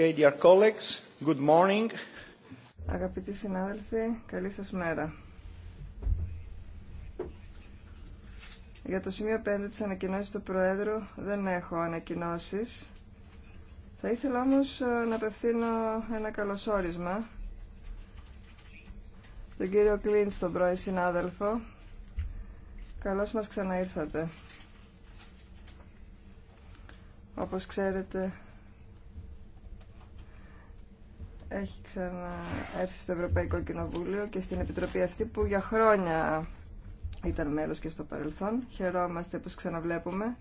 Okay, dear colleagues, good morning. Αγαπητοί συνάδελφοι, καλή σας μέρα. Για το σημείο 5 της ανακοινώσης του Προέδρου δεν έχω ανακοινώσεις. Θα ήθελα όμως ε, να απευθύνω ένα καλωσόρισμα τον κύριο Κλίντ, τον πρώην συνάδελφο. Καλώς μας ξαναήρθατε. Όπως ξέρετε, έχει ξαναέρθει στο Ευρωπαϊκό Κοινοβούλιο και στην Επιτροπή αυτή που για χρόνια ήταν μέλος και στο παρελθόν. Χαιρόμαστε που ξαναβλέπουμε.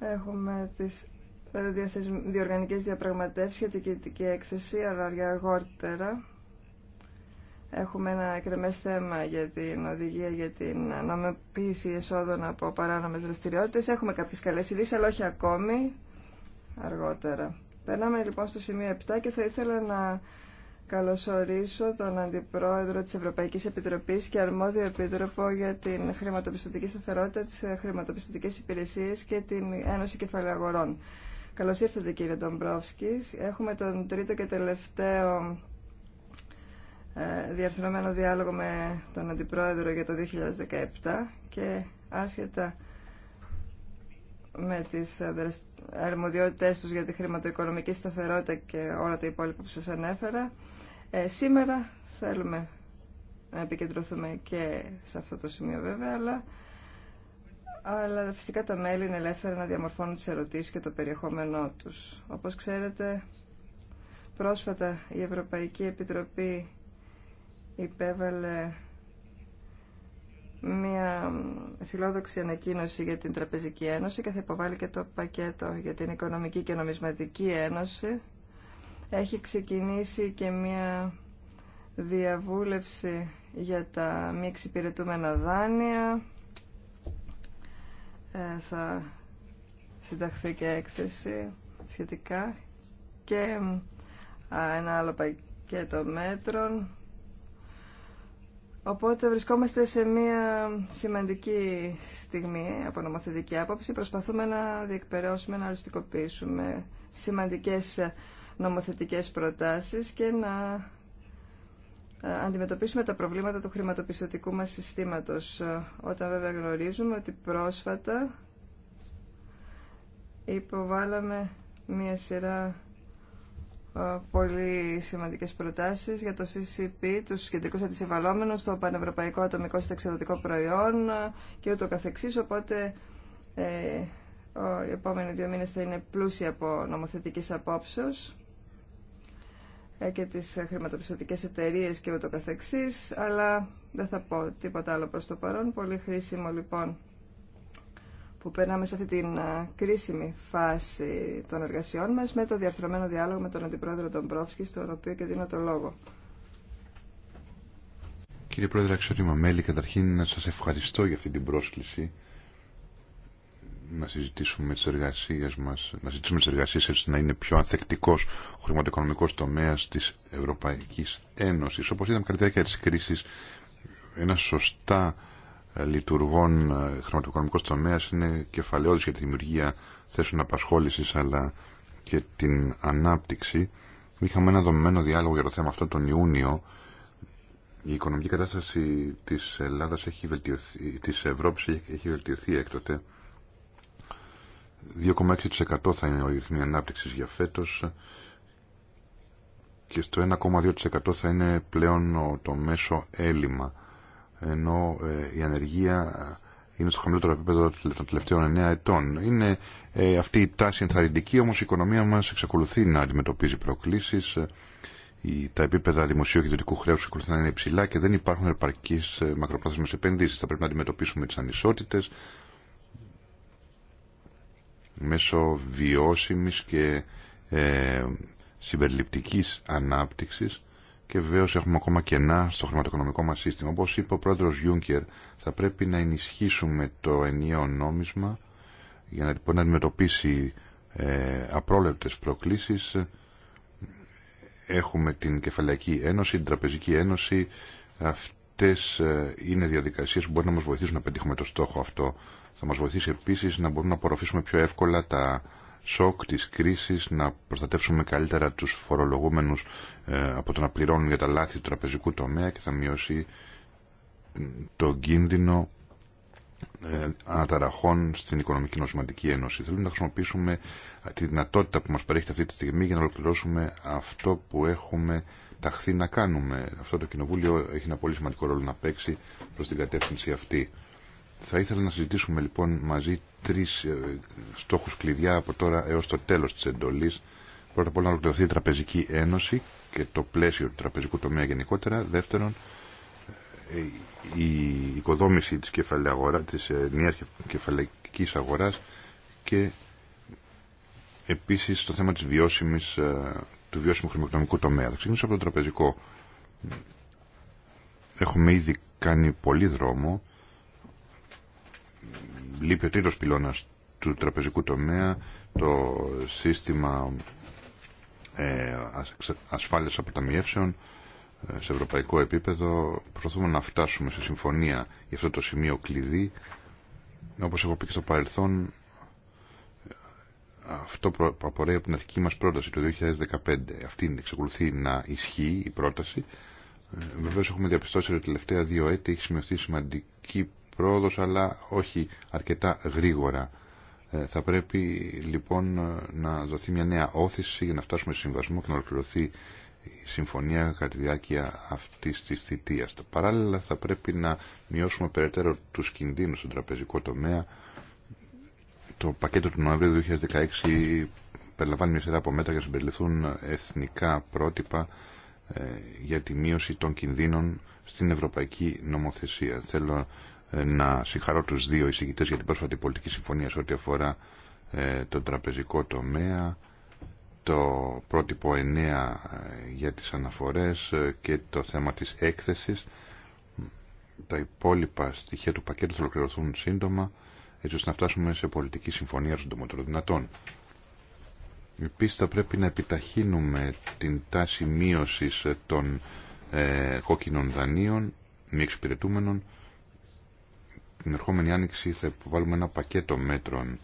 Έχουμε τις ε, διοργανικές διαπραγματεύσεις για την κοινωνική έκθεση, αλλά αργότερα. Έχουμε ένα εκρεμές θέμα για την οδηγία για την νομιμοποίηση εσόδων από παράνομες δραστηριότητες. Έχουμε κάποιες καλές ειδήσεις, αλλά όχι ακόμη αργότερα. Περνάμε λοιπόν στο σημείο 7 και θα ήθελα να καλωσορίσω τον Αντιπρόεδρο της Ευρωπαϊκής Επιτροπής και αρμόδιο επίτροπο για την χρηματοπιστωτική σταθερότητα, τις χρηματοπιστωτικές υπηρεσίες και την Ένωση Αγορών. Καλώς ήρθατε κύριε Ντομπρόφσκη. Έχουμε τον τρίτο και τελευταίο ε, διαρθρωμένο διάλογο με τον Αντιπρόεδρο για το 2017 και άσχετα με τις αρμοδιότητές τους για τη χρηματοοικονομική σταθερότητα και όλα τα υπόλοιπα που σας ανέφερα. Ε, σήμερα θέλουμε να επικεντρωθούμε και σε αυτό το σημείο βέβαια, αλλά, αλλά φυσικά τα μέλη είναι ελεύθερα να διαμορφώνουν τις ερωτήσεις και το περιεχόμενό τους. Όπως ξέρετε, πρόσφατα η Ευρωπαϊκή Επιτροπή υπέβαλε μια φιλόδοξη ανακοίνωση για την Τραπεζική Ένωση και θα υποβάλει και το πακέτο για την Οικονομική και Νομισματική Ένωση. Έχει ξεκινήσει και μια διαβούλευση για τα μη εξυπηρετούμενα δάνεια. Ε, θα συνταχθεί και έκθεση σχετικά και ε, ένα άλλο πακέτο μέτρων Οπότε βρισκόμαστε σε μια σημαντική στιγμή από νομοθετική άποψη. Προσπαθούμε να διεκπαιρεώσουμε, να οριστικοποιήσουμε σημαντικές νομοθετικές προτάσεις και να ε, αντιμετωπίσουμε τα προβλήματα του χρηματοπιστωτικού μας συστήματος. Όταν βέβαια γνωρίζουμε ότι πρόσφατα υποβάλαμε μια σειρά ε, πολύ σημαντικές προτάσεις για το CCP, τους κεντρικούς αντισυμβαλόμενους, το Πανευρωπαϊκό Ατομικό Συνταξιδοτικό Προϊόν ε, και ούτω καθεξής, οπότε ε, οι επόμενοι δύο μήνες θα είναι πλούσιοι από νομοθετικής απόψεως ε, και τις χρηματοπιστωτικές εταιρείε και ούτω καθεξής, αλλά δεν θα πω τίποτα άλλο προς το παρόν. Πολύ χρήσιμο λοιπόν που περνάμε σε αυτή την ε, κρίσιμη φάση των εργασιών μας με το διαρθρωμένο διάλογο με τον Αντιπρόεδρο τον Πρόσκη στον οποίο και δίνω το λόγο. Κύριε Πρόεδρε, αξιότιμα μέλη, καταρχήν να σας ευχαριστώ για αυτή την πρόσκληση να συζητήσουμε τις εργασίες μας, να συζητήσουμε τις εργασίες έτσι να είναι πιο ανθεκτικός ο χρηματοοικονομικός τομέας της Ευρωπαϊκής Ένωσης. Όπως είδαμε κατά τη διάρκεια της κρίσης, ένα σωστά λειτουργών ε, χρηματοοικονομικός τομέα είναι κεφαλαιόδης για τη δημιουργία θέσεων απασχόληση αλλά και την ανάπτυξη. Είχαμε ένα δομημένο διάλογο για το θέμα αυτό τον Ιούνιο. Η οικονομική κατάσταση τη Ελλάδας έχει βελτιωθεί, της Ευρώπης έχει βελτιωθεί έκτοτε. 2,6% θα είναι ο ρυθμό ανάπτυξη για φέτο και στο 1,2% θα είναι πλέον το μέσο έλλειμμα ενώ ε, η ανεργία ε, είναι στο χαμηλότερο επίπεδο των τελευταίων 9 ετών. Είναι ε, αυτή η τάση ενθαρρυντική, όμως η οικονομία μας εξακολουθεί να αντιμετωπίζει προκλήσεις. τα επίπεδα δημοσίου και ιδιωτικού χρέου εξακολουθούν να είναι υψηλά και δεν υπάρχουν επαρκεί ε, μακροπρόθεσμες επενδύσεις. Θα πρέπει να αντιμετωπίσουμε τις ανισότητες μέσω βιώσιμης και ε, συμπεριληπτικής ανάπτυξης και βεβαίω έχουμε ακόμα κενά στο χρηματοοικονομικό μα σύστημα. Όπω είπε ο πρόεδρο Γιούνκερ, θα πρέπει να ενισχύσουμε το ενιαίο νόμισμα για να μπορεί αντιμετωπίσει ε, απρόλεπτες προκλήσεις. Έχουμε την Κεφαλαϊκή Ένωση, την Τραπεζική Ένωση. Αυτές ε, είναι διαδικασίε που μπορεί να μα βοηθήσουν να πετύχουμε το στόχο αυτό. Θα μα βοηθήσει επίση να μπορούμε να απορροφήσουμε πιο εύκολα τα σοκ της κρίσης, να προστατεύσουμε καλύτερα τους φορολογούμενους ε, από το να πληρώνουν για τα λάθη του τραπεζικού τομέα και θα μειώσει το κίνδυνο ε, αναταραχών στην Οικονομική Νοσηματική Ένωση. Θέλουμε να χρησιμοποιήσουμε τη δυνατότητα που μας παρέχει αυτή τη στιγμή για να ολοκληρώσουμε αυτό που έχουμε ταχθεί να κάνουμε. Αυτό το Κοινοβούλιο έχει ένα πολύ σημαντικό ρόλο να παίξει προς την κατεύθυνση αυτή. Θα ήθελα να συζητήσουμε λοιπόν μαζί τρεις ε, στόχους κλειδιά από τώρα έως το τέλος της εντολής. Πρώτα απ' όλα να ολοκληρωθεί η Τραπεζική Ένωση και το πλαίσιο του τραπεζικού τομέα γενικότερα. Δεύτερον, ε, η οικοδόμηση της, νέα της νέας ε, κεφαλαϊκής αγοράς και επίσης το θέμα της βιώσιμης, του βιώσιμου χρηματοοικονομικού τομέα. Θα ξεκινήσω από το τραπεζικό. Έχουμε ήδη κάνει πολύ δρόμο λείπει ο τρίτος πυλώνας του τραπεζικού τομέα, το σύστημα ε, ασφάλειας αποταμιεύσεων ε, σε ευρωπαϊκό επίπεδο. Προσπαθούμε να φτάσουμε σε συμφωνία για αυτό το σημείο κλειδί. Όπως έχω πει και στο παρελθόν, ε, αυτό απορρέει από την αρχική μας πρόταση το 2015. Αυτή εξακολουθεί να ισχύει η πρόταση. Ε, Βεβαίω έχουμε διαπιστώσει ότι τα τελευταία δύο έτη έχει σημειωθεί σημαντική πρόοδος αλλά όχι αρκετά γρήγορα. Ε, θα πρέπει λοιπόν να δοθεί μια νέα όθηση για να φτάσουμε σε συμβασμό και να ολοκληρωθεί η συμφωνία κατά τη διάρκεια αυτή τη θητεία. Παράλληλα, θα πρέπει να μειώσουμε περαιτέρω του κινδύνου στον τραπεζικό τομέα. Το πακέτο του Νοεμβρίου 2016 περιλαμβάνει μια σειρά από μέτρα για να συμπεριληφθούν εθνικά πρότυπα ε, για τη μείωση των κινδύνων στην ευρωπαϊκή νομοθεσία. Θέλω να συγχαρώ τους δύο εισηγητές για την πρόσφατη πολιτική συμφωνία σε ό,τι αφορά ε, τον τραπεζικό τομέα, το πρότυπο 9 ε, για τις αναφορές ε, και το θέμα της έκθεσης. Τα υπόλοιπα στοιχεία του πακέτου θα ολοκληρωθούν σύντομα, έτσι ώστε να φτάσουμε σε πολιτική συμφωνία των τομότερο δυνατόν. Επίσης θα πρέπει να επιταχύνουμε την τάση μείωσης των ε, κόκκινων δανείων μη εξυπηρετούμενων την ερχόμενη άνοιξη θα υποβάλουμε ένα πακέτο μέτρων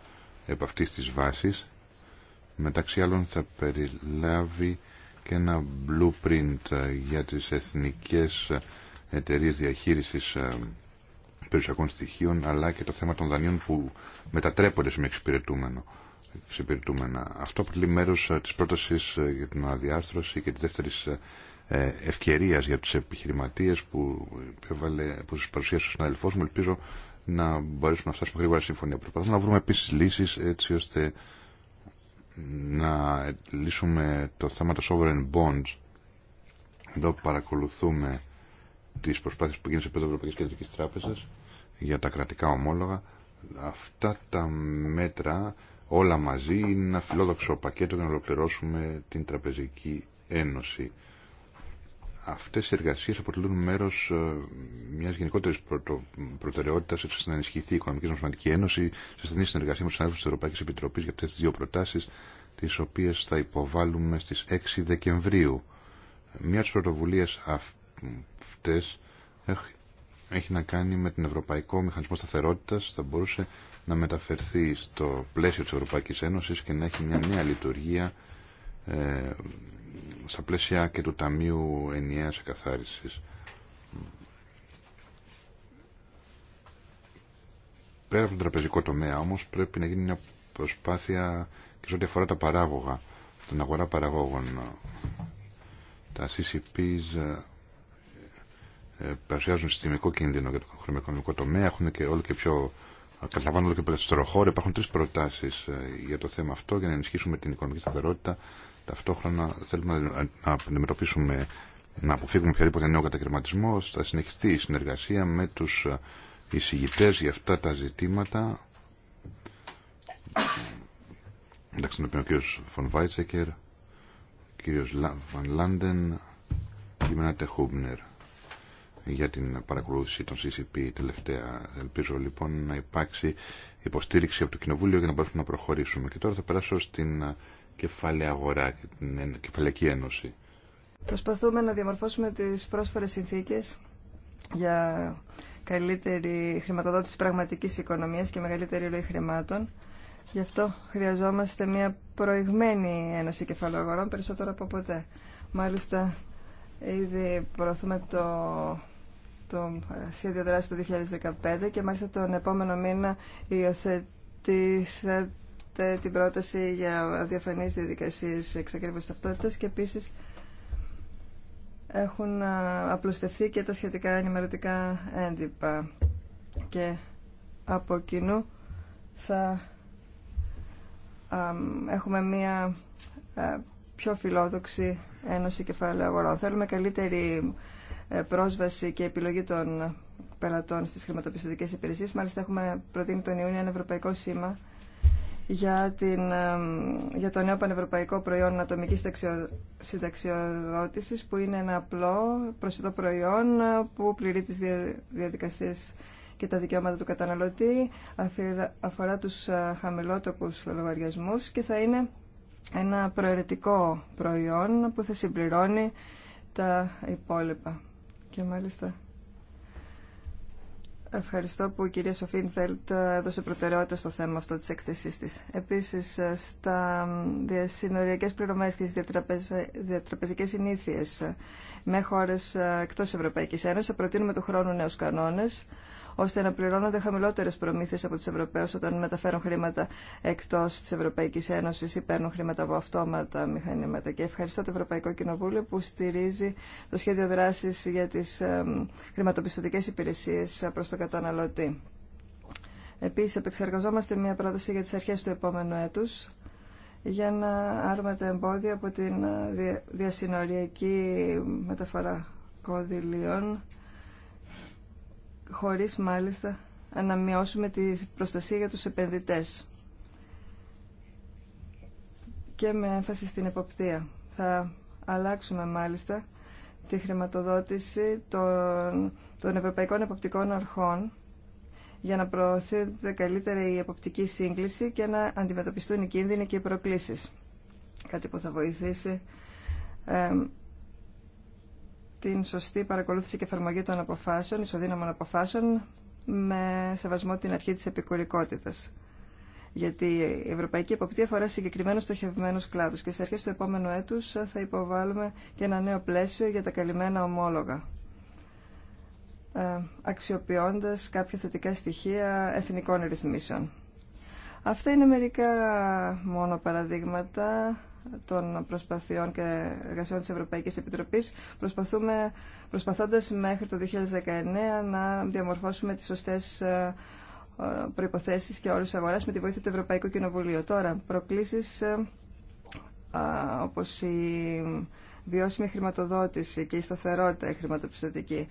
επ' αυτής της βάσης. Μεταξύ άλλων θα περιλάβει και ένα blueprint ε, για τις εθνικές ε, εταιρείες διαχείρισης ε, περιουσιακών στοιχείων αλλά και το θέμα των δανείων που μετατρέπονται σε εξυπηρετούμενο. εξυπηρετούμενα. Αυτό αποτελεί μέρος της πρότασης για την αδιάστρωση και της δεύτερης ευκαιρίας για τους επιχειρηματίες που, που σας παρουσίασε ο συναδελφός μου να μπορέσουμε να φτάσουμε γρήγορα συμφωνία. Προσπαθούμε να βρούμε επίση λύσει έτσι ώστε να λύσουμε το θέμα των sovereign bonds. Εδώ παρακολουθούμε τι προσπάθειε που γίνονται σε επίπεδο Ευρωπαϊκή Κεντρική Τράπεζα για τα κρατικά ομόλογα. Αυτά τα μέτρα όλα μαζί είναι ένα φιλόδοξο πακέτο για να ολοκληρώσουμε την Τραπεζική Ένωση αυτές οι εργασίες αποτελούν μέρος ε, μιας γενικότερης προτεραιότητα, προτεραιότητας ώστε να ενισχυθεί η Οικονομική Νομισματική Ένωση σε στενή συνεργασία με τους συνάδελφους της Ευρωπαϊκής Επιτροπής για αυτές τις δύο προτάσεις τις οποίες θα υποβάλουμε στις 6 Δεκεμβρίου. Μια της πρωτοβουλίες αυτές έχει να κάνει με τον Ευρωπαϊκό Μηχανισμό Σταθερότητας θα μπορούσε να μεταφερθεί στο πλαίσιο της Ευρωπαϊκής Ένωσης και να έχει μια νέα λειτουργία ε, στα πλαίσια και του Ταμείου Ενιαίας Εκαθάρισης. Πέρα από τον τραπεζικό τομέα όμως πρέπει να γίνει μια προσπάθεια και σε ό,τι αφορά τα παράγωγα, την αγορά παραγόγων. Τα CCPs ε, ε, παρουσιάζουν συστημικό κίνδυνο για το χρηματοοικονομικό τομέα, έχουν και όλο και πιο καταλαμβάνω όλο και περισσότερο χώρο. Υπάρχουν τρει προτάσει ε, για το θέμα αυτό για να ενισχύσουμε την οικονομική σταθερότητα Ταυτόχρονα θέλουμε να αντιμετωπίσουμε, να αποφύγουμε οποιαδήποτε νέο κατακαιρματισμό. Θα συνεχιστεί η συνεργασία με τους εισηγητές για αυτά τα ζητήματα. Εντάξει, να πει ο κύριος Φον Βάιτσεκερ, ο κύριος Βαν Λάντεν και η Χούμπνερ για την παρακολούθηση των CCP τελευταία. Ελπίζω λοιπόν να υπάρξει υποστήριξη από το Κοινοβούλιο για να μπορέσουμε να προχωρήσουμε. Και τώρα θα περάσω στην κεφαλαία αγορά και την κεφαλαϊκή ένωση. Προσπαθούμε να διαμορφώσουμε τις πρόσφορε συνθήκες για καλύτερη χρηματοδότηση πραγματικής οικονομίας και μεγαλύτερη ροή χρημάτων. Γι' αυτό χρειαζόμαστε μια προηγμένη ένωση αγορών περισσότερο από ποτέ. Μάλιστα, ήδη προωθούμε το, το σχέδιο δράση του 2015 και μάλιστα τον επόμενο μήνα υιοθετήσαμε την πρόταση για διαφανείς διαδικασίες εξακρίβωσης ταυτότητας και επίσης έχουν απλουστευτεί και τα σχετικά ενημερωτικά έντυπα και από κοινού θα έχουμε μία πιο φιλόδοξη Ένωση Κεφάλαιο Αγορών. Θέλουμε καλύτερη ε, πρόσβαση και επιλογή των πελατών στις χρηματοπιστωτικές υπηρεσίες. Μάλιστα έχουμε προτείνει τον Ιούνιο ένα ευρωπαϊκό σήμα για, την, για το νέο πανευρωπαϊκό προϊόν ατομικής συνταξιοδότησης που είναι ένα απλό προσιτό προϊόν που πληρεί τις διαδικασίες και τα δικαιώματα του καταναλωτή, αφορά τους ε, χαμηλότοπου λογαριασμού και θα είναι ένα προαιρετικό προϊόν που θα συμπληρώνει τα υπόλοιπα. Και μάλιστα Ευχαριστώ που η κυρία Σοφίνφελτ ε, έδωσε προτεραιότητα στο θέμα αυτό της εκθεσή της. Επίσης, ε, στα συνοριακές πληρωμές και στις ε, διατραπεζικές συνήθειες με χώρες εκτός Ευρωπαϊκής Ένωσης, θα προτείνουμε του χρόνο νέους κανόνες ώστε να πληρώνονται χαμηλότερε προμήθειε από του Ευρωπαίου όταν μεταφέρουν χρήματα εκτό τη Ευρωπαϊκή Ένωση ή παίρνουν χρήματα από αυτόματα μηχανήματα. Και ευχαριστώ το Ευρωπαϊκό Κοινοβούλιο που στηρίζει το σχέδιο δράση για τις χρηματοπιστωτικέ υπηρεσίε προ τον καταναλωτή. Επίση, επεξεργαζόμαστε μια πρόταση για τι αρχέ του επόμενου έτου, για να άρουμε τα εμπόδια από την ε, διασυνοριακή μεταφορά κόδηλιών χωρίς μάλιστα να μειώσουμε τη προστασία για τους επενδυτές και με έμφαση στην εποπτεία. Θα αλλάξουμε μάλιστα τη χρηματοδότηση των, των Ευρωπαϊκών Εποπτικών Αρχών για να προωθείται καλύτερα η εποπτική σύγκληση και να αντιμετωπιστούν οι κίνδυνοι και οι προκλήσεις. Κάτι που θα βοηθήσει την σωστή παρακολούθηση και εφαρμογή των αποφάσεων, ισοδύναμων αποφάσεων, με σεβασμό την αρχή της επικουρικότητας. Γιατί η Ευρωπαϊκή Εποπτεία αφορά συγκεκριμένου στοχευμένου κλάδου και στι αρχέ του επόμενου έτου θα υποβάλουμε και ένα νέο πλαίσιο για τα καλυμμένα ομόλογα. Ε, Αξιοποιώντα κάποια θετικά στοιχεία εθνικών ρυθμίσεων. Αυτά είναι μερικά μόνο παραδείγματα των προσπαθειών και εργασιών της Ευρωπαϊκής Επιτροπής προσπαθούμε, προσπαθώντας μέχρι το 2019 να διαμορφώσουμε τις σωστές ε, προϋποθέσεις και όρους αγοράς με τη βοήθεια του Ευρωπαϊκού Κοινοβουλίου. Τώρα, προκλήσεις ε, όπως η βιώσιμη χρηματοδότηση και η σταθερότητα χρηματοπιστωτική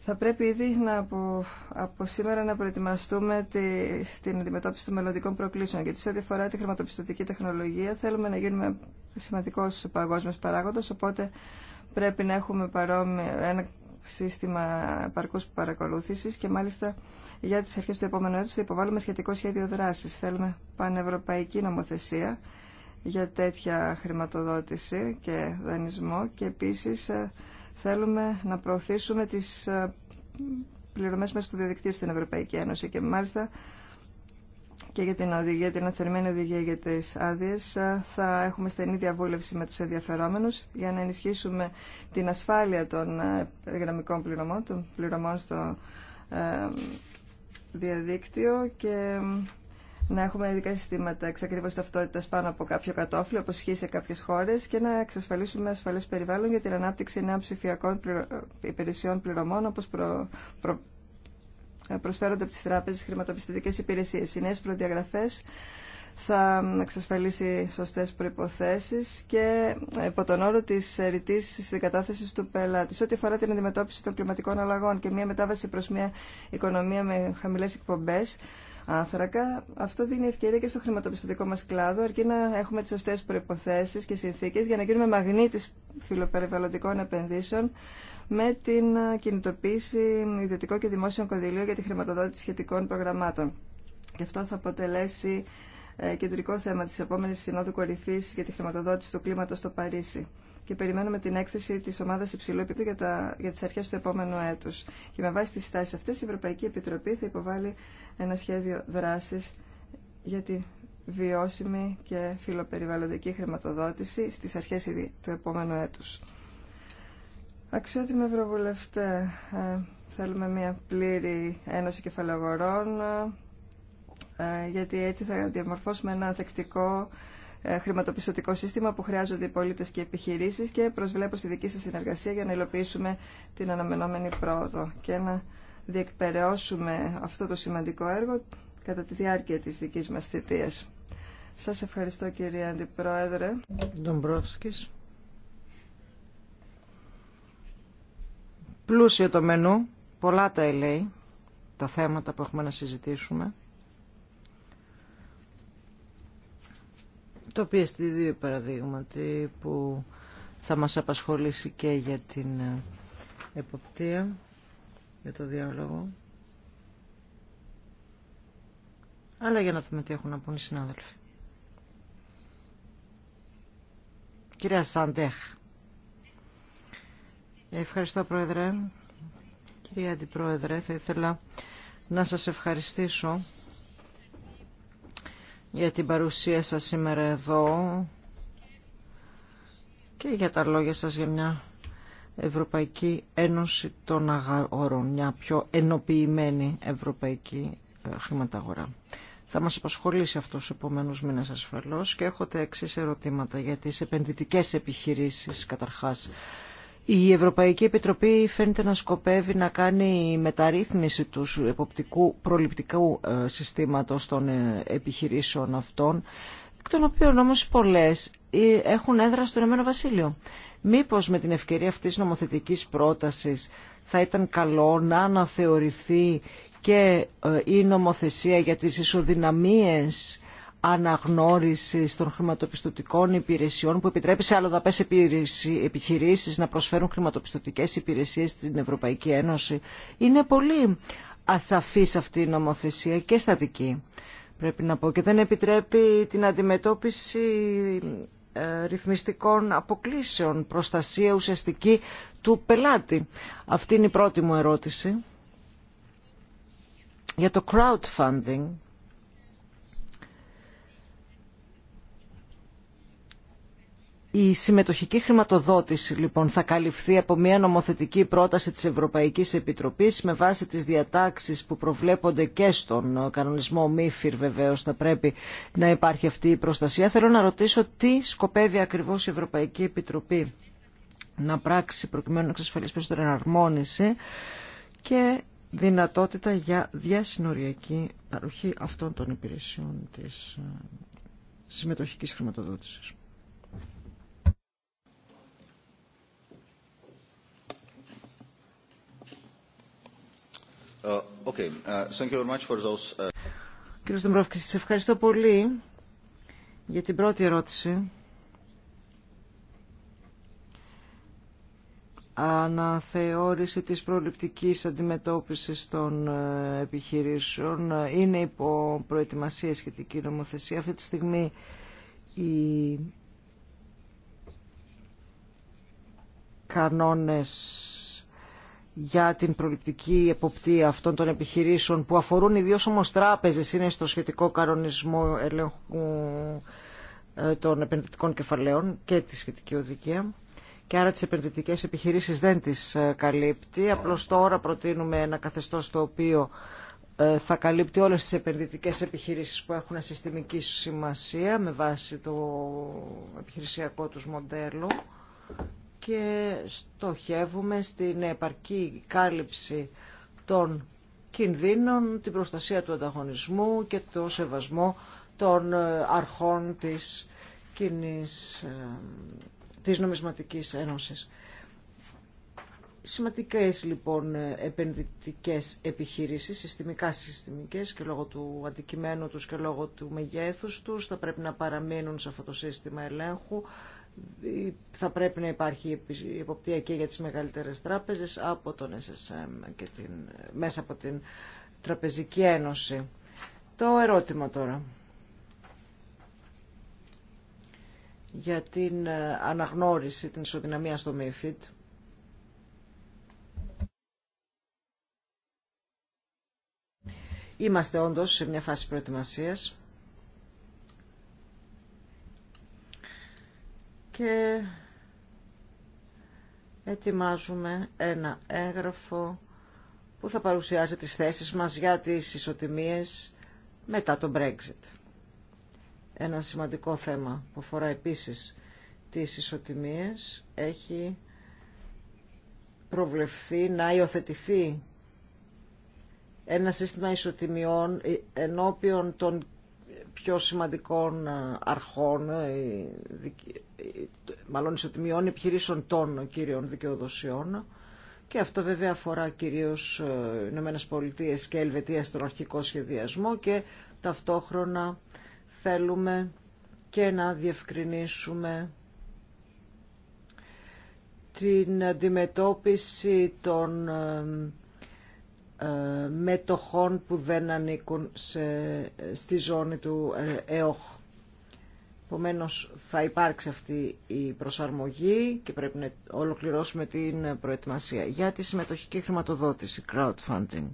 θα πρέπει ήδη να από, από σήμερα να προετοιμαστούμε τη, στην αντιμετώπιση των μελλοντικών προκλήσεων. Γιατί σε ό,τι αφορά τη χρηματοπιστωτική τεχνολογία, θέλουμε να γίνουμε σημαντικό παγκόσμιο παράγοντα. Οπότε πρέπει να έχουμε παρόμοιο, ένα σύστημα παρκού παρακολούθηση και μάλιστα για τι αρχέ του επόμενου έτου θα υποβάλουμε σχετικό σχέδιο δράση. Θέλουμε πανευρωπαϊκή νομοθεσία για τέτοια χρηματοδότηση και δανεισμό και επίσης ε, Θέλουμε να προωθήσουμε τις ε, πληρωμές μέσα στο διαδικτύο στην Ευρωπαϊκή Ένωση και μάλιστα και για την οδηγία, την αθερμένη οδηγία για τι άδειε. Ε, θα έχουμε στενή διαβούλευση με του ενδιαφερόμενου για να ενισχύσουμε την ασφάλεια των ε, γραμμικών πληρωμών, των πληρωμών στο διαδίκτυο και να έχουμε ειδικά συστήματα εξακρίβωση ταυτότητα πάνω από κάποιο κατόφλι, όπω ισχύει σε κάποιε χώρε, και να εξασφαλίσουμε ασφαλέ περιβάλλον για την ανάπτυξη νέων ψηφιακών ε, υπηρεσιών πληρωμών, όπω ε, προσφέρονται από τι τράπεζε χρηματοπιστωτικέ υπηρεσίε. Οι νέε προδιαγραφέ θα εξασφαλίσει σωστέ προποθέσει και ε, υπό τον όρο τη ρητή στην κατάθεση του πελάτη. Ό,τι αφορά την αντιμετώπιση των κλιματικών αλλαγών και μια μετάβαση προ μια οικονομία με χαμηλέ εκπομπέ άνθρακα. Αυτό δίνει ευκαιρία και στο χρηματοπιστωτικό μα κλάδο, αρκεί να έχουμε τι σωστέ προποθέσει και συνθήκε για να γίνουμε μαγνήτη φιλοπεριβαλλοντικών επενδύσεων με την κινητοποίηση ιδιωτικών και δημόσιων κονδυλίων για τη χρηματοδότηση σχετικών προγραμμάτων. Και αυτό θα αποτελέσει ε, κεντρικό θέμα τη επόμενη Συνόδου Κορυφή για τη χρηματοδότηση του κλίματο στο Παρίσι και περιμένουμε την έκθεση τη ομάδα υψηλού επίπεδου για, για τι αρχέ του επόμενου έτου. Και με βάση τι στάσει αυτέ, η Ευρωπαϊκή Επιτροπή θα υποβάλει ένα σχέδιο δράση για τη βιώσιμη και φιλοπεριβαλλοντική χρηματοδότηση στις αρχές του επόμενου έτους. Αξιότιμοι Ευρωβουλευτέ, ε, θέλουμε μια πλήρη ένωση κεφαλαγορών, ε, γιατί έτσι θα διαμορφώσουμε ένα ανθεκτικό ε, χρηματοπιστωτικό σύστημα που χρειάζονται οι πολίτε και οι επιχειρήσει και προσβλέπω στη δική σα συνεργασία για να υλοποιήσουμε την αναμενόμενη πρόοδο και να διεκπαιρεώσουμε αυτό το σημαντικό έργο κατά τη διάρκεια της δικής μας θητείας. Σας ευχαριστώ κύριε Αντιπρόεδρε. Πλούσιο το μενού, πολλά τα ελέη, τα θέματα που έχουμε να συζητήσουμε. το psd δύο παραδείγματι που θα μας απασχολήσει και για την ε, εποπτεία, για το διάλογο. Αλλά για να δούμε τι έχουν να πούν οι συνάδελφοι. Κυρία Σαντέχ. Ευχαριστώ Πρόεδρε. Κυρία Αντιπρόεδρε, θα ήθελα να σας ευχαριστήσω για την παρουσία σας σήμερα εδώ και για τα λόγια σας για μια Ευρωπαϊκή Ένωση των Αγορών, μια πιο ενοποιημένη Ευρωπαϊκή ε, Χρηματαγορά. Θα μας απασχολήσει αυτό ο επόμενος μήνας ασφαλώς και έχω τα ερωτήματα για τις επενδυτικές επιχειρήσεις καταρχάς η Ευρωπαϊκή Επιτροπή φαίνεται να σκοπεύει να κάνει μεταρρύθμιση του εποπτικού προληπτικού ε, συστήματος των ε, επιχειρήσεων αυτών, εκ των οποίων όμως πολλές ε, έχουν έδρα στον Εμένο Βασίλειο. Μήπως με την ευκαιρία αυτής της νομοθετικής πρότασης θα ήταν καλό να αναθεωρηθεί και η νομοθεσία για τις ισοδυναμίες αναγνώριση των χρηματοπιστωτικών υπηρεσιών που επιτρέπει σε αλλοδαπές επιχειρήσεις να προσφέρουν χρηματοπιστωτικές υπηρεσίες στην Ευρωπαϊκή Ένωση. Είναι πολύ ασαφής αυτή η νομοθεσία και στατική πρέπει να πω και δεν επιτρέπει την αντιμετώπιση ε, ρυθμιστικών αποκλήσεων, προστασία ουσιαστική του πελάτη. Αυτή είναι η πρώτη μου ερώτηση. Για το crowdfunding Η συμμετοχική χρηματοδότηση λοιπόν θα καλυφθεί από μια νομοθετική πρόταση της Ευρωπαϊκής Επιτροπής με βάση τις διατάξεις που προβλέπονται και στον κανονισμό ΜΥΦΙΡ βεβαίως θα πρέπει να υπάρχει αυτή η προστασία. Θέλω να ρωτήσω τι σκοπεύει ακριβώς η Ευρωπαϊκή Επιτροπή να πράξει προκειμένου να εξασφαλίσει περισσότερη εναρμόνιση και δυνατότητα για διασυνοριακή παροχή αυτών των υπηρεσιών της ε, συμμετοχικής χρηματοδότησης. Κύριε Στομπρόφκη, σας ευχαριστώ πολύ για την πρώτη ερώτηση. αναθεώρηση της προληπτικής αντιμετώπισης των ε, επιχειρήσεων. Είναι υπό προετοιμασία σχετική νομοθεσία. Αυτή τη στιγμή οι κανόνες για την προληπτική εποπτεία αυτών των επιχειρήσεων που αφορούν ιδίως όμως τράπεζες είναι στο σχετικό κανονισμό ελέγχου ε, των επενδυτικών κεφαλαίων και τη σχετική οδικία. και άρα τις επενδυτικές επιχειρήσεις δεν τις ε, καλύπτει. Απλώς τώρα προτείνουμε ένα καθεστώς το οποίο ε, θα καλύπτει όλες τις επενδυτικές επιχειρήσεις που έχουν συστημική σημασία με βάση το επιχειρησιακό τους μοντέλο και στοχεύουμε στην επαρκή κάλυψη των κινδύνων, την προστασία του ανταγωνισμού και το σεβασμό των ε, αρχών της, κοινής, ε, της νομισματικής ένωσης. Σημαντικές λοιπόν επενδυτικές επιχειρήσεις, συστημικά συστημικές και λόγω του αντικειμένου τους και λόγω του μεγέθους τους θα πρέπει να παραμείνουν σε αυτό το σύστημα ελέγχου θα πρέπει να υπάρχει υποπτία και για τις μεγαλύτερες τράπεζες από τον SSM και την, μέσα από την Τραπεζική Ένωση. Το ερώτημα τώρα για την ε, αναγνώριση, την ισοδυναμία στο ΜΕΦΙΤ. Είμαστε όντως σε μια φάση προετοιμασίας. και ετοιμάζουμε ένα έγγραφο που θα παρουσιάζει τις θέσεις μας για τις ισοτιμίες μετά το Brexit. Ένα σημαντικό θέμα που αφορά επίσης τις ισοτιμίες έχει προβλεφθεί να υιοθετηθεί ένα σύστημα ισοτιμιών ενώπιον των πιο σημαντικών ε, αρχών, ε, μάλλον ισοτιμιών επιχειρήσεων των κύριων δικαιοδοσιών. Και αυτό βέβαια αφορά κυρίως ε, Ηνωμένες Πολιτείες και Ελβετία στον αρχικό σχεδιασμό και ταυτόχρονα θέλουμε και να διευκρινίσουμε την αντιμετώπιση των ε, μετοχών που δεν ανήκουν στη ζώνη του ε, ΕΟΧ. Επομένω, θα υπάρξει αυτή η προσαρμογή και πρέπει να ολοκληρώσουμε την προετοιμασία για τη συμμετοχική χρηματοδότηση, crowdfunding.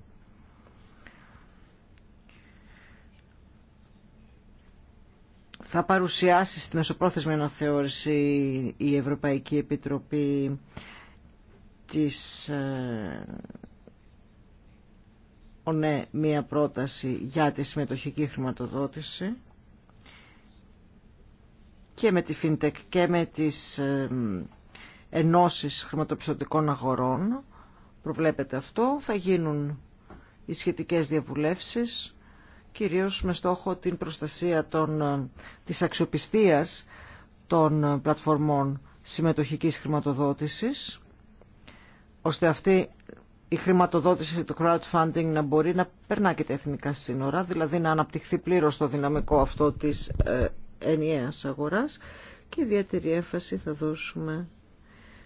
Θα παρουσιάσει στη Μεσοπρόθεσμη Αναθεώρηση η Ευρωπαϊκή Επιτροπή της ε, ναι, μία πρόταση για τη συμμετοχική χρηματοδότηση και με τη FinTech και με τις ενώσεις χρηματοπιστωτικών αγορών. Προβλέπετε αυτό. Θα γίνουν οι σχετικές διαβουλεύσεις, κυρίως με στόχο την προστασία των, της αξιοπιστίας των πλατφορμών συμμετοχικής χρηματοδότησης, ώστε αυτή η χρηματοδότηση του crowdfunding να μπορεί να περνά και τα εθνικά σύνορα, δηλαδή να αναπτυχθεί πλήρως το δυναμικό αυτό της ε, ενιαίας αγοράς και ιδιαίτερη έμφαση θα δώσουμε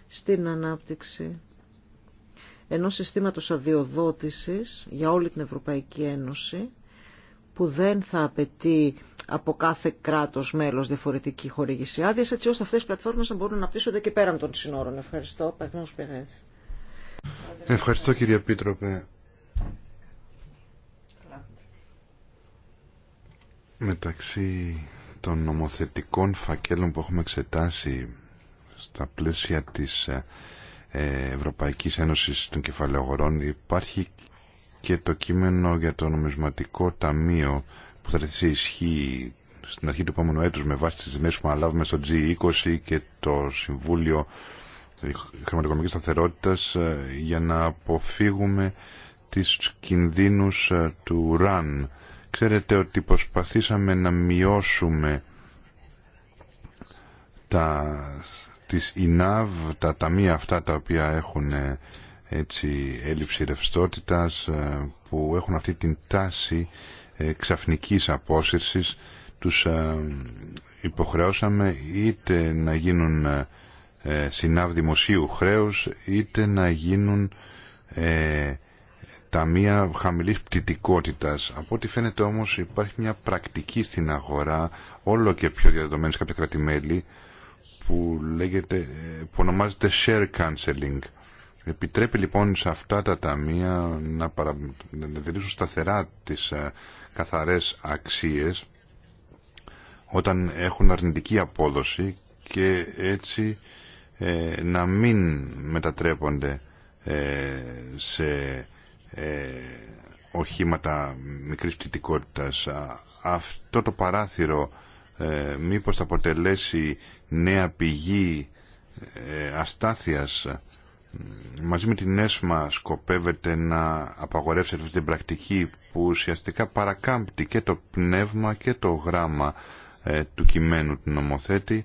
στην ανάπτυξη ενός συστήματος αδειοδότησης για όλη την Ευρωπαϊκή Ένωση που δεν θα απαιτεί από κάθε κράτος μέλος διαφορετική χορήγηση άδεια, έτσι ώστε αυτές οι πλατφόρμες να μπορούν να αναπτύσσονται και πέραν των συνόρων. Ευχαριστώ. Ευχαριστώ κύριε Επίτροπε. Μεταξύ των νομοθετικών φακέλων που έχουμε εξετάσει στα πλαίσια της ε, Ευρωπαϊκής Ένωσης των Κεφαλαιογορών υπάρχει και το κείμενο για το νομισματικό ταμείο που θα ρεθεί ισχύ στην αρχή του επόμενου έτους με βάση τις δημιουργίες που αναλάβουμε στο G20 και το Συμβούλιο χρηματοοικονομικής σταθερότητας ε, για να αποφύγουμε τις κινδύνους ε, του ραν. Ξέρετε ότι προσπαθήσαμε να μειώσουμε τα, τις ΙΝΑΒ, τα ταμεία αυτά τα οποία έχουν ε, έτσι έλλειψη ρευστότητας που έχουν αυτή την τάση ξαφνικής απόσυρσης τους υποχρεώσαμε είτε να γίνουν ε, συνάβ δημοσίου χρέους είτε να γίνουν ε, ταμεία χαμηλής πτητικότητας. Από ό,τι φαίνεται όμως υπάρχει μια πρακτική στην αγορά όλο και πιο διαδεδομένη σε κάποια κρατημέλη που, λέγεται, ε, που ονομάζεται share cancelling. Επιτρέπει λοιπόν σε αυτά τα ταμεία να στα σταθερά τις ε, καθαρές αξίες όταν έχουν αρνητική απόδοση και έτσι ε, να μην μετατρέπονται ε, σε ε, οχήματα μικρής πτυτικότητας. Αυτό το παράθυρο ε, μήπως θα αποτελέσει νέα πηγή αστάθειας μαζί με την ΕΣΜΑ σκοπεύεται να απαγορεύσει αυτή την πρακτική που ουσιαστικά παρακάμπτει και το πνεύμα και το γράμμα του κειμένου του νομοθέτη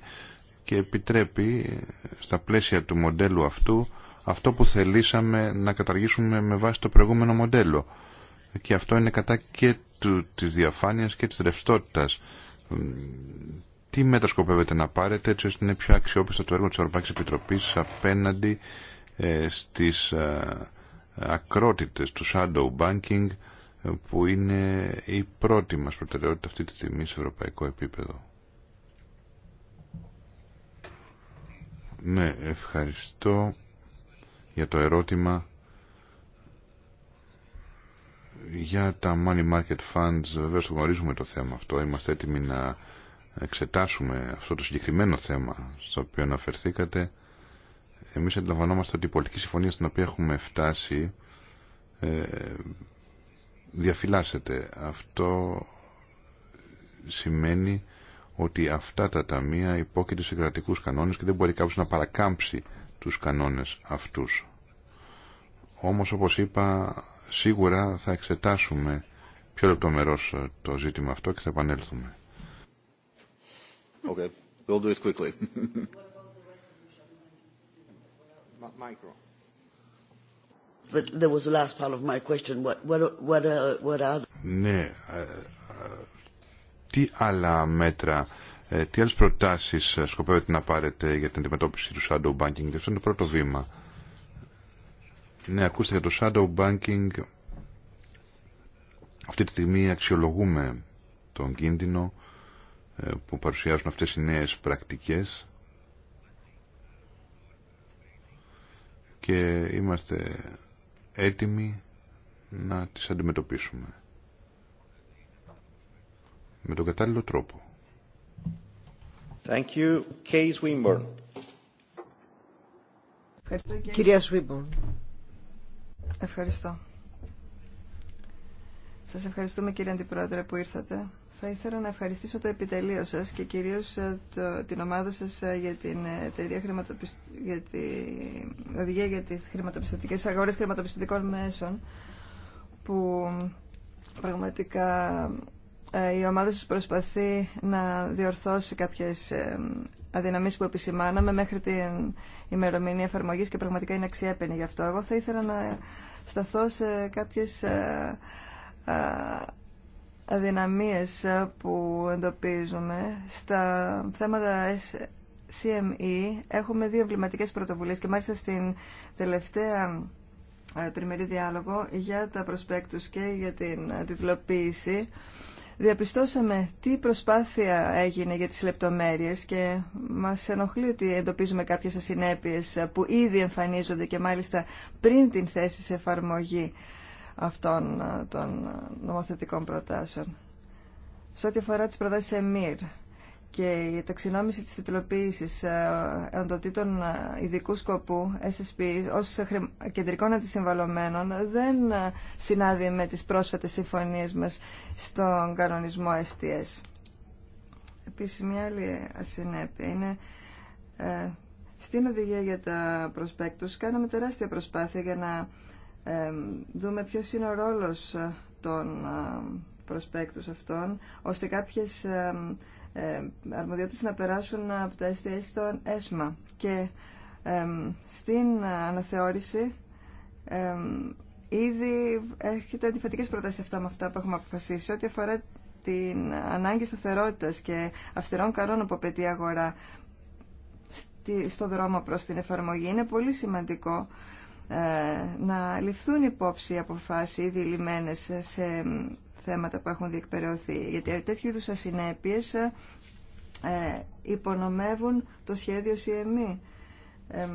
και επιτρέπει ε, στα πλαίσια του μοντέλου αυτού αυτό που θελήσαμε να καταργήσουμε με βάση το προηγούμενο μοντέλο. Και αυτό είναι κατά και του, της διαφάνειας και της ρευστότητα. Τι μέτρα σκοπεύετε να πάρετε έτσι ώστε να είναι πιο αξιόπιστο το έργο της Ευρωπαϊκής Επιτροπής απέναντι ε, στις ε, ακρότητες του shadow banking ε, που είναι η πρώτη μας προτεραιότητα αυτή τη στιγμή σε ευρωπαϊκό επίπεδο. Ναι, ευχαριστώ για το ερώτημα για τα money market funds βέβαια γνωρίζουμε το θέμα αυτό είμαστε έτοιμοι να εξετάσουμε αυτό το συγκεκριμένο θέμα στο οποίο αναφερθήκατε εμείς αντιλαμβανόμαστε ότι η πολιτική συμφωνία στην οποία έχουμε φτάσει ε, διαφυλάσσεται αυτό σημαίνει ότι αυτά τα ταμεία υπόκειται σε κρατικούς κανόνες και δεν μπορεί κάποιος να παρακάμψει τους κανόνες αυτούς. Όμως όπως είπα σίγουρα θα εξετάσουμε πιο λεπτομερώς ε, το ζήτημα αυτό και θα επανέλθουμε. Okay. We'll do it quickly. Ναι, τι άλλα μέτρα, ε, τι άλλες προτάσεις ε, σκοπεύετε να πάρετε για την αντιμετώπιση του shadow banking. αυτό είναι το πρώτο βήμα. Ναι, ακούστε για το shadow banking. Αυτή τη στιγμή αξιολογούμε τον κίνδυνο ε, που παρουσιάζουν αυτές οι νέες πρακτικές και είμαστε έτοιμοι να τις αντιμετωπίσουμε με τον κατάλληλο τρόπο. Thank you. Case Ευχαριστώ, Κυρία Ευχαριστώ. Σας ευχαριστούμε κύριε Αντιπρόεδρε που ήρθατε. Θα ήθελα να ευχαριστήσω το επιτελείο σας και κυρίως ε, το, την ομάδα σας ε, για την ε, εταιρεία για τη οδηγία για τις χρηματοπιστωτικές αγορές χρηματοπιστωτικών μέσων που πραγματικά ε, η ομάδα σας προσπαθεί να διορθώσει κάποιες ε, αδυναμίες που επισημάναμε μέχρι την ημερομηνία εφαρμογής και πραγματικά είναι αξιέπαινη γι' αυτό. Εγώ θα ήθελα να σταθώ σε κάποιες ε, αδυναμίες που εντοπίζουμε στα θέματα CME. Έχουμε δύο εμβληματικές πρωτοβουλίες και μάλιστα στην τελευταία τριμερή διάλογο για τα προσπέκτους και για την τιτλοποίηση διαπιστώσαμε τι προσπάθεια έγινε για τις λεπτομέρειες και μας ενοχλεί ότι εντοπίζουμε κάποιες ασυνέπειες που ήδη εμφανίζονται και μάλιστα πριν την θέση σε εφαρμογή αυτών των νομοθετικών προτάσεων. Σε ό,τι αφορά τις προτάσεις και η ταξινόμηση της τιτλοποίησης εντοτήτων ε, ειδικού σκοπού SSP ως κεντρικών αντισυμβαλωμένων δεν ε, συνάδει με τις πρόσφατες συμφωνίες μας στον κανονισμό STS. Επίσης μια άλλη ασυνέπεια είναι ε, στην οδηγία για τα προσπέκτους κάναμε τεράστια προσπάθεια για να δούμε ποιος είναι ο ρόλος των προσπέκτους αυτών ώστε κάποιες ε, ε, αρμοδιότητες να περάσουν από τα STA στον ΕΣΜΑ. Και στην αναθεώρηση ήδη έρχεται αντιφατικές προτάσεις αυτά με αυτά που έχουμε αποφασίσει ό,τι αφορά την ανάγκη σταθερότητας και αυστηρών καρών που απαιτεί η αγορά στο δρόμο προς την εφαρμογή. Είναι πολύ σημαντικό ε, να ληφθούν υπόψη οι αποφάσεις ήδη σε θέματα που έχουν διεκπαιρεωθεί. Γιατί τέτοιου είδους ε, υπονομεύουν το σχέδιο CME. Ε,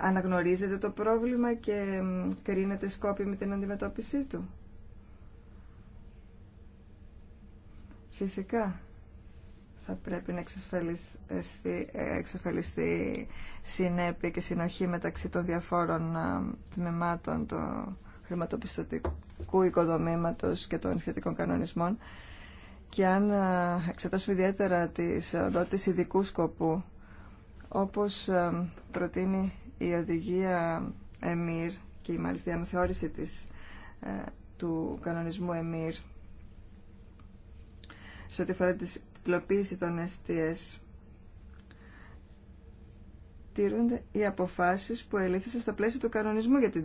αναγνωρίζεται το πρόβλημα και κρίνεται σκόπιμη την αντιμετώπιση του. Φυσικά θα πρέπει να εξασφαλιστεί, εξασφαλιστεί συνέπεια και συνοχή μεταξύ των διαφόρων ε, τμήματων του χρηματοπιστωτικού οικοδομήματος και των σχετικών κανονισμών και αν εξετάσουμε ιδιαίτερα τις οντότητες ειδικού σκοπού, όπως προτείνει η οδηγία ΕΜΙΡ και η μάλιστα η αναθεώρηση της, του κανονισμού ΕΜΙΡ σε ό,τι αφορά τη τυπλοποίηση των STS, τηρούνται οι αποφάσεις που ελήφθησαν στα πλαίσια του κανονισμού για την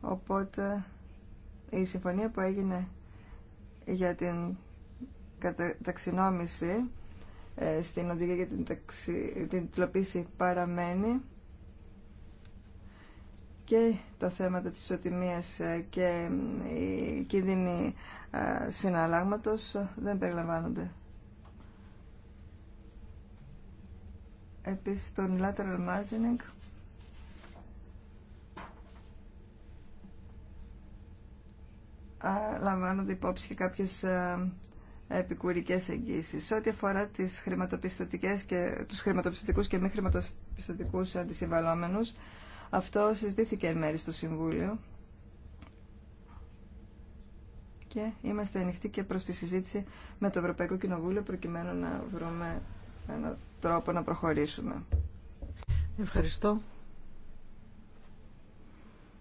Οπότε η συμφωνία που έγινε για την ταξινόμηση ε, στην οδηγία για την, ταξι... την παραμένει και τα θέματα της ισοτιμίας ε, και ε, οι κίνδυνοι συναλλάγματος δεν περιλαμβάνονται. Επίσης, το lateral margining λαμβάνονται υπόψη και κάποιες επικουρικές εγγύσεις. Σε ό,τι αφορά τις χρηματοπιστωτικές και, τους χρηματοπιστωτικούς και μη χρηματοπιστωτικούς αντισυμβαλόμενους, αυτό συζητήθηκε εν μέρη στο Συμβούλιο και είμαστε ανοιχτοί και προς τη συζήτηση με το Ευρωπαϊκό Κοινοβούλιο προκειμένου να βρούμε έναν τρόπο να προχωρήσουμε. Ευχαριστώ.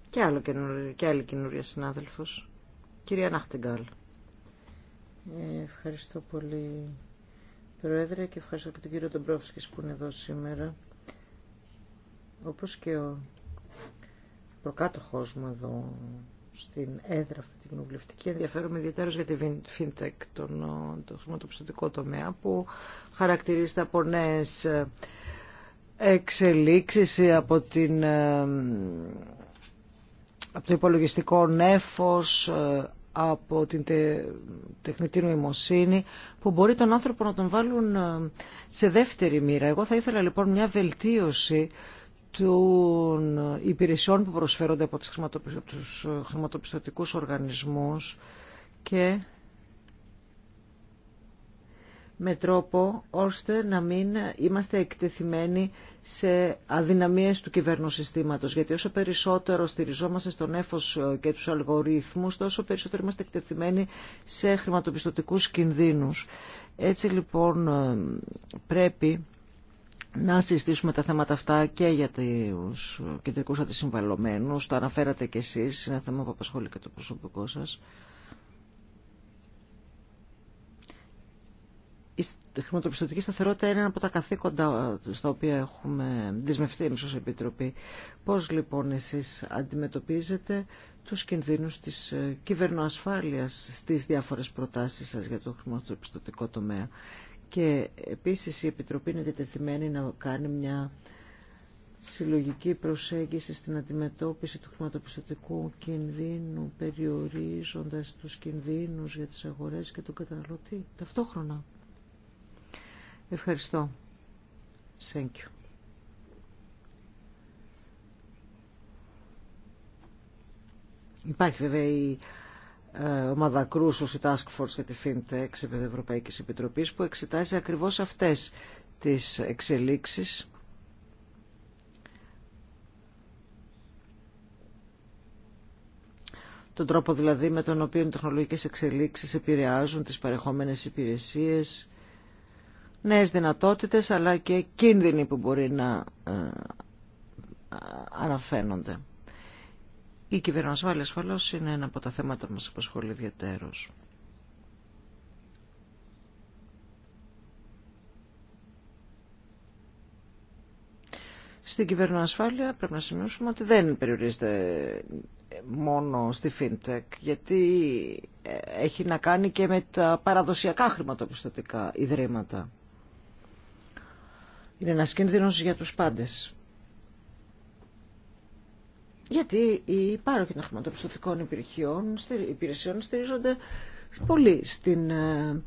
Και, άλλη καινούρια συνάδελφος. Κυρία Ε, Ευχαριστώ πολύ, Πρόεδρε, και ευχαριστώ και τον κύριο Ντομπρόφσκης που είναι εδώ σήμερα. Όπως και ο προκάτοχός μου εδώ στην έδρα αυτή την κοινοβουλευτική ενδιαφέρομαι ιδιαίτερα για τη FinTech, τον, το χρηματοπιστωτικό τομέα που χαρακτηρίζεται από νέες ε, εξελίξεις από την ε, από το υπολογιστικό νέφος, ε, από την τεχνητή νοημοσύνη που μπορεί τον άνθρωπο να τον βάλουν ε, σε δεύτερη μοίρα. Εγώ θα ήθελα λοιπόν μια βελτίωση των υπηρεσιών που προσφέρονται από τους ε, χρηματοπιστωτικούς οργανισμούς και με τρόπο ώστε να μην είμαστε εκτεθειμένοι σε αδυναμίες του κυβερνοσυστήματος. Γιατί όσο περισσότερο στηριζόμαστε στον έφος ε, και τους αλγορίθμους, τόσο περισσότερο είμαστε εκτεθειμένοι σε χρηματοπιστωτικούς κινδύνους. Έτσι λοιπόν ε, πρέπει να συζητήσουμε τα θέματα αυτά και για τους κεντρικούς αντισυμβαλλομένους. Το αναφέρατε κι εσείς, είναι ένα θέμα που απασχολεί και το προσωπικό σας. η χρηματοπιστωτική σταθερότητα είναι ένα από τα καθήκοντα ε, στα οποία έχουμε δεσμευτεί εμείς ως Επιτροπή. Πώς λοιπόν εσείς αντιμετωπίζετε τους κινδύνους της ε, κυβερνοασφάλειας στις διάφορες προτάσεις σας για το χρηματοπιστωτικό τομέα. Και επίσης η Επιτροπή είναι διατεθειμένη να κάνει μια συλλογική προσέγγιση στην αντιμετώπιση του χρηματοπιστωτικού κινδύνου, περιορίζοντας τους κινδύνους για τις αγορές και τον καταναλωτή ταυτόχρονα. Ευχαριστώ. Thank you. Υπάρχει βέβαια η ε, ομάδα κρούσος, η Task Force για τη FinTech της Ευρωπαϊκής Επιτροπής που εξετάζει ακριβώς αυτές τις εξελίξεις τον τρόπο δηλαδή με τον οποίο οι τεχνολογικές εξελίξεις επηρεάζουν τις παρεχόμενες υπηρεσίες νέες δυνατότητες αλλά και κίνδυνοι που μπορεί να ε, αναφαίνονται. Η κυβερνοασφάλεια ασφαλώς είναι ένα από τα θέματα που μας απασχολεί ιδιαίτερως. Στην κυβερνοασφάλεια πρέπει να σημειώσουμε ότι δεν περιορίζεται μόνο στη FinTech, γιατί ε, έχει να κάνει και με τα παραδοσιακά χρηματοπιστωτικά ιδρύματα. Είναι ένας κίνδυνος για τους πάντες. Γιατί οι υπάροχοι των χρηματοπιστωτικών υπηρεσιών στηρίζονται πολύ στην, ε,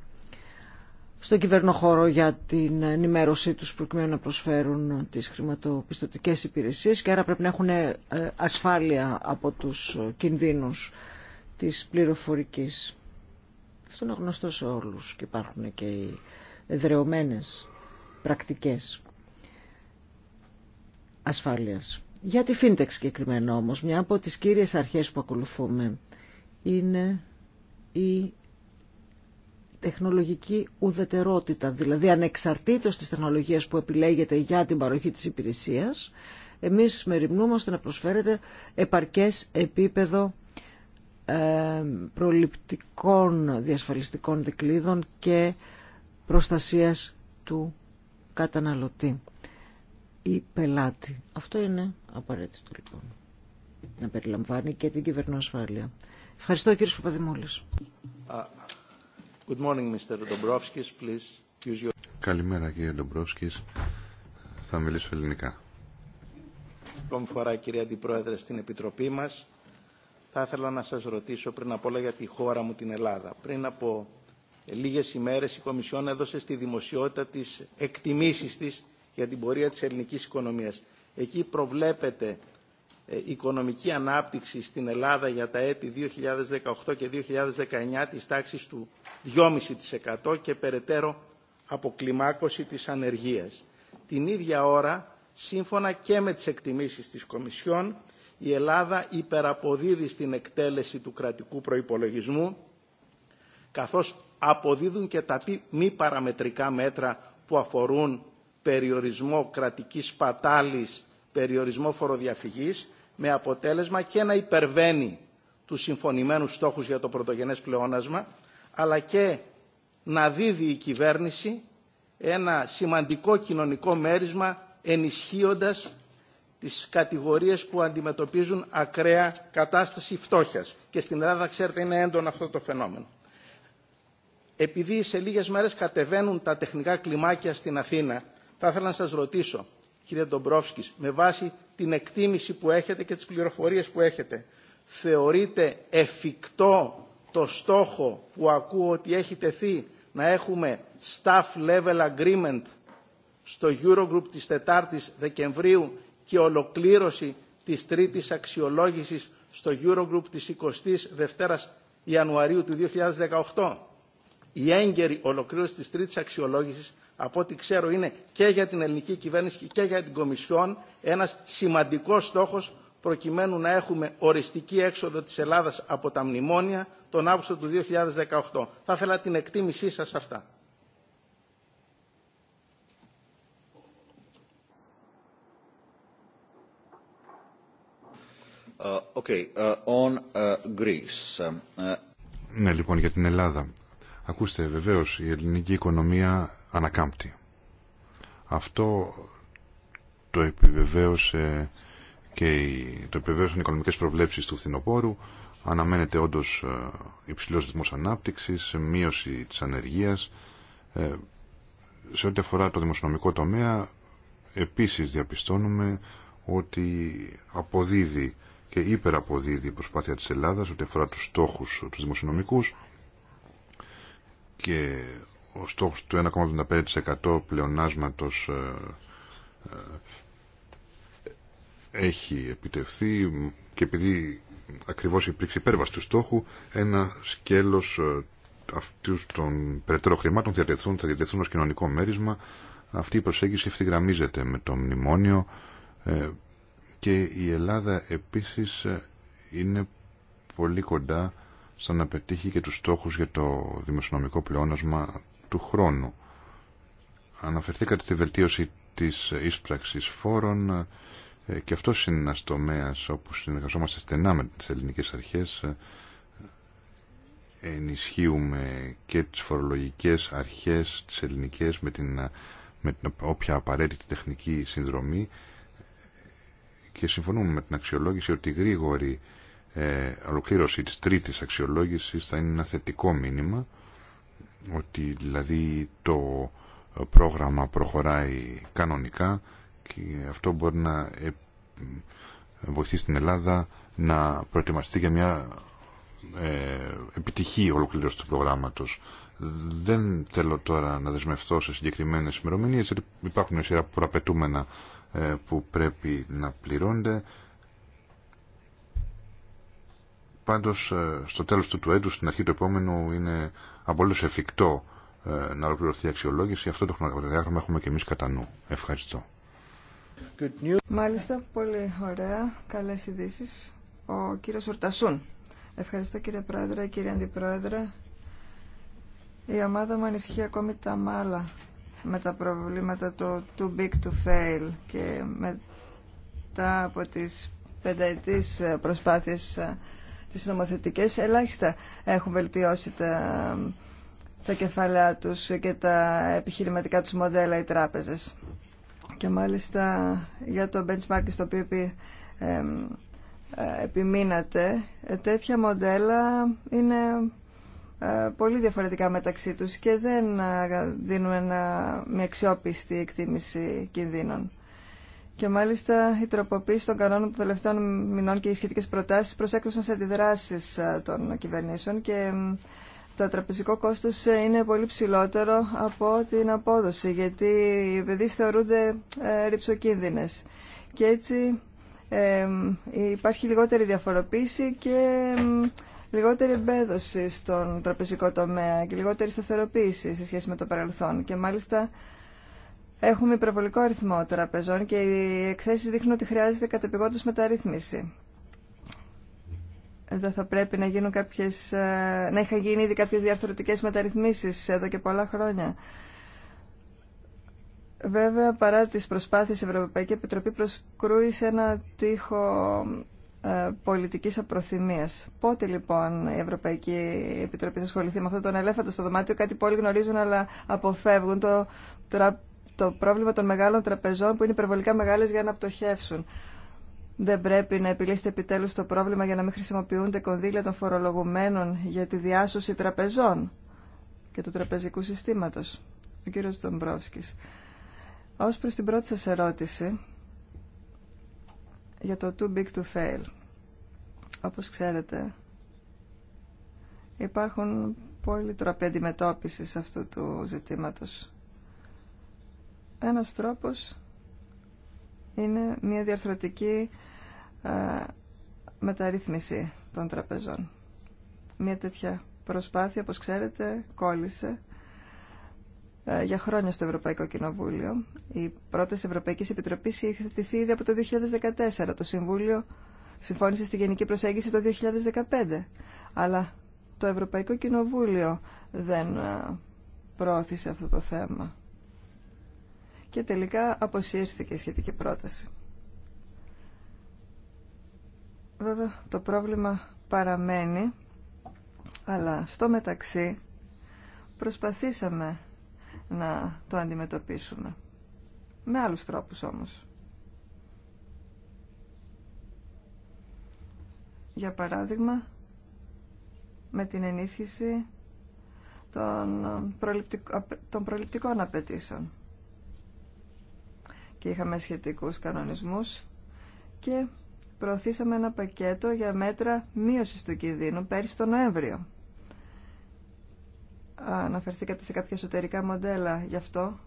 στον κυβερνοχώρο για την ενημέρωσή τους προκειμένου να προσφέρουν τις χρηματοπιστωτικές υπηρεσίες και άρα πρέπει να έχουν ε, ασφάλεια από τους κινδύνους της πληροφορικής. Αυτό είναι γνωστό σε όλους και υπάρχουν και οι εδρεωμένες πρακτικές ασφάλειας. Για τη fintech συγκεκριμένα όμως, μια από τις κύριες αρχές που ακολουθούμε είναι η τεχνολογική ουδετερότητα, δηλαδή ανεξαρτήτως της τεχνολογίας που επιλέγεται για την παροχή της υπηρεσίας, εμείς μεριμνούμαστε να προσφέρεται επαρκές επίπεδο ε, προληπτικών διασφαλιστικών δικλείδων και προστασίας του καταναλωτή ή πελάτη. Αυτό είναι απαραίτητο λοιπόν. Να περιλαμβάνει και την ασφάλεια. Ευχαριστώ κύριε Παπαδημούλης. Good Καλημέρα κύριε Ντομπρόσκης. Θα μιλήσω ελληνικά. Πρώτη φορά κύριε Αντιπρόεδρε στην Επιτροπή μας. Θα ήθελα να σας ρωτήσω πριν από όλα για τη χώρα μου την Ελλάδα. Πριν από ε, λίγες ημέρες η Κομισιόν έδωσε στη δημοσιότητα τις εκτιμήσεις της για την πορεία της ελληνικής οικονομίας. Εκεί προβλέπεται ε, οικονομική ανάπτυξη στην Ελλάδα για τα έτη 2018 και 2019 της τάξης του 2,5% και περαιτέρω αποκλιμάκωση της ανεργίας. Την ίδια ώρα, σύμφωνα και με τις εκτιμήσεις της Κομισιόν, η Ελλάδα υπεραποδίδει στην εκτέλεση του κρατικού προϋπολογισμού, καθώς αποδίδουν και τα μη παραμετρικά μέτρα που αφορούν περιορισμό κρατικής πατάλης, περιορισμό φοροδιαφυγής, με αποτέλεσμα και να υπερβαίνει τους συμφωνημένους στόχους για το πρωτογενές πλεόνασμα, αλλά και να δίδει η κυβέρνηση ένα σημαντικό κοινωνικό μέρισμα ενισχύοντας τις κατηγορίες που αντιμετωπίζουν ακραία κατάσταση φτώχειας. Και στην Ελλάδα, ξέρετε, είναι έντονο αυτό το φαινόμενο. Επειδή σε λίγες μέρες κατεβαίνουν τα τεχνικά κλιμάκια στην Αθήνα, θα ήθελα να σας ρωτήσω, κύριε Ντομπρόφσκης, με βάση την εκτίμηση που έχετε και τις πληροφορίες που έχετε, θεωρείτε εφικτό το στόχο που ακούω ότι έχει τεθεί να έχουμε staff level agreement στο Eurogroup της 4ης Δεκεμβρίου και ολοκλήρωση της τρίτης αξιολόγησης στο Eurogroup της 22ης Ιανουαρίου του 2018 η έγκαιρη ολοκλήρωση της τρίτης αξιολόγησης από ό,τι ξέρω είναι και για την ελληνική κυβέρνηση και για την Κομισιόν ένας σημαντικός στόχος προκειμένου να έχουμε οριστική έξοδο της Ελλάδας από τα μνημόνια τον Αύγουστο του 2018. Θα ήθελα την εκτίμησή σας σε αυτά. Uh, okay. Uh, on uh, Greece. Ναι, λοιπόν, για την Ελλάδα. Ακούστε, βεβαίως, η ελληνική οικονομία ανακάμπτει. Αυτό το επιβεβαίωσε και το επιβεβαίωσαν οι οικονομικές προβλέψεις του φθινοπόρου. Αναμένεται όντως ε, υψηλός δημός ανάπτυξης, μείωση της ανεργίας. Ε, σε ό,τι αφορά το δημοσιονομικό τομέα, επίσης διαπιστώνουμε ότι αποδίδει και υπεραποδίδει η προσπάθεια της Ελλάδας ό,τι αφορά τους στόχους τους δημοσιονομικούς και ο στόχος του 1,75% πλεονάσματος ε, ε, έχει επιτευθεί και επειδή ακριβώς υπήρξε υπέρβαση του στόχου ένα σκέλος ε, αυτού των περαιτέρω χρημάτων θα διατεθούν, θα διατεθούν ως κοινωνικό μέρισμα αυτή η προσέγγιση ευθυγραμμίζεται με το μνημόνιο και η Ελλάδα επίσης είναι πολύ κοντά σαν να πετύχει και τους στόχους για το δημοσιονομικό πλεόνασμα του χρόνου. Αναφερθήκατε στη βελτίωση της ίσπραξης φόρων ε, και αυτό είναι ένας τομέας όπου συνεργαζόμαστε στενά με τις ελληνικές αρχές. Ε, ενισχύουμε και τις φορολογικές αρχές τις ελληνικές με την, ε, με την όποια απαραίτητη τεχνική συνδρομή και συμφωνούμε με την αξιολόγηση ότι γρήγορη ε, ολοκλήρωση της τρίτης αξιολόγησης θα είναι ένα θετικό μήνυμα ότι δηλαδή το πρόγραμμα προχωράει κανονικά και αυτό μπορεί να ε, βοηθήσει την Ελλάδα να προετοιμαστεί για μια ε, επιτυχή ολοκλήρωση του προγράμματος. Δεν θέλω τώρα να δεσμευτώ σε συγκεκριμένες ημερομηνίες, υπάρχουν μια σειρά προαπαιτούμενα ε, που πρέπει να πληρώνται Πάντως ε, στο τέλος του του έτους, στην αρχή του επόμενου, είναι απολύτως εφικτό ε, να ολοκληρωθεί η αξιολόγηση. Αυτό το χρονοδιάγραμμα έχουμε και εμείς κατά νου. Ευχαριστώ. Μάλιστα, πολύ ωραία. καλέ ειδήσει. Ο κύριος Ορτασούν. Ευχαριστώ κύριε Πρόεδρε, κύριε Αντιπρόεδρε. Η ομάδα μου ανησυχεί ακόμη τα μάλα με τα προβλήματα το too big to fail και μετά από τις πενταετής προσπάθειες ε, τις νομοθετικές, ελάχιστα έχουν βελτιώσει τα, τα κεφαλαία τους και τα επιχειρηματικά τους μοντέλα οι τράπεζες. Και μάλιστα για το benchmark στο οποίο ε, επιμείνατε, ε, τέτοια μοντέλα είναι ε, πολύ διαφορετικά μεταξύ τους και δεν δίνουν μια αξιόπιστη εκτίμηση κινδύνων. Και μάλιστα η τροποποίηση των κανόνων των τελευταίων μηνών και οι σχετικές προτάσεις προσέκτουσαν σε αντιδράσεις ε, των κυβερνήσεων και το τραπεζικό κόστος ε, είναι πολύ ψηλότερο από την απόδοση γιατί οι επενδύσεις θεωρούνται ε, ρηψοκίνδυνες. Και έτσι υπάρχει λιγότερη διαφοροποίηση και λιγότερη εμπέδωση στον τραπεζικό τομέα και λιγότερη σταθεροποίηση σε σχέση με το παρελθόν. Και μάλιστα Έχουμε υπερβολικό αριθμό τραπεζών και οι εκθέσει δείχνουν ότι χρειάζεται κατεπηγόντω μεταρρύθμιση. Δεν θα πρέπει να, γίνουν κάποιες, ε, να είχαν γίνει ήδη κάποιε διαρθρωτικές μεταρρυθμίσει εδώ και πολλά χρόνια. Βέβαια, παρά τις προσπάθειες, η Ευρωπαϊκή Επιτροπή προσκρούει σε ένα τείχο ε, πολιτικής απροθυμίας. Πότε λοιπόν η Ευρωπαϊκή Επιτροπή θα ασχοληθεί με αυτόν τον ελέφαντα στο δωμάτιο, κάτι που όλοι γνωρίζουν αλλά αποφεύγουν το, το πρόβλημα των μεγάλων τραπεζών που είναι υπερβολικά μεγάλες για να πτωχεύσουν. Δεν πρέπει να επιλύσετε επιτέλου το πρόβλημα για να μην χρησιμοποιούνται κονδύλια των φορολογουμένων για τη διάσωση τραπεζών και του τραπεζικού συστήματος. Ο κύριος Δομπρόφσκης. Ω προ την πρώτη σα ερώτηση για το too big to fail. Όπως ξέρετε, υπάρχουν πολλοί τρόποι αντιμετώπισης αυτού του ζητήματος. Ένας τρόπος είναι μια διαρθρωτική ε, μεταρρύθμιση των τραπεζών. Μια τέτοια προσπάθεια, όπως ξέρετε, κόλλησε ε, για χρόνια στο Ευρωπαϊκό Κοινοβούλιο. Η πρώτη ευρωπαϊκή Επιτροπής είχε θετηθεί ήδη από το 2014. Το Συμβούλιο συμφώνησε στη Γενική Προσέγγιση το 2015. Αλλά το Ευρωπαϊκό Κοινοβούλιο δεν ε, προώθησε αυτό το θέμα και τελικά αποσύρθηκε η σχετική πρόταση. Βέβαια το πρόβλημα παραμένει, αλλά στο μεταξύ προσπαθήσαμε να το αντιμετωπίσουμε. Με άλλους τρόπους όμως. Για παράδειγμα, με την ενίσχυση των προληπτικών απαιτήσεων και είχαμε σχετικούς κανονισμούς και προωθήσαμε ένα πακέτο για μέτρα μείωσης του κινδύνου πέρυσι τον Νοέμβριο. Αναφερθήκατε σε κάποια εσωτερικά μοντέλα γι' αυτό.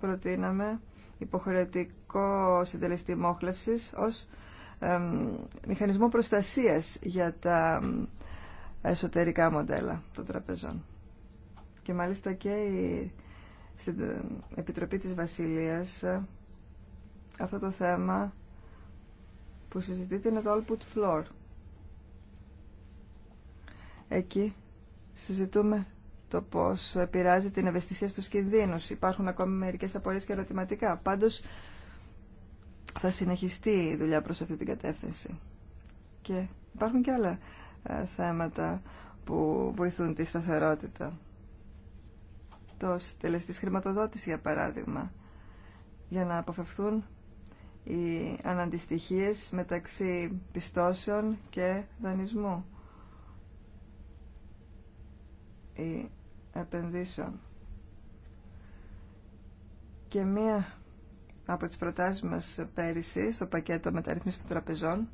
Προτείναμε υποχρεωτικό συντελεστή μόχλευσης ως μηχανισμό προστασίας για τα εσωτερικά μοντέλα των τραπεζών. Και μάλιστα και στην Επιτροπή της Βασιλείας ε, αυτό το θέμα που συζητείται είναι το Output Floor. Εκεί συζητούμε το πώς επηρεάζει την ευαισθησία στους κινδύνους. Υπάρχουν ακόμη μερικές απορίες και ερωτηματικά. Πάντως θα συνεχιστεί η δουλειά προς αυτή την κατεύθυνση. Και υπάρχουν και άλλα ε, θέματα που βοηθούν τη σταθερότητα. Το τελεστής χρηματοδότηση, για παράδειγμα, για να αποφευθούν οι αναντιστοιχίες μεταξύ πιστώσεων και δανεισμού ή επενδύσεων. Και μία από τις προτάσεις μας πέρυσι στο πακέτο μεταρρυθμίσεις των τραπεζών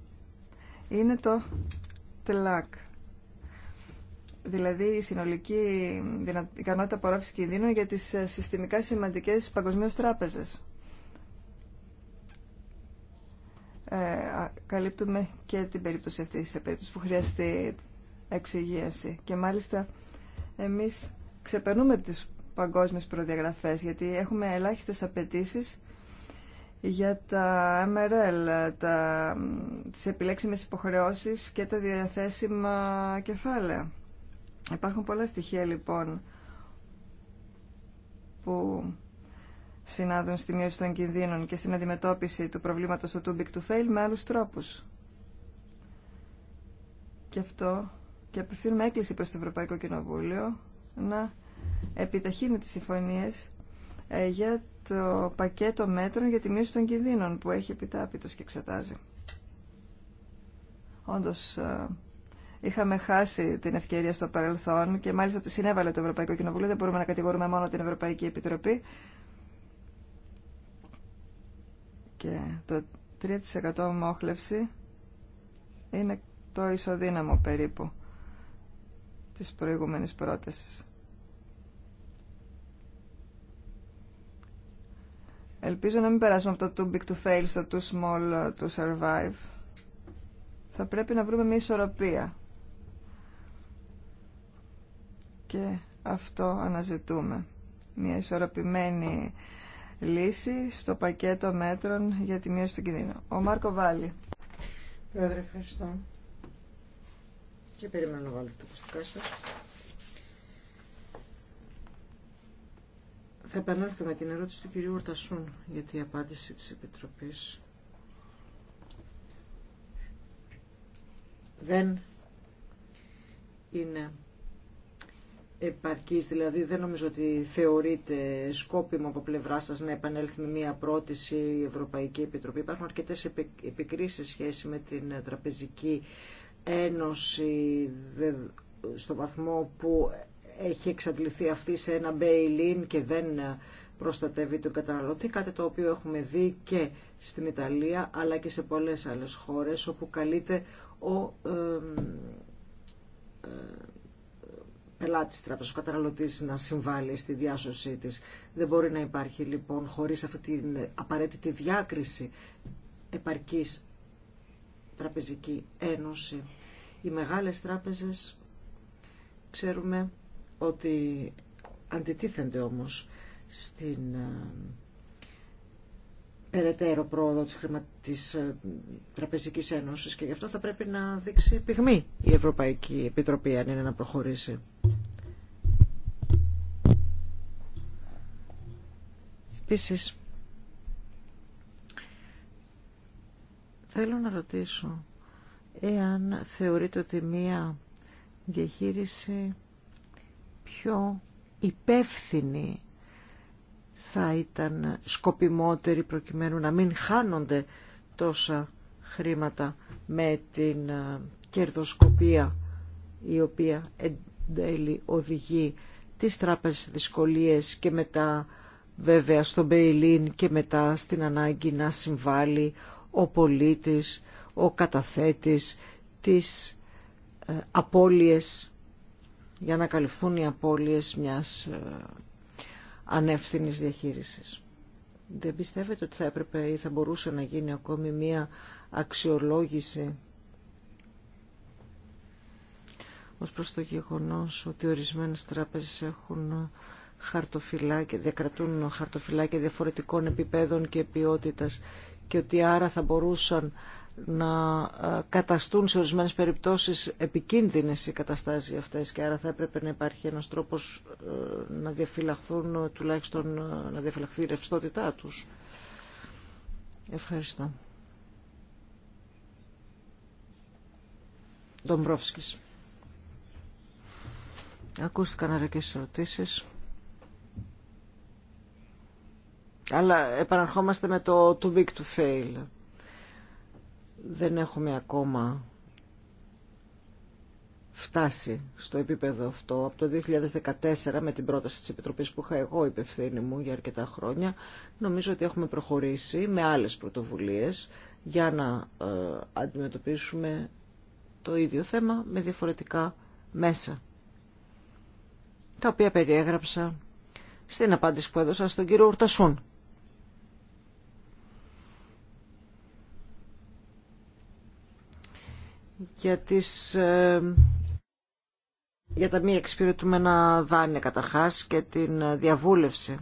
είναι το ΤΛΑΚ δηλαδή η συνολική ικανότητα απορρόφησης κινδύνων για τις ε, συστημικά σημαντικές παγκοσμίω τράπεζες. Ε, καλύπτουμε και την περίπτωση αυτή σε περίπτωση που χρειαστεί εξηγίαση. Και μάλιστα εμείς ξεπερνούμε τις παγκόσμιες προδιαγραφές γιατί έχουμε ελάχιστες απαιτήσει για τα MRL, τα, τις επιλέξιμες υποχρεώσεις και τα διαθέσιμα κεφάλαια. Υπάρχουν πολλά στοιχεία λοιπόν που συνάδουν στη μείωση των κινδύνων και στην αντιμετώπιση του προβλήματος του too big to fail με άλλους τρόπους. Και αυτό και απευθύνουμε έκκληση προς το Ευρωπαϊκό Κοινοβούλιο να επιταχύνει τις συμφωνίες ε, για το πακέτο μέτρων για τη μείωση των κινδύνων που έχει επιτάπητος και εξετάζει. Όντως ε, Είχαμε χάσει την ευκαιρία στο παρελθόν και μάλιστα τη συνέβαλε το Ευρωπαϊκό Κοινοβούλιο. Δεν μπορούμε να κατηγορούμε μόνο την Ευρωπαϊκή Επιτροπή. Και το 3% μόχλευση είναι το ισοδύναμο περίπου της προηγούμενης πρότασης. Ελπίζω να μην περάσουμε από το too big to fail στο too small to survive. Θα πρέπει να βρούμε μια ισορροπία και αυτό αναζητούμε. Μια ισορροπημένη λύση στο πακέτο μέτρων για τη μείωση του κινδύνου. Ο Μάρκο Βάλλη. Πρόεδρε, ευχαριστώ. Και περιμένω να βάλω το ακουστικά σα. Θα επανέλθω με την ερώτηση του κυρίου Ορτασούν για την απάντηση της Επιτροπής. Δεν είναι επαρκής, δηλαδή δεν νομίζω ότι θεωρείται σκόπιμο από πλευρά σας να επανέλθει με μία πρόταση η Ευρωπαϊκή Επιτροπή. Υπάρχουν αρκετές επικρίσεις σχέση με την Τραπεζική Ένωση στο βαθμό που έχει εξαντληθεί αυτή σε ένα bail-in και δεν προστατεύει τον καταναλωτή, κάτι το οποίο έχουμε δει και στην Ιταλία αλλά και σε πολλές άλλες χώρες όπου καλείται ο πελάτη τράπεζα, ο να συμβάλλει στη διάσωσή της. Δεν μπορεί να υπάρχει λοιπόν χωρί αυτή την απαραίτητη διάκριση επαρκή τραπεζική ένωση. Οι μεγάλες τράπεζες ξέρουμε ότι αντιτίθενται όμως στην ε, περαιτέρω πρόοδο της, χρημα... της ε, Τραπεζικής Ένωσης και γι' αυτό θα πρέπει να δείξει πυγμή η Ευρωπαϊκή Επιτροπή αν είναι να προχωρήσει. Επίσης, θέλω να ρωτήσω εάν θεωρείτε ότι μία διαχείριση πιο υπεύθυνη θα ήταν σκοπιμότερη προκειμένου να μην χάνονται τόσα χρήματα με την ε, κερδοσκοπία η οποία εν τέλει οδηγεί τις τράπεζες δυσκολίες και μετά βέβαια στον Μπέιλιν και μετά στην ανάγκη να συμβάλλει ο πολίτης, ο καταθέτης, τις ε, απώλειες για να καλυφθούν οι απώλειες μιας ε, ανεύθυνης διαχείρισης. Δεν πιστεύετε ότι θα έπρεπε ή θα μπορούσε να γίνει ακόμη μία αξιολόγηση ως προς το γεγονός ότι ορισμένες τράπεζες έχουν ε, χαρτοφυλάκια, διακρατούν χαρτοφυλάκια διαφορετικών επιπέδων και ποιότητας και ότι άρα θα μπορούσαν να ε, καταστούν σε ορισμένες περιπτώσεις επικίνδυνες οι καταστάσεις αυτές και άρα θα έπρεπε να υπάρχει ένας τρόπος ε, να διαφυλαχθούν ε, τουλάχιστον να διαφυλαχθεί η ρευστότητά τους. Ευχαριστώ. Ντομπρόφσκης. Ακούστηκαν αρκετές ερωτήσεις. Αλλά επαναρχόμαστε με το too big to fail. Δεν έχουμε ακόμα φτάσει στο επίπεδο αυτό. Από το 2014 με την πρόταση της Επιτροπής που είχα εγώ υπευθύνη μου για αρκετά χρόνια, νομίζω ότι έχουμε προχωρήσει με άλλες πρωτοβουλίες για να ε, αντιμετωπίσουμε το ίδιο θέμα με διαφορετικά μέσα. Τα οποία περιέγραψα στην απάντηση που έδωσα στον κύριο Ουρτασούν. για, τις, ε, για τα μη εξυπηρετούμενα δάνεια καταρχάς και την ε, διαβούλευση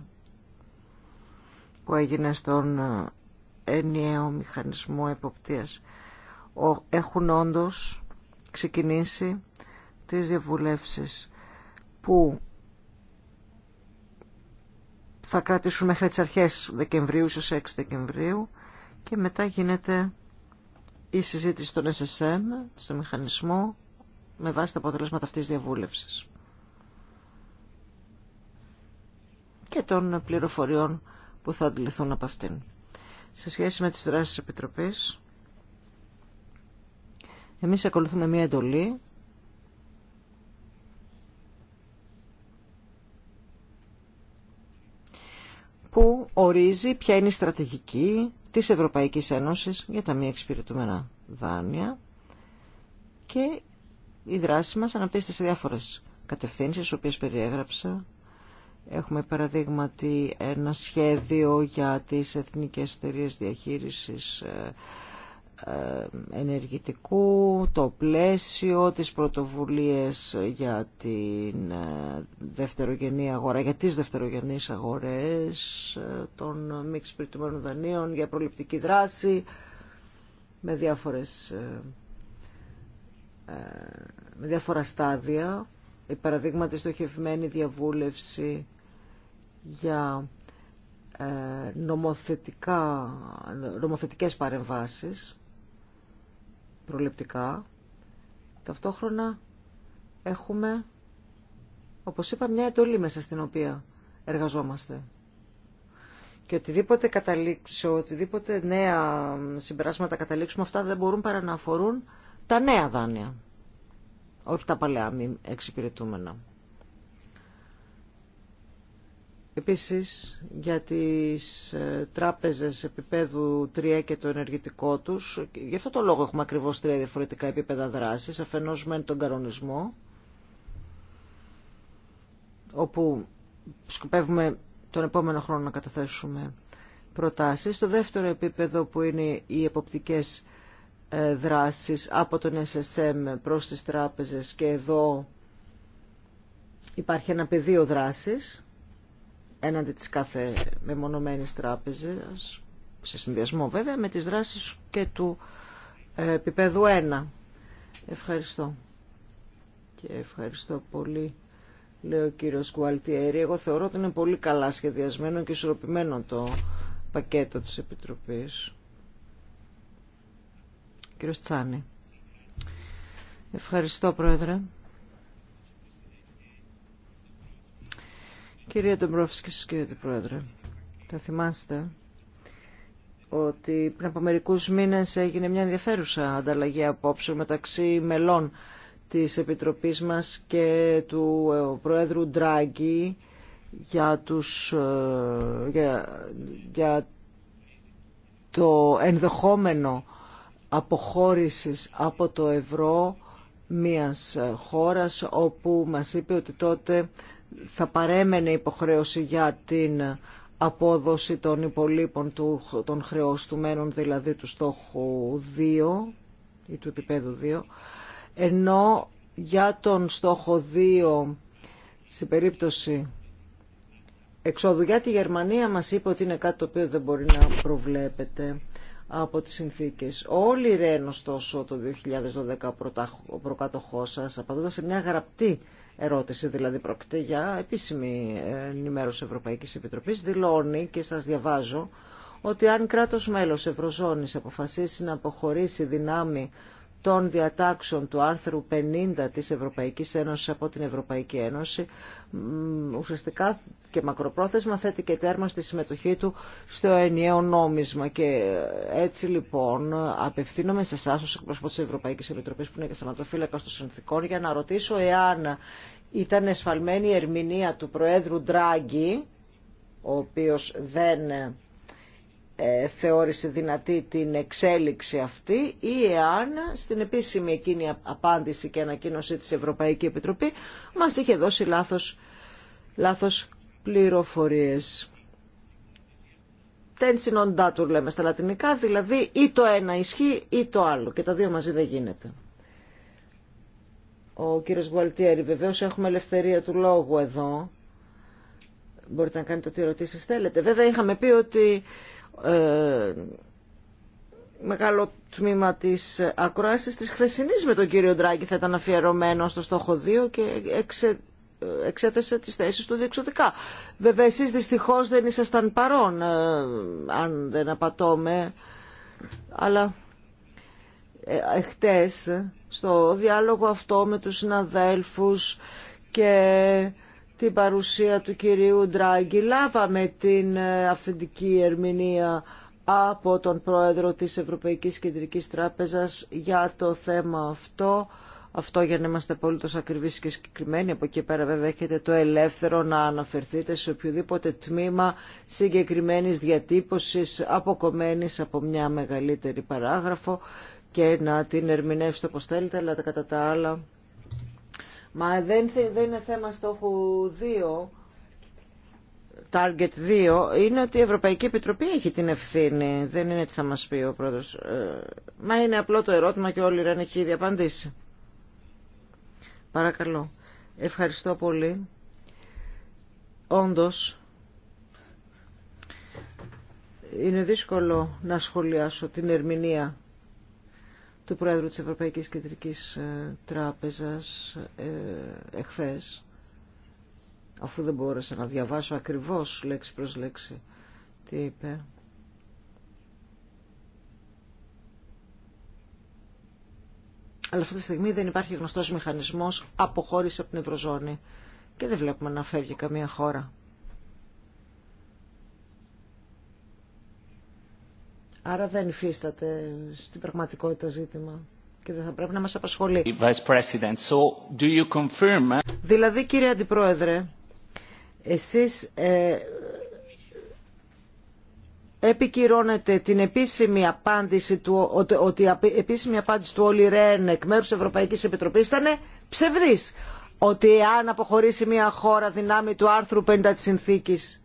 που έγινε στον ε, ενιαίο μηχανισμό εποπτείας. Έχουν όντως ξεκινήσει τις διαβουλεύσεις που θα κρατήσουν μέχρι τις αρχές Δεκεμβρίου, ίσως 6 Δεκεμβρίου και μετά γίνεται η συζήτηση στον SSM, στο μηχανισμό, με βάση τα αποτελέσματα αυτής της διαβούλευσης. Και των πληροφοριών που θα αντιληφθούν από αυτήν. Σε σχέση με τις δράσεις της Επιτροπής, εμείς ακολουθούμε μία εντολή που ορίζει ποια είναι η στρατηγική της Ευρωπαϊκής Ένωσης για τα μη εξυπηρετούμενα δάνεια και η δράση μας αναπτύσσεται σε διάφορες κατευθύνσεις, τις οποίες περιέγραψα. Έχουμε παραδείγματι ένα σχέδιο για τις εθνικές εταιρείε διαχείρισης ε, ε, ενεργητικού, το πλαίσιο, τις πρωτοβουλίες για την ε, δευτερογενή αγορά, για τις δευτερογενείς αγορές ε, των μη εξυπηρετουμένων δανείων, για προληπτική δράση, με, διάφορες, με διάφορα στάδια, η παραδείγματι στοχευμένη διαβούλευση για νομοθετικά, νομοθετικές παρεμβάσεις προληπτικά. Ταυτόχρονα έχουμε, όπως είπα, μια εντολή μέσα στην οποία εργαζόμαστε. Και οτιδήποτε καταλήξω, οτιδήποτε νέα συμπεράσματα καταλήξουμε, αυτά δεν μπορούν παρά να αφορούν τα νέα δάνεια. Όχι τα παλαιά μη εξυπηρετούμενα. Επίσης για τις ε, τράπεζες επίπεδου 3 και το ενεργητικό τους, γι' αυτό το λόγο έχουμε ακριβώς τρία διαφορετικά επίπεδα δράσης, αφενός μεν τον κανονισμό, όπου σκοπεύουμε τον επόμενο χρόνο να καταθέσουμε προτάσεις. Το δεύτερο επίπεδο που είναι οι εποπτικές ε, δράσεις από τον SSM προς τις τράπεζες και εδώ υπάρχει ένα πεδίο δράσης έναντι της κάθε μεμονωμένης τράπεζας, σε συνδυασμό βέβαια με τις δράσεις και του ε, επίπεδου 1. Ευχαριστώ. Και ευχαριστώ πολύ, λέει ο κύριος Κουαλτιέρη. Εγώ θεωρώ ότι είναι πολύ καλά σχεδιασμένο και ισορροπημένο το πακέτο της Επιτροπής. Κύριος Τσάνη. Ευχαριστώ, Πρόεδρε. Κυρία και κύριε Πρόεδρε, θα θυμάστε ότι πριν από μερικού μήνες έγινε μια ενδιαφέρουσα ανταλλαγή απόψε μεταξύ μελών της Επιτροπής μας και του ε, Προέδρου Ντράγκη για, τους, ε, για, για το ενδεχόμενο αποχώρησης από το ευρώ μιας ε, χώρας όπου μας είπε ότι τότε θα παρέμενε υποχρέωση για την απόδοση των υπολείπων του, των χρεωστουμένων, δηλαδή του στόχου 2 ή του επίπεδου 2, ενώ για τον στόχο 2, σε περίπτωση εξόδου για τη Γερμανία, μας είπε ότι είναι κάτι το οποίο δεν μπορεί να προβλέπεται από τις συνθήκες. Όλοι Ρένος, το 2012 ο προκάτοχός σας, απαντώντας σε μια γραπτή ερώτηση δηλαδή πρόκειται για επίσημη ενημέρωση Ευρωπαϊκής Επιτροπής, δηλώνει και σας διαβάζω ότι αν κράτος μέλος Ευρωζώνης αποφασίσει να αποχωρήσει δυνάμει των διατάξεων του άρθρου 50 της Ευρωπαϊκής Ένωσης από την Ευρωπαϊκή Ένωση ουσιαστικά και μακροπρόθεσμα θέτει και τέρμα στη συμμετοχή του στο ενιαίο νόμισμα και έτσι λοιπόν απευθύνομαι σε εσάς ως εκπρόσωπο της Ευρωπαϊκής Επιτροπής που είναι και σαματοφύλακας των συνθηκών για να ρωτήσω εάν ήταν εσφαλμένη η ερμηνεία του Προέδρου Ντράγκη ο οποίος δεν ε, θεώρησε δυνατή την εξέλιξη αυτή ή εάν στην επίσημη εκείνη απάντηση και ανακοίνωση της Ευρωπαϊκή Επιτροπή μας είχε δώσει λάθος, λάθος πληροφορίες. Τεν του λέμε στα λατινικά, δηλαδή ή το ένα ισχύει ή το άλλο και τα δύο μαζί δεν γίνεται. Ο κύριος Γουαλτιέρη, βεβαίως έχουμε ελευθερία του λόγου εδώ. Μπορείτε να κάνετε ό,τι ερωτήσεις θέλετε. Βέβαια είχαμε πει ότι ε, μεγάλο τμήμα της ακρόασης της χθεσινής με τον κύριο Ντράγκη θα ήταν αφιερωμένο στο στόχο 2 και εξε, ε, εξέθεσε τις θέσεις του διεξοδικά. Βέβαια εσείς δυστυχώς δεν ήσασταν παρόν, ε, αν δεν απατώμε, αλλά ε, στο διάλογο αυτό με τους συναδέλφους και την παρουσία του κυρίου Ντράγκη. Λάβαμε την ε, αυθεντική ερμηνεία από τον πρόεδρο της Ευρωπαϊκής Κεντρικής Τράπεζας για το θέμα αυτό. Αυτό για να είμαστε τόσο ακριβείς και συγκεκριμένοι. Από εκεί πέρα βέβαια έχετε το ελεύθερο να αναφερθείτε σε οποιοδήποτε τμήμα συγκεκριμένης διατύπωσης αποκομμένης από μια μεγαλύτερη παράγραφο και να την ερμηνεύσετε όπως θέλετε, αλλά κατά τα άλλα Μα δεν, δεν είναι θέμα στόχου 2, target 2, είναι ότι η Ευρωπαϊκή Επιτροπή έχει την ευθύνη. Δεν είναι τι θα μας πει ο πρόεδρος. Ε, μα είναι απλό το ερώτημα και όλοι ρε, έχει ήδη απαντήσει. Παρακαλώ. Ευχαριστώ πολύ. Όντως, είναι δύσκολο να σχολιάσω την ερμηνεία του Πρόεδρου της Ευρωπαϊκής Κεντρικής ε, Τράπεζας ε, εχθές, αφού δεν μπόρεσα να διαβάσω ακριβώς λέξη προς λέξη τι είπε. Αλλά αυτή τη στιγμή δεν υπάρχει γνωστός μηχανισμός αποχώρησης από την Ευρωζώνη και δεν βλέπουμε να φεύγει καμία χώρα. Άρα δεν υφίσταται στην πραγματικότητα ζήτημα και δεν θα πρέπει να μας απασχολεί. So, do you confirm... Eh? Δηλαδή κύριε Αντιπρόεδρε, εσείς ε, επικυρώνετε την επίσημη απάντηση του, ότι, η επίσημη απάντηση του Όλη Ρέν εκ μέρους της Ευρωπαϊκής Επιτροπής ήταν ψευδής. Ότι αν αποχωρήσει μια χώρα δυνάμει του άρθρου 50 της συνθήκης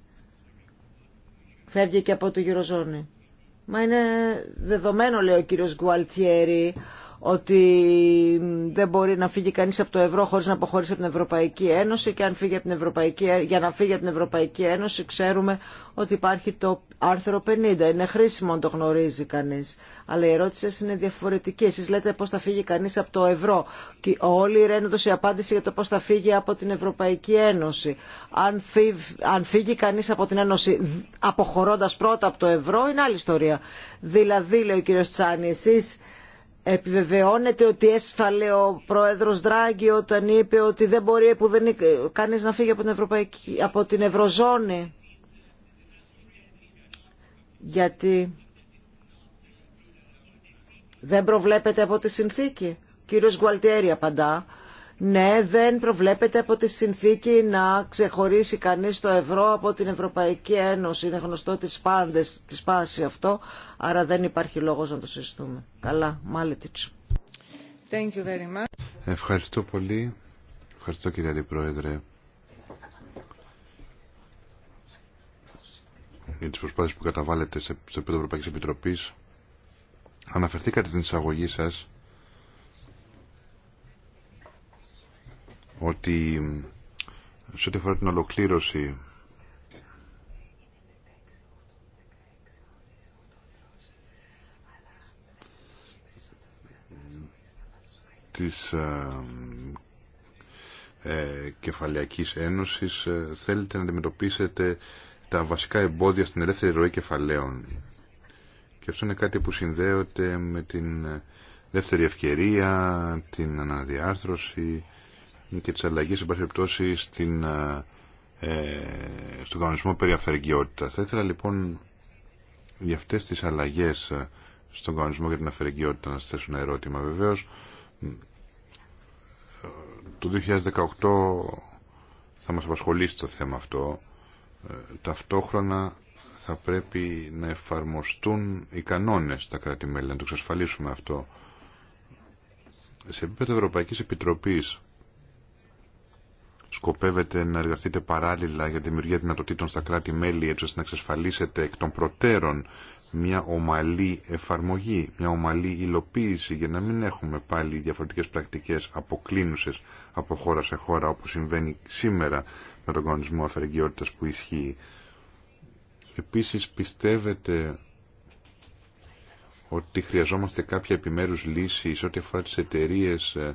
φεύγει και από το Γυροζώνη. Μα είναι δεδομένο, λέει ο κύριος Γκουαλτιέρη, ότι δεν μπορεί να φύγει κανείς από το ευρώ χωρίς να αποχωρήσει από την Ευρωπαϊκή Ένωση και αν φύγει από την Ευρωπαϊκή, για να φύγει από την Ευρωπαϊκή Ένωση ξέρουμε ότι υπάρχει το άρθρο 50. Είναι χρήσιμο να το γνωρίζει κανείς. Αλλά η ερώτηση είναι διαφορετική. Εσείς λέτε πώς θα φύγει κανείς από το ευρώ. Και όλοι η Ρέν η απάντηση για το πώς θα φύγει από την Ευρωπαϊκή Ένωση. Αν φύγει, αν φύγει κανείς από την Ένωση αποχωρώντας πρώτα από το ευρώ είναι άλλη ιστορία. Δηλαδή, λέει ο κύριος Τσάνη, εσείς Επιβεβαιώνεται ότι έσφαλε ο πρόεδρος Δράγκη όταν είπε ότι δεν μπορεί που δεν, κανείς να φύγει από την, την Ευρωζώνη. Γιατί δεν προβλέπεται από τη συνθήκη. Ο κύριος Γουαλτιέρη απαντά. Ναι, δεν προβλέπεται από τη συνθήκη να ξεχωρίσει κανείς το ευρώ από την Ευρωπαϊκή Ένωση. Είναι γνωστό τη πάση αυτό άρα δεν υπάρχει λόγος να το συζητούμε. Καλά, Μάλιτιτς. Ευχαριστώ πολύ. Ευχαριστώ κύριε Αντιπρόεδρε. για τις προσπάθειες που καταβάλλετε σε, σε επίπεδο Ευρωπαϊκής Επιτροπής. Αναφερθήκατε στην εισαγωγή σας ότι σε ό,τι αφορά την ολοκλήρωση της ε, ε, Κεφαλαιακής Ένωσης ε, θέλετε να αντιμετωπίσετε τα βασικά εμπόδια στην ελεύθερη ροή κεφαλαίων. Και αυτό είναι κάτι που συνδέεται με την δεύτερη ευκαιρία, την αναδιάρθρωση και τις αλλαγές σε πάση ε, ε, στον κανονισμό περί Θα ήθελα λοιπόν για αυτές τις αλλαγές στον κανονισμό για την αφαιρεγγιότητα να σας θέσω ένα ερώτημα. Βεβαίως το 2018 θα μας απασχολήσει το θέμα αυτό. Ε, ταυτόχρονα θα πρέπει να εφαρμοστούν οι κανόνες στα κράτη-μέλη, να το εξασφαλίσουμε αυτό. Σε επίπεδο Ευρωπαϊκής Επιτροπής σκοπεύετε να εργαστείτε παράλληλα για τη δημιουργία δυνατοτήτων στα κράτη-μέλη έτσι ώστε να εξασφαλίσετε εκ των προτέρων μια ομαλή εφαρμογή, μια ομαλή υλοποίηση για να μην έχουμε πάλι διαφορετικές πρακτικές αποκλίνουσες από χώρα σε χώρα όπως συμβαίνει σήμερα με τον κανονισμό αφαιρεγγιότητας που ισχύει. Επίσης πιστεύετε ότι χρειαζόμαστε κάποια επιμέρους λύση σε ό,τι αφορά τις εταιρείε ε,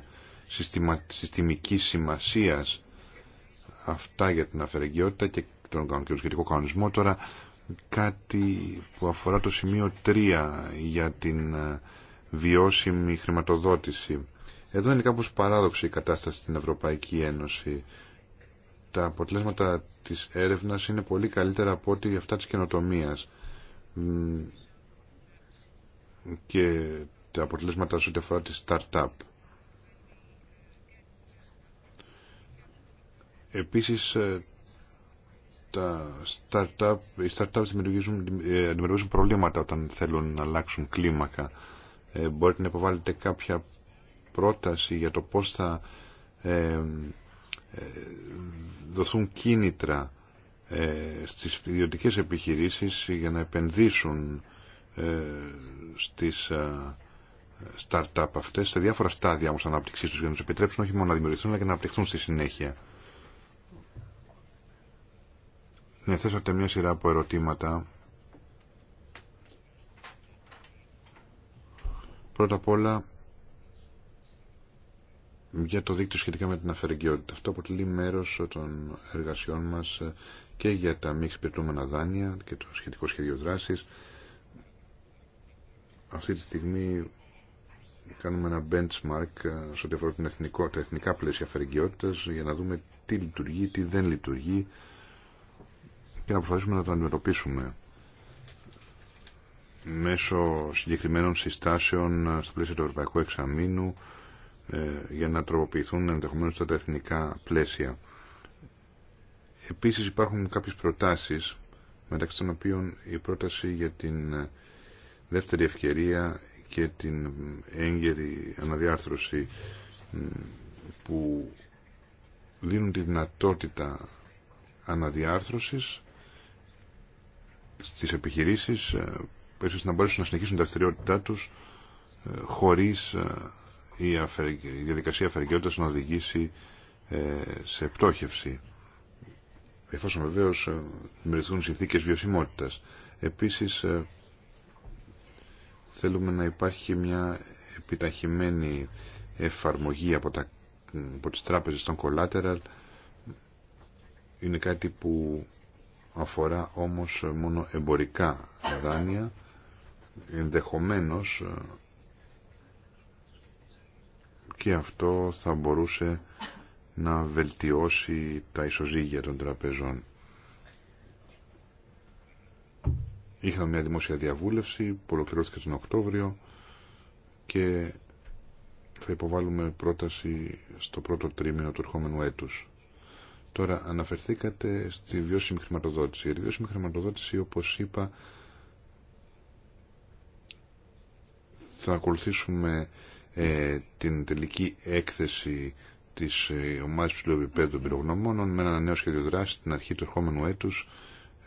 συστημικής σημασίας αυτά για την αφαιρεγγιότητα και τον σχετικό κανονισμό τώρα κάτι που αφορά το σημείο 3 για την ε, βιώσιμη χρηματοδότηση. Εδώ είναι κάπως παράδοξη η κατάσταση στην Ευρωπαϊκή Ένωση. Τα αποτελέσματα της έρευνας είναι πολύ καλύτερα από ό,τι αυτά της καινοτομίας. Και τα αποτελέσματα σε ό,τι αφορά τη start-up. Επίσης ε, τα startup, οι startups δημιουργούν, δημιουργήσουν ε, προβλήματα όταν θέλουν να αλλάξουν κλίμακα. Ε, μπορείτε να υποβάλλετε κάποια πρόταση για το πώς θα ε, ε, δοθούν κίνητρα ε, στις ιδιωτικές επιχειρήσεις για να επενδύσουν ε, στις ε, startup αυτές σε διάφορα στάδια όμως ανάπτυξής τους για να τους επιτρέψουν όχι μόνο να δημιουργηθούν αλλά και να αναπτυχθούν στη συνέχεια. Ναι, θέσατε μια σειρά από ερωτήματα. Πρώτα απ' όλα, για το δίκτυο σχετικά με την αφαιρεγκαιότητα Αυτό αποτελεί μέρος των εργασιών μας και για τα μη εξυπηρετούμενα δάνεια και το σχετικό σχέδιο δράσης. Αυτή τη στιγμή κάνουμε ένα benchmark σε ό,τι αφορά την εθνικό, τα εθνικά πλαίσια αφαιρεγγιότητας για να δούμε τι λειτουργεί, τι δεν λειτουργεί και να προσπαθήσουμε να το αντιμετωπίσουμε μέσω συγκεκριμένων συστάσεων ε, στο πλαίσιο του Ευρωπαϊκού Εξαμήνου ε, για να τροποποιηθούν ενδεχομένως τα εθνικά πλαίσια. Επίσης υπάρχουν κάποιες προτάσεις μεταξύ των οποίων η πρόταση για την ε, δεύτερη ευκαιρία και την έγκαιρη αναδιάρθρωση που δίνουν τη δυνατότητα αναδιάρθρωσης τις επιχειρήσεις ε, ώστε να μπορέσουν να συνεχίσουν τα δραστηριότητά τους ε, χωρίς ε, η, διαδικασία αφαιρεγκαιότητα να οδηγήσει σε πτώχευση εφόσον βεβαίως συνθήκε συνθήκες βιωσιμότητας. Επίσης θέλουμε να υπάρχει μια επιταχυμένη εφαρμογή από, τα, από τις τράπεζες των collateral είναι κάτι που αφορά όμως μόνο εμπορικά δάνεια ενδεχομένως ε, και αυτό θα μπορούσε να βελτιώσει τα ισοζύγια των τραπεζών. Είχαμε μια δημόσια διαβούλευση που ολοκληρώθηκε τον Οκτώβριο και θα υποβάλουμε πρόταση στο πρώτο τρίμηνο του ερχόμενου έτους. Τώρα αναφερθήκατε στη βιώσιμη χρηματοδότηση. Η βιώσιμη χρηματοδότηση, όπως είπα, θα ακολουθήσουμε ε, την τελική έκθεση της ε, ομάδας ψηλού επίπεδου των πυρογνωμόνων με ένα νέο σχέδιο δράση στην αρχή του ερχόμενου έτους.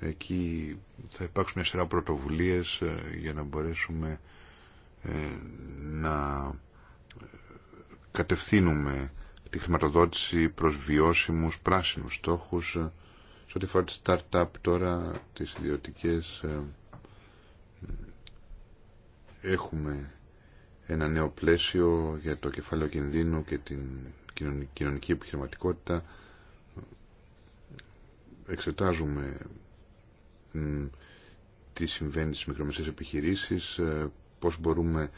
Εκεί θα υπάρξουν μια σειρά πρωτοβουλίες ε, για να μπορέσουμε να κατευθύνουμε τη χρηματοδότηση προς βιώσιμους πράσινους στόχους ε, σε ό,τι φορά τη start-up τώρα, τις ιδιωτικές ε, ε, έχουμε ένα νέο πλαίσιο για το κεφάλαιο κινδύνου και την κοινωνική επιχειρηματικότητα εξετάζουμε τι συμβαίνει στις μικρομεσαίες επιχειρήσεις, πώς μπορούμε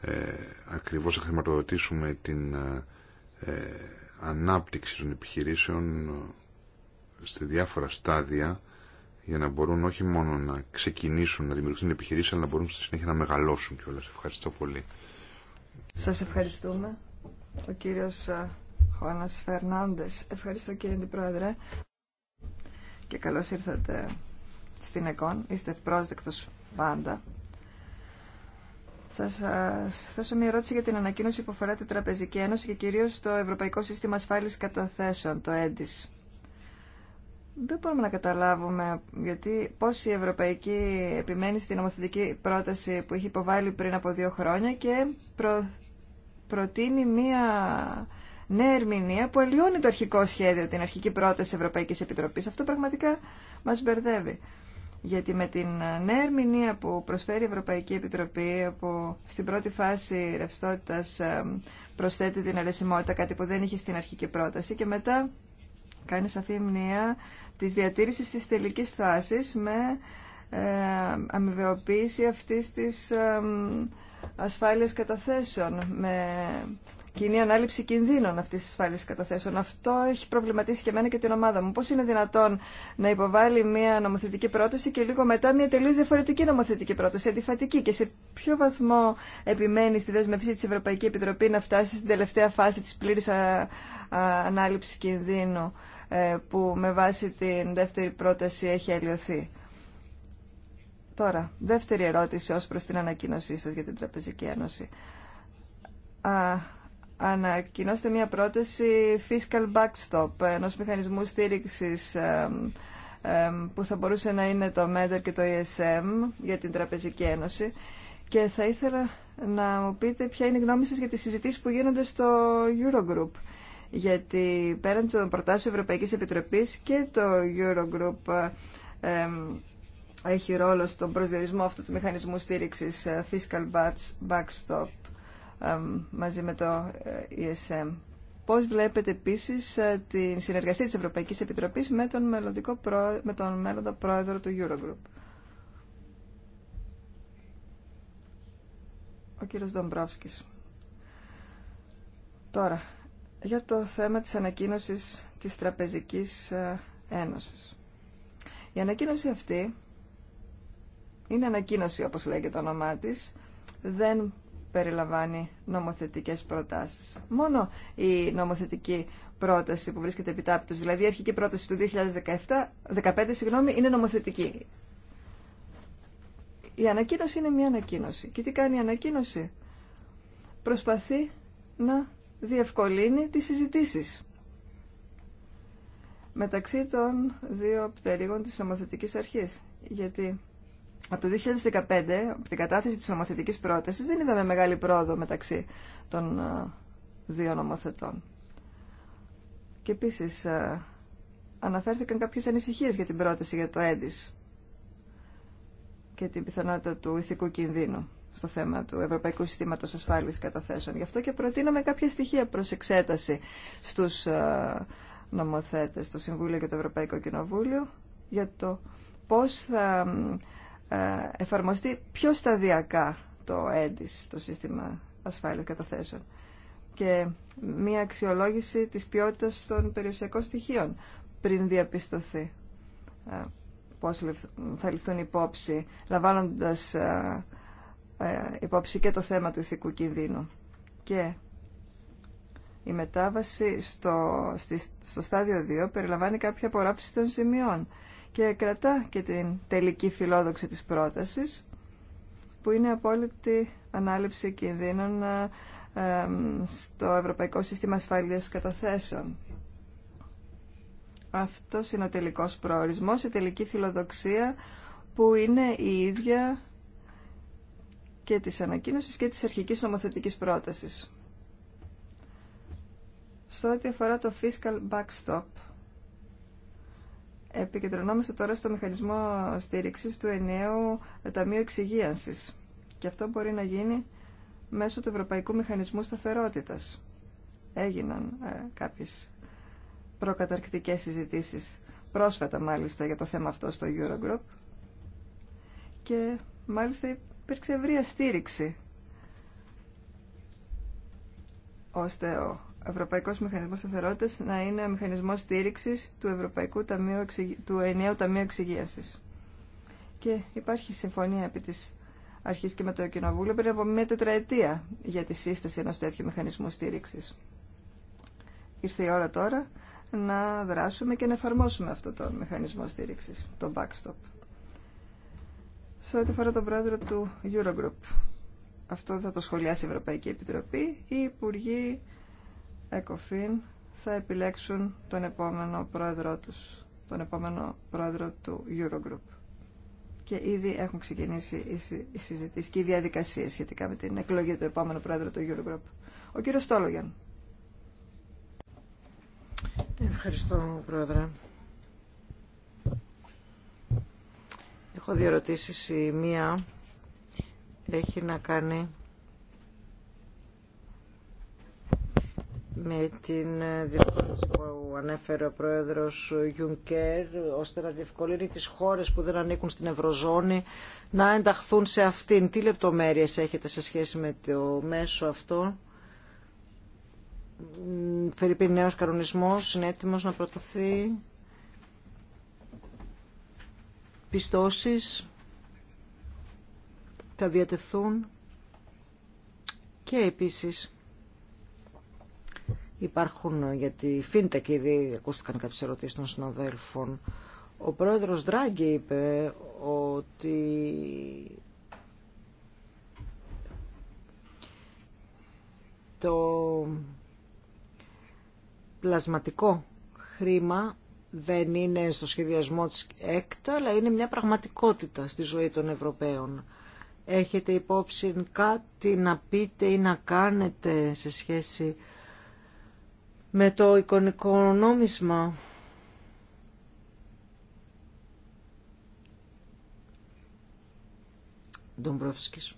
ε, ακριβώς να χρηματοδοτήσουμε την ε, ανάπτυξη των επιχειρήσεων σε διάφορα στάδια για να μπορούν όχι μόνο να ξεκινήσουν να δημιουργηθούν επιχειρήσεις αλλά να μπορούν στη συνέχεια να μεγαλώσουν κιόλας. Ευχαριστώ πολύ. Σας ευχαριστούμε. Ο κύριος ε, Χώνας Φερνάντες. Ευχαριστώ κύριε Αντιπρόεδρε και καλώς ήρθατε στην ΕΚΟΝ. Είστε πρόσδεκτος πάντα. Θα σας θέσω μια ερώτηση για την ανακοίνωση που αφορά την Τραπεζική Ένωση και κυρίως το Ευρωπαϊκό Σύστημα Ασφάλισης Καταθέσεων, το ΕΝΤΙΣ. Δεν μπορούμε να καταλάβουμε γιατί πώς η Ευρωπαϊκή επιμένει στην νομοθετική πρόταση που έχει υποβάλει πριν από δύο χρόνια και προ... προτείνει μία νέα ερμηνεία που αλλοιώνει το αρχικό σχέδιο, την αρχική πρόταση Ευρωπαϊκή Επιτροπή. Αυτό πραγματικά μα μπερδεύει. Γιατί με την νέα ερμηνεία που προσφέρει η Ευρωπαϊκή Επιτροπή, που στην πρώτη φάση ρευστότητα ε, προσθέτει την αρεσιμότητα, κάτι που δεν είχε στην αρχική πρόταση, και μετά κάνει σαφή μνήμα της διατήρησης της τελικής φάσης με ε, αμοιβεοποίηση αυτής της ε, ε, ασφάλειας καταθέσεων, με κοινή ανάληψη κινδύνων αυτή τη ασφάλεια καταθέσεων. Αυτό έχει προβληματίσει και εμένα και την ομάδα μου. Πώ είναι δυνατόν να υποβάλει μια νομοθετική πρόταση και λίγο μετά μια τελείω διαφορετική νομοθετική πρόταση, αντιφατική. Και σε ποιο βαθμό επιμένει στη δέσμευσή τη Ευρωπαϊκή Επιτροπή να φτάσει στην τελευταία φάση τη πλήρη ανάληψη κινδύνου ε, που με βάση την δεύτερη πρόταση έχει αλλοιωθεί. Τώρα, δεύτερη ερώτηση ως προς την ανακοίνωσή σα για την Τραπεζική Ένωση ανακοινώσετε μια πρόταση fiscal backstop, ενός μηχανισμού στήριξης που θα μπορούσε να είναι το MEDER και το ESM για την Τραπεζική Ένωση και θα ήθελα να μου πείτε ποια είναι η γνώμη σας για τις συζητήσεις που γίνονται στο Eurogroup γιατί πέραν των προτάσεων Ευρωπαϊκής Επιτροπής και το Eurogroup έχει ρόλο στον προσδιορισμό αυτού του μηχανισμού στήριξης ε, fiscal backstop μαζί με το ε, ESM. Πώς βλέπετε επίσης ε, την συνεργασία της Ευρωπαϊκής Επιτροπής με τον, μελλοντικό πρόεδρο, με τον μέλλοντα πρόεδρο του Eurogroup. Ο κύριος Δομπρόφσκης. Τώρα, για το θέμα της ανακοίνωσης της Τραπεζικής ε, Ένωσης. Η ανακοίνωση αυτή είναι ανακοίνωση όπως λέγεται το όνομά της, δεν περιλαμβάνει νομοθετικές προτάσεις. Μόνο η νομοθετική πρόταση που βρίσκεται επιτάπητος, δηλαδή η αρχική πρόταση του 2017, 15 συγγνώμη, είναι νομοθετική. Η ανακοίνωση είναι μια ανακοίνωση. Και τι κάνει η ανακοίνωση? Προσπαθεί να διευκολύνει τις συζητήσεις μεταξύ των δύο πτερίγων της νομοθετικής αρχής. Γιατί από το 2015, από την κατάθεση της νομοθετικής πρότασης, δεν είδαμε μεγάλη πρόοδο μεταξύ των ε, δύο νομοθετών. Και επίσης ε, αναφέρθηκαν κάποιες ανησυχίες για την πρόταση για το έντις και την πιθανότητα του ηθικού κινδύνου στο θέμα του Ευρωπαϊκού Συστήματος Ασφάλισης Καταθέσεων. Γι' αυτό και προτείναμε κάποια στοιχεία προς εξέταση στους ε, νομοθέτες, το Συμβούλιο και το Ευρωπαϊκό Κοινοβούλιο, για το πώς θα ε, εφαρμοστεί πιο σταδιακά το ΕΝΤΙΣ, το σύστημα ασφάλειας καταθέσεων και μία αξιολόγηση της ποιότητας των περιουσιακών στοιχείων πριν διαπιστωθεί ε, πώς θα ληφθούν υπόψη, λαμβάνοντας ε, υπόψη και το θέμα του ηθικού κινδύνου. Και η μετάβαση στο, στο στάδιο 2 περιλαμβάνει κάποια απορράψη των σημειών, και κρατά και την τελική φιλόδοξη της πρότασης που είναι απόλυτη ανάληψη κινδύνων ε, στο Ευρωπαϊκό Σύστημα Ασφάλειας Καταθέσεων. Αυτό είναι ο τελικός προορισμός, η τελική φιλοδοξία που είναι η ίδια και της ανακοίνωσης και της αρχικής νομοθετικής πρότασης. Στο ό,τι αφορά το fiscal backstop, επικεντρωνόμαστε τώρα στο μηχανισμό στήριξης του ενιαίου Ταμείου Εξυγίανσης. Και αυτό μπορεί να γίνει μέσω του Ευρωπαϊκού Μηχανισμού Σταθερότητας. Έγιναν ε, κάποιες προκαταρκτικές συζητήσεις, πρόσφατα μάλιστα, για το θέμα αυτό στο Eurogroup. Και μάλιστα υπήρξε ευρεία στήριξη ώστε ο Ευρωπαϊκός Μηχανισμός Σταθερότητας να είναι μηχανισμός στήριξης του, Ευρωπαϊκού Ταμείου, του Ενιαίου Ταμείου Εξυγίασης. Και υπάρχει συμφωνία επί της αρχής και με το Κοινοβούλιο πριν από μια τετραετία για τη σύσταση ενός τέτοιου μηχανισμού στήριξης. Ήρθε η ώρα τώρα να δράσουμε και να εφαρμόσουμε αυτό το μηχανισμό στήριξης, τον backstop. Σε ό,τι αφορά τον πρόεδρο του Eurogroup, αυτό θα το σχολιάσει η Ευρωπαϊκή Επιτροπή, οι υπουργοί ΕΚΟΦΗΝ θα επιλέξουν τον επόμενο πρόεδρό τους, τον επόμενο πρόεδρο του Eurogroup. Και ήδη έχουν ξεκινήσει οι συζητήσεις και οι διαδικασίες σχετικά με την εκλογή του επόμενου πρόεδρου του Eurogroup. Ο κύριος Στόλογιαν. Ευχαριστώ, Πρόεδρε. Έχω δύο ερωτήσει. Η μία έχει να κάνει με την διευκόλυνση που ανέφερε ο πρόεδρος Γιουνκέρ ώστε να διευκολύνει τις χώρες που δεν ανήκουν στην Ευρωζώνη να ενταχθούν σε αυτήν. Τι λεπτομέρειες έχετε σε σχέση με το μέσο αυτό. Φερρυπή νέος κανονισμός είναι να προταθεί πιστώσεις θα διατεθούν και επίσης υπάρχουν ε, γιατί τη FinTech ήδη, ακούστηκαν κάποιες ερωτήσεις των συναδέλφων. Ο πρόεδρος Δράγκη είπε ότι το πλασματικό χρήμα δεν είναι στο σχεδιασμό της έκτα, αλλά είναι μια πραγματικότητα στη ζωή των Ευρωπαίων. Έχετε υπόψη κάτι να πείτε ή να κάνετε σε σχέση με το εικονικό νόμισμα. Ντομπρόφσκης.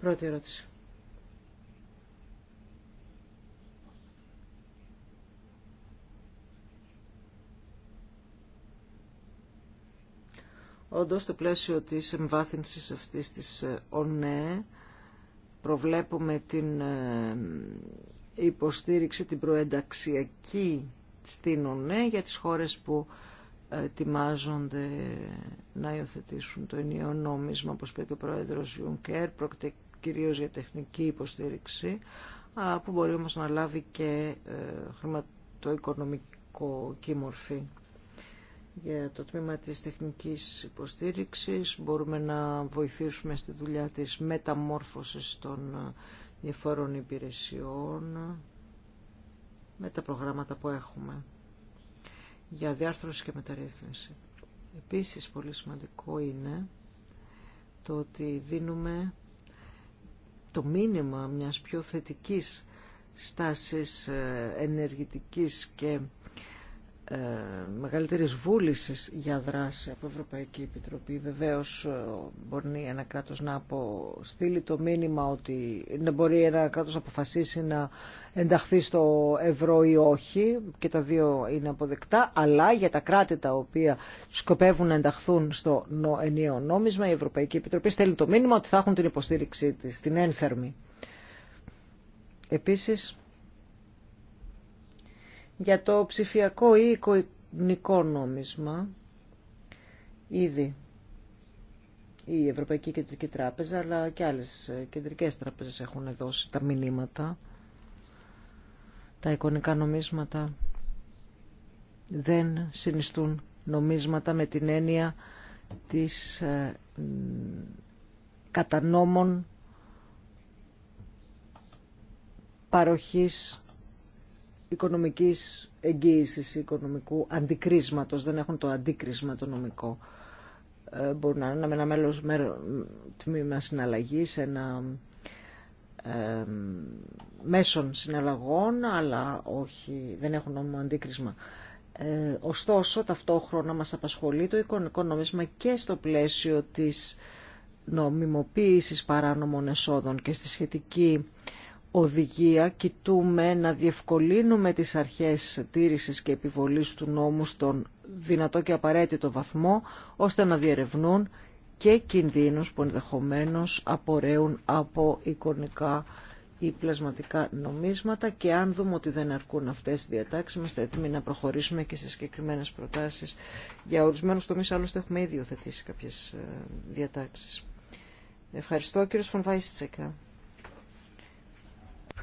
Πρώτη ερώτηση. Όντως, στο πλαίσιο της εμβάθυνσης αυτής της ε, Ονέέ προβλέπουμε την ε, υποστήριξη, την προενταξιακή στην ΟΝΕ για τις χώρες που ετοιμάζονται να υιοθετήσουν το ενιαίο νόμισμα, όπως είπε και ο Πρόεδρος Ιουνκέρ, πρόκειται κυρίως για τεχνική υποστήριξη, που μπορεί όμως να λάβει και ε, χρηματοοικονομικό μορφή για το τμήμα της τεχνικής υποστήριξης. Μπορούμε να βοηθήσουμε στη δουλειά της μεταμόρφωσης των ε, διαφόρων υπηρεσιών με τα προγράμματα που έχουμε για διάρθρωση και μεταρρύθμιση. Επίσης πολύ σημαντικό είναι το ότι δίνουμε το μήνυμα μιας πιο θετικής στάσης ε, ενεργητικής και ε, μεγαλύτερης βούλησης για δράση από Ευρωπαϊκή Επιτροπή. Βεβαίως ε, μπορεί ένα κράτος να αποστείλει το μήνυμα ότι ναι, μπορεί ένα κράτος να αποφασίσει να ενταχθεί στο ευρώ ή όχι και τα δύο είναι αποδεκτά, αλλά για τα κράτη τα οποία σκοπεύουν να ενταχθούν στο ενιαίο νόμισμα η Ευρωπαϊκή Επιτροπή στέλνει το μήνυμα ότι θα έχουν την υποστήριξή της, την ένθερμη. Επίσης, για το ψηφιακό ή εικονικό νόμισμα. Ήδη η Ευρωπαϊκή Κεντρική Τράπεζα αλλά και άλλες κεντρικές τράπεζες έχουν δώσει τα μηνύματα. Τα εικονικά νομίσματα δεν συνιστούν νομίσματα με την έννοια της ε, κατανόμων παροχής οικονομικής εγγύησης, οικονομικού αντικρίσματος, δεν έχουν το αντίκρισμα το νομικό. Ε, μπορεί να είναι ένα μέλος μέρο, τμήμα συναλλαγής, ένα ε, μέσων συναλλαγών, αλλά όχι, δεν έχουν νόμιμο αντίκρισμα. Ε, ωστόσο, ταυτόχρονα μας απασχολεί το οικονομικό νόμισμα και στο πλαίσιο της νομιμοποίησης παράνομων εσόδων και στη σχετική οδηγία κοιτούμε να διευκολύνουμε τις αρχές τήρησης και επιβολής του νόμου στον δυνατό και απαραίτητο βαθμό, ώστε να διερευνούν και κινδύνους που ενδεχομένως απορρέουν από εικονικά ή πλασματικά νομίσματα και αν δούμε ότι δεν αρκούν αυτές οι διατάξεις είμαστε έτοιμοι να προχωρήσουμε και σε συγκεκριμένε προτάσεις. Για ορισμένους τομείς άλλωστε έχουμε ήδη οθετήσει κάποιες ε, διατάξεις. Ευχαριστώ κύριος Φωνβάης Τσέκα.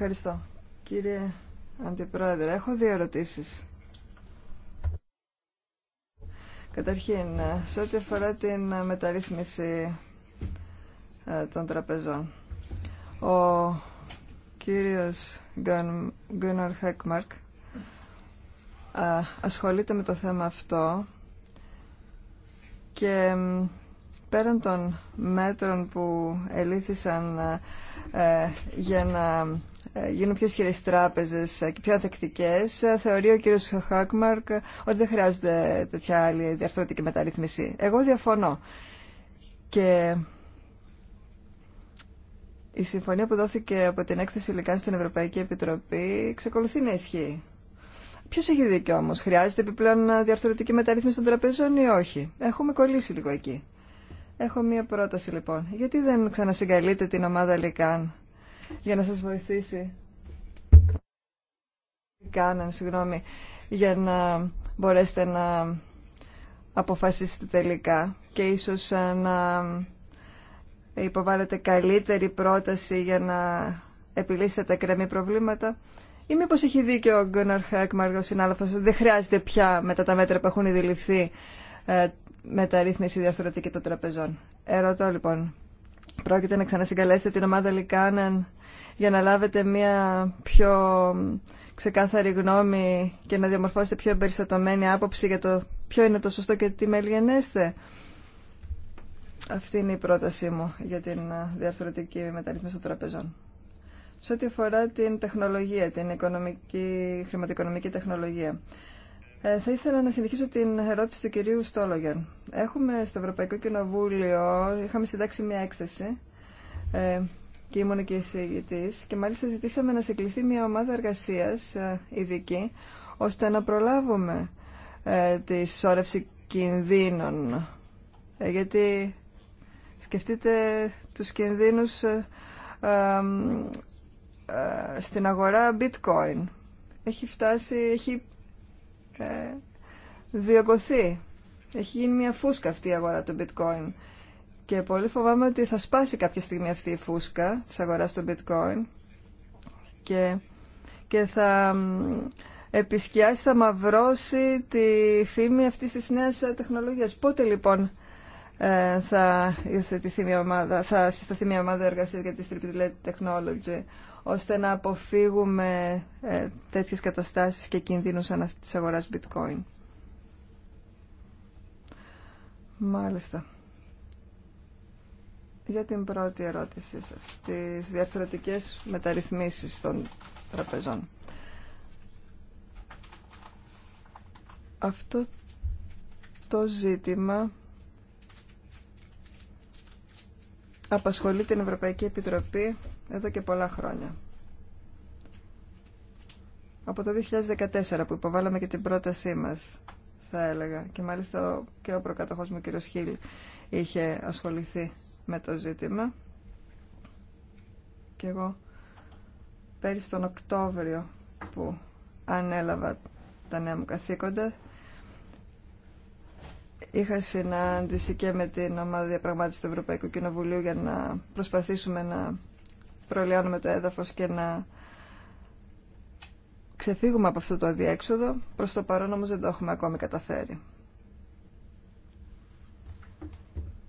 Ευχαριστώ. Κύριε Αντιπρόεδρε, έχω δύο ερωτήσεις. Καταρχήν, σε ό,τι αφορά την μεταρρύθμιση ε, των τραπεζών. Ο κύριος Γκούναρ Χέκμαρκ ε, ασχολείται με το θέμα αυτό και πέραν των μέτρων που ελήθησαν ε, για να ε, γίνουν πιο ισχυρέ τράπεζε ε, και πιο ανθεκτικέ, ε, θεωρεί ο κύριος Χάκμαρκ ότι δεν χρειάζεται τέτοια άλλη διαρθρωτική μεταρρύθμιση. Εγώ διαφωνώ. Και η συμφωνία που δόθηκε από την έκθεση Λικάν στην Ευρωπαϊκή Επιτροπή ξεκολουθεί να ισχύει. Ποιο έχει δίκιο όμω, χρειάζεται επιπλέον διαρθρωτική μεταρρύθμιση των τραπεζών ή όχι. Έχουμε κολλήσει λίγο εκεί. Έχω μία πρόταση λοιπόν. Γιατί δεν ξανασυγκαλείτε την ομάδα Λικάν για να σας βοηθήσει. Κάναν, συγγνώμη, για να μπορέσετε να αποφασίσετε τελικά και ίσως ε, να υποβάλλετε καλύτερη πρόταση για να επιλύσετε τα κρεμή προβλήματα. Ή μήπω έχει δίκιο ο Γκούναρ Χέκμαρ, ο συνάδελφο, ότι δεν χρειάζεται πια μετά τα μέτρα που έχουν τα ε, μεταρρύθμιση διαφορετική των τραπεζών. Ερωτώ λοιπόν, πρόκειται να ξανασυγκαλέσετε την ομάδα Λικάναν για να λάβετε μια πιο ξεκάθαρη γνώμη και να διαμορφώσετε πιο εμπεριστατωμένη άποψη για το ποιο είναι το σωστό και τι μελιανέστε. Αυτή είναι η πρότασή μου για την διαρθρωτική μεταρρύθμιση των τραπεζών. Σε ό,τι αφορά την τεχνολογία, την οικονομική, χρηματοοικονομική τεχνολογία. Ε, θα ήθελα να συνεχίσω την ερώτηση του κυρίου Στόλογεν. Έχουμε στο Ευρωπαϊκό Κοινοβούλιο, είχαμε συντάξει μια έκθεση ε, και ήμουν και εισηγητής και μάλιστα ζητήσαμε να συγκληθεί μια ομάδα εργασίας ε, ειδική ώστε να προλάβουμε ε, τη σώρευση κινδύνων. Ε, γιατί σκεφτείτε τους κινδύνους στην αγορά bitcoin. Έχει φτάσει, έχει ε, διωκωθεί. Έχει γίνει μια φούσκα αυτή η αγορά του bitcoin. Και πολύ φοβάμαι ότι θα σπάσει κάποια στιγμή αυτή η φούσκα της αγοράς του bitcoin και, και θα επισκιάσει, θα μαυρώσει τη φήμη αυτή της νέας ε, τεχνολογίας. Πότε λοιπόν ε, θα, ομάδα, θα συσταθεί μια ομάδα εργασίας για τη Strip Technology ώστε να αποφύγουμε ε, τέτοιες καταστάσεις και κινδύνους σαν αυτή της αγοράς bitcoin. Μάλιστα. Για την πρώτη ερώτησή σας, τις διαρθρωτικές μεταρρυθμίσεις των τραπεζών. Αυτό το ζήτημα απασχολεί την Ευρωπαϊκή Επιτροπή εδώ και πολλά χρόνια. Από το 2014 που υποβάλαμε και την πρότασή μας, θα έλεγα, και μάλιστα και ο προκατοχός μου, ο κ. Χίλ, είχε ασχοληθεί με το ζήτημα. Και εγώ πέρυσι τον Οκτώβριο που ανέλαβα τα νέα μου καθήκοντα, είχα συνάντηση και με την ομάδα διαπραγμάτευση του Ευρωπαϊκού Κοινοβουλίου για να προσπαθήσουμε να προλιώνουμε το έδαφος και να ξεφύγουμε από αυτό το αδιέξοδο. Προς το παρόν όμως δεν το έχουμε ακόμη καταφέρει.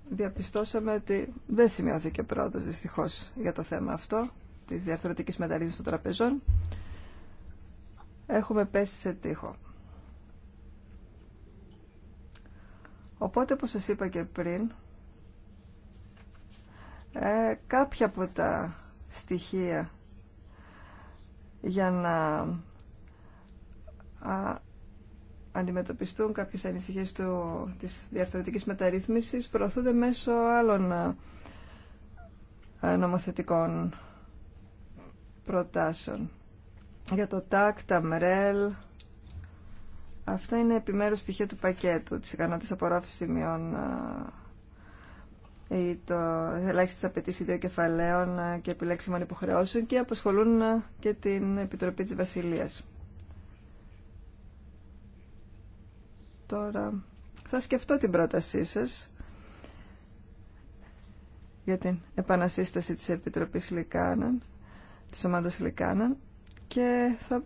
Διαπιστώσαμε ότι δεν σημειώθηκε πρώτος δυστυχώς για το θέμα αυτό της διαρθρωτικής μεταρρύθμισης των τραπεζών. Έχουμε πέσει σε τείχο. Οπότε, όπως σας είπα και πριν, ε, κάποια από τα στοιχεία για να αντιμετωπιστούν κάποιες ανησυχίες του, της διαρθρωτικής μεταρρύθμισης προωθούνται μέσω άλλων νομοθετικών προτάσεων. Για το ΤΑΚ, τα ΜΡΕΛ, αυτά είναι επιμέρους στοιχεία του πακέτου της ικανότητας απορρόφησης σημειών ή ε, το ελάχιστε απαιτήσει δύο κεφαλαίων ε, και επιλέξιμων υποχρεώσεων και απασχολούν ε, και την Επιτροπή της Βασιλείας. Τώρα θα σκεφτώ την πρότασή σας για την επανασύσταση της Επιτροπής Λικάναν, της ομάδας Λικάναν και θα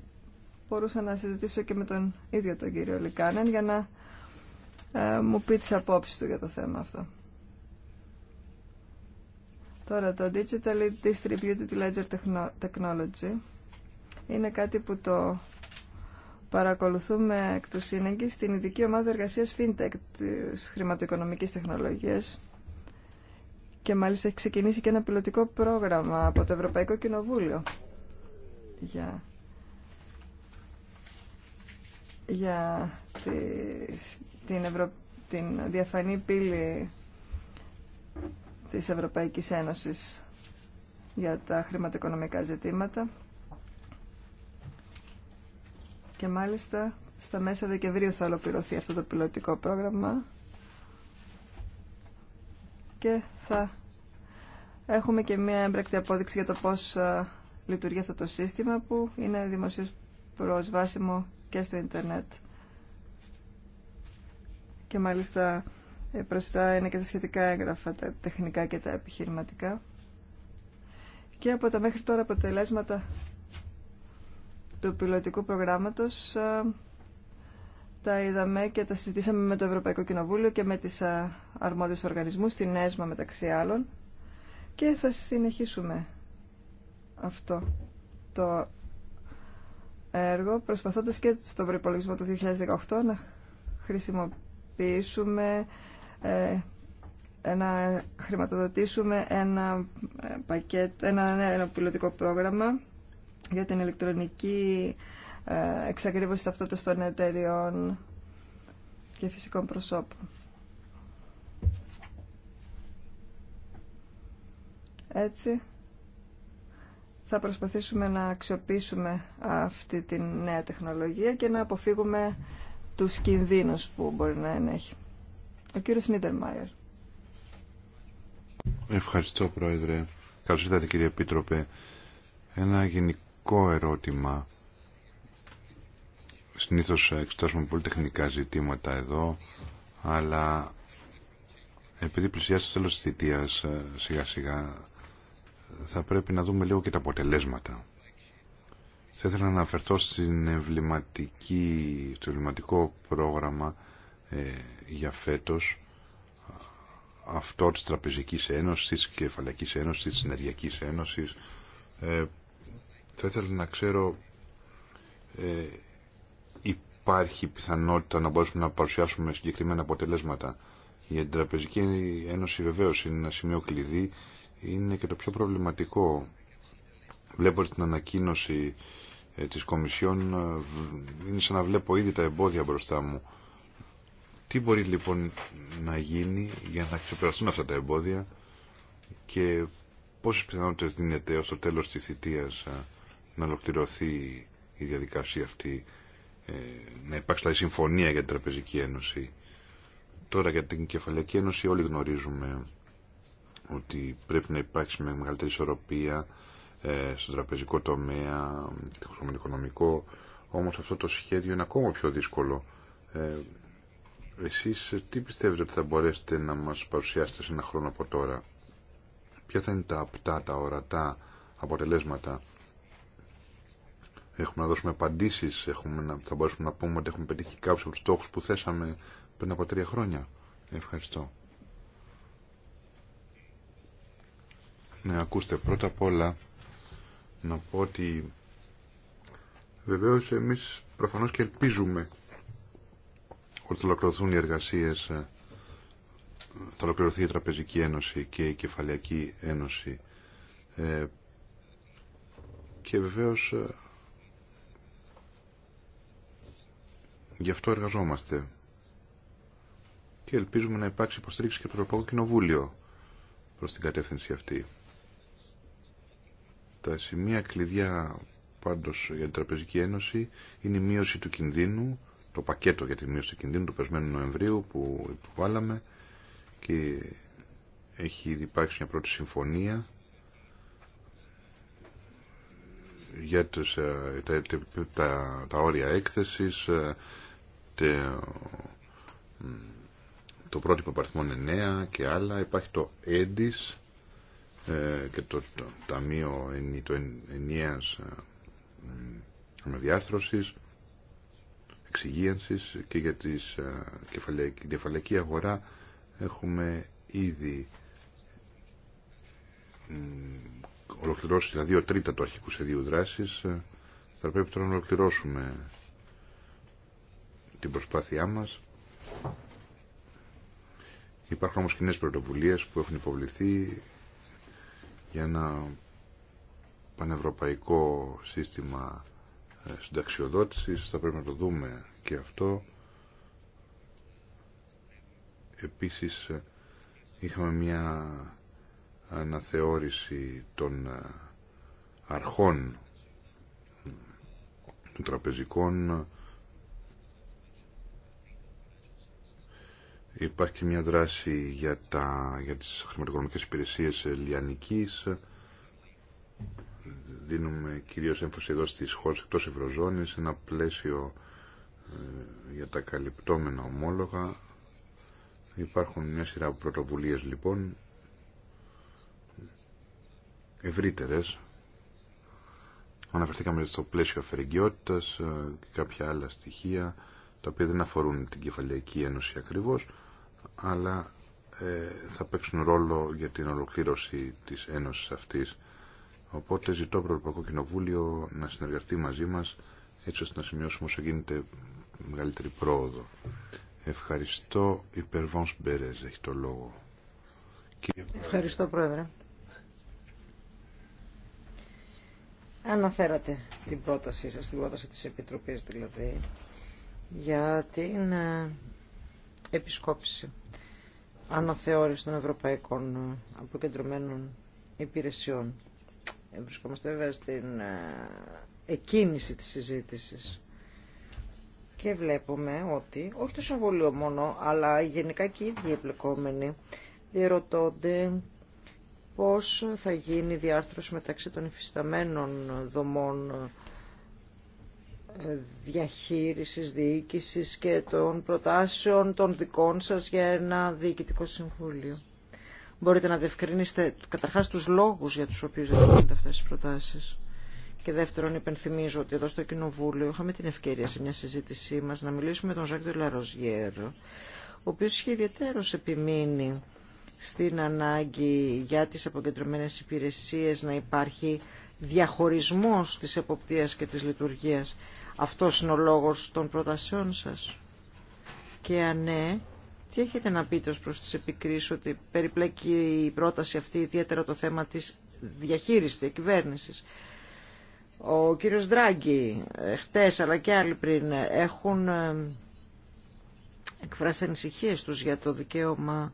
μπορούσα να συζητήσω και με τον ίδιο τον κύριο Λικάναν για να μου πει τις απόψεις του για το θέμα αυτό. Τώρα το Digital Distributed Ledger Technology είναι κάτι που το παρακολουθούμε εκ του σύνεγγυ στην ειδική ομάδα εργασίας FinTech της χρηματοοικονομικής τεχνολογίας και μάλιστα έχει ξεκινήσει και ένα πιλωτικό πρόγραμμα από το Ευρωπαϊκό Κοινοβούλιο για, για την, Ευρω... την διαφανή πύλη της Ευρωπαϊκής Ένωσης για τα χρηματοοικονομικά ζητήματα και μάλιστα στα μέσα Δεκεμβρίου θα ολοκληρωθεί αυτό το πιλωτικό πρόγραμμα και θα έχουμε και μια έμπρακτη απόδειξη για το πώς ε, λειτουργεί αυτό το σύστημα που είναι δημοσίως προσβάσιμο και στο ίντερνετ. Και μάλιστα ε, τα είναι και τα σχετικά έγγραφα, τα τεχνικά και τα επιχειρηματικά. Και από τα μέχρι τώρα αποτελέσματα του πιλωτικού προγράμματος ε, τα είδαμε και τα συζητήσαμε με το Ευρωπαϊκό Κοινοβούλιο και με τις αρμόδιους οργανισμούς, την ΕΣΜΑ μεταξύ άλλων και θα συνεχίσουμε αυτό το έργο προσπαθώντας και στον προπολογισμό του 2018 να χρησιμοποιήσουμε ε, ε, να χρηματοδοτήσουμε ένα, ε, πακέτο, ένα, ναι, ένα πιλωτικό πρόγραμμα για την ηλεκτρονική εξακρίβωση ταυτότητας των εταιριών και φυσικών προσώπων. Έτσι, θα προσπαθήσουμε να αξιοποιήσουμε αυτή τη νέα τεχνολογία και να αποφύγουμε τους κινδύνους που μπορεί να ενέχει. Ο κύριο Νίτερμαϊερ. Ευχαριστώ Πρόεδρε. Καλώ ήρθατε κύριε Επίτροπε. Ένα γενικό ερώτημα. Συνήθω εξετάζουμε πολύ τεχνικά ζητήματα εδώ, αλλά επειδή πλησιάζει το τέλος της θητεια ε, σιγά σιγά, θα πρέπει να δούμε λίγο και τα αποτελέσματα. Θα ήθελα να αναφερθώ στην στο εμβληματικό πρόγραμμα ε, για φέτος αυτό της Τραπεζικής Ένωσης, της Κεφαλαϊκής Ένωσης, της Συνεργειακής Ένωσης. Ε, θα ήθελα να ξέρω ε, υπάρχει πιθανότητα να μπορέσουμε να παρουσιάσουμε συγκεκριμένα αποτελέσματα. Η Τραπεζική Ένωση βεβαίως είναι ένα σημείο κλειδί, είναι και το πιο προβληματικό. Βλέπω την ανακοίνωση ε, της Κομισιόν, ε, είναι σαν να βλέπω ήδη τα εμπόδια μπροστά μου. Τι μπορεί λοιπόν να γίνει για να ξεπεραστούν αυτά τα εμπόδια και πόσες πιθανότητες δίνεται ως το τέλος της θητείας να ολοκληρωθεί η διαδικασία αυτή, ε, να υπάρξει δηλαδή συμφωνία για την Τραπεζική Ένωση. Τώρα για την Κεφαλαϊκή Ένωση όλοι γνωρίζουμε ότι πρέπει να υπάρξει με μεγαλύτερη ισορροπία ε, στον τραπεζικό τομέα, το οικονομικό, όμως αυτό το σχέδιο είναι ακόμα πιο δύσκολο ε, εσείς τι πιστεύετε ότι θα μπορέσετε να μας παρουσιάσετε σε ένα χρόνο από τώρα. Ποια θα είναι τα απτά, τα ορατά αποτελέσματα. Έχουμε να δώσουμε απαντήσεις, έχουμε να, θα μπορέσουμε να πούμε ότι έχουμε πετύχει κάποιους από τους στόχους που θέσαμε πριν από τρία χρόνια. Ευχαριστώ. Ναι, ακούστε, πρώτα απ' όλα να πω ότι βεβαίως εμείς προφανώς και ελπίζουμε ολοκληρωθούν οι εργασίες, ε, θα ολοκληρωθεί η Τραπεζική Ένωση και η Κεφαλιακή Ένωση ε, και βεβαίως ε, γι' αυτό εργαζόμαστε και ελπίζουμε να υπάρξει υποστήριξη και από το Κοινοβούλιο προς την κατεύθυνση αυτή. Τα σημεία κλειδιά πάντως για την Τραπεζική Ένωση είναι η μείωση του κινδύνου, το πακέτο για τη μείωση του κινδύνου του περσμένου Νοεμβρίου που υποβάλαμε και έχει ήδη υπάρξει μια πρώτη συμφωνία για τους, ε, τα, τα, τα, όρια έκθεσης, ε, το πρότυπο παριθμών 9 και άλλα. Υπάρχει το ΕΝΤΙΣ ε, και το, το Ταμείο το, το εξυγίανσης και για τις, ε, την κεφαλαϊκή αγορά έχουμε ήδη ολοκληρώσει τα δηλαδή δύο τρίτα του αρχικού σχεδίου δράσης ε, θα πρέπει τώρα να ολοκληρώσουμε την προσπάθειά μας υπάρχουν όμως κοινέ πρωτοβουλίες που έχουν υποβληθεί για ένα πανευρωπαϊκό σύστημα ε, συνταξιοδότησης θα πρέπει να το δούμε και αυτό επίσης ε, είχαμε μια αναθεώρηση των ε, αρχών των τραπεζικών υπάρχει και μια δράση για, τα, για τις χρηματοοικονομικές υπηρεσίες λιανικής δίνουμε κυρίως έμφαση εδώ στις χώρες εκτός Ευρωζώνης, ένα πλαίσιο ε, για τα καλυπτόμενα ομόλογα. Υπάρχουν μια σειρά από πρωτοβουλίες λοιπόν, ευρύτερες. Αναφερθήκαμε στο πλαίσιο αφαιρεγγιότητας ε, και κάποια άλλα στοιχεία, τα οποία δεν αφορούν την κεφαλαϊκή ένωση ακριβώς, αλλά ε, θα παίξουν ρόλο για την ολοκλήρωση της ένωσης αυτής Οπότε ζητώ από το Ευρωπαϊκό Κοινοβούλιο να συνεργαστεί μαζί μας έτσι ώστε να σημειώσουμε όσο γίνεται μεγαλύτερη πρόοδο. Ευχαριστώ. Η Περβάνς Μπερέζ έχει το λόγο. Ευχαριστώ Πρόεδρε. Αναφέρατε την πρότασή σας, την πρόταση της Επιτροπής δηλαδή, για την ε, επισκόπηση αναθεώρηση των ευρωπαϊκών ε, αποκεντρωμένων υπηρεσιών. Βρισκόμαστε βέβαια στην ε, εκκίνηση της συζήτησης. Και βλέπουμε ότι, όχι το Συμβούλιο μόνο, αλλά γενικά και οι ίδιοι εμπλεκόμενοι διερωτώνται πώς θα γίνει η διάρθρωση μεταξύ των υφισταμένων δομών ε, διαχείρισης, διοίκησης και των προτάσεων των δικών σας για ένα διοικητικό συμβούλιο. Μπορείτε να διευκρινίσετε καταρχάς τους λόγους για τους οποίους δεν γίνονται αυτές τις προτάσεις. Και δεύτερον, υπενθυμίζω ότι εδώ στο Κοινοβούλιο είχαμε την ευκαιρία σε μια συζήτησή μας να μιλήσουμε με τον Ζάκ Ντελαροζιέρ, ο οποίος είχε ιδιαίτερος επιμείνει στην ανάγκη για τις αποκεντρωμένες υπηρεσίες να υπάρχει διαχωρισμός της εποπτείας και της λειτουργίας. Αυτός είναι ο λόγος των προτάσεων σας. Και αν ναι, τι έχετε να πείτε ως προς τις επικρίσεις ότι περιπλέκει η πρόταση αυτή ιδιαίτερα το θέμα της διαχείρισης, της κυβέρνησης. Ο κύριος Δράγκη, ε, χτες αλλά και άλλοι πριν, έχουν ε, εκφράσει ανησυχίες τους για το δικαίωμα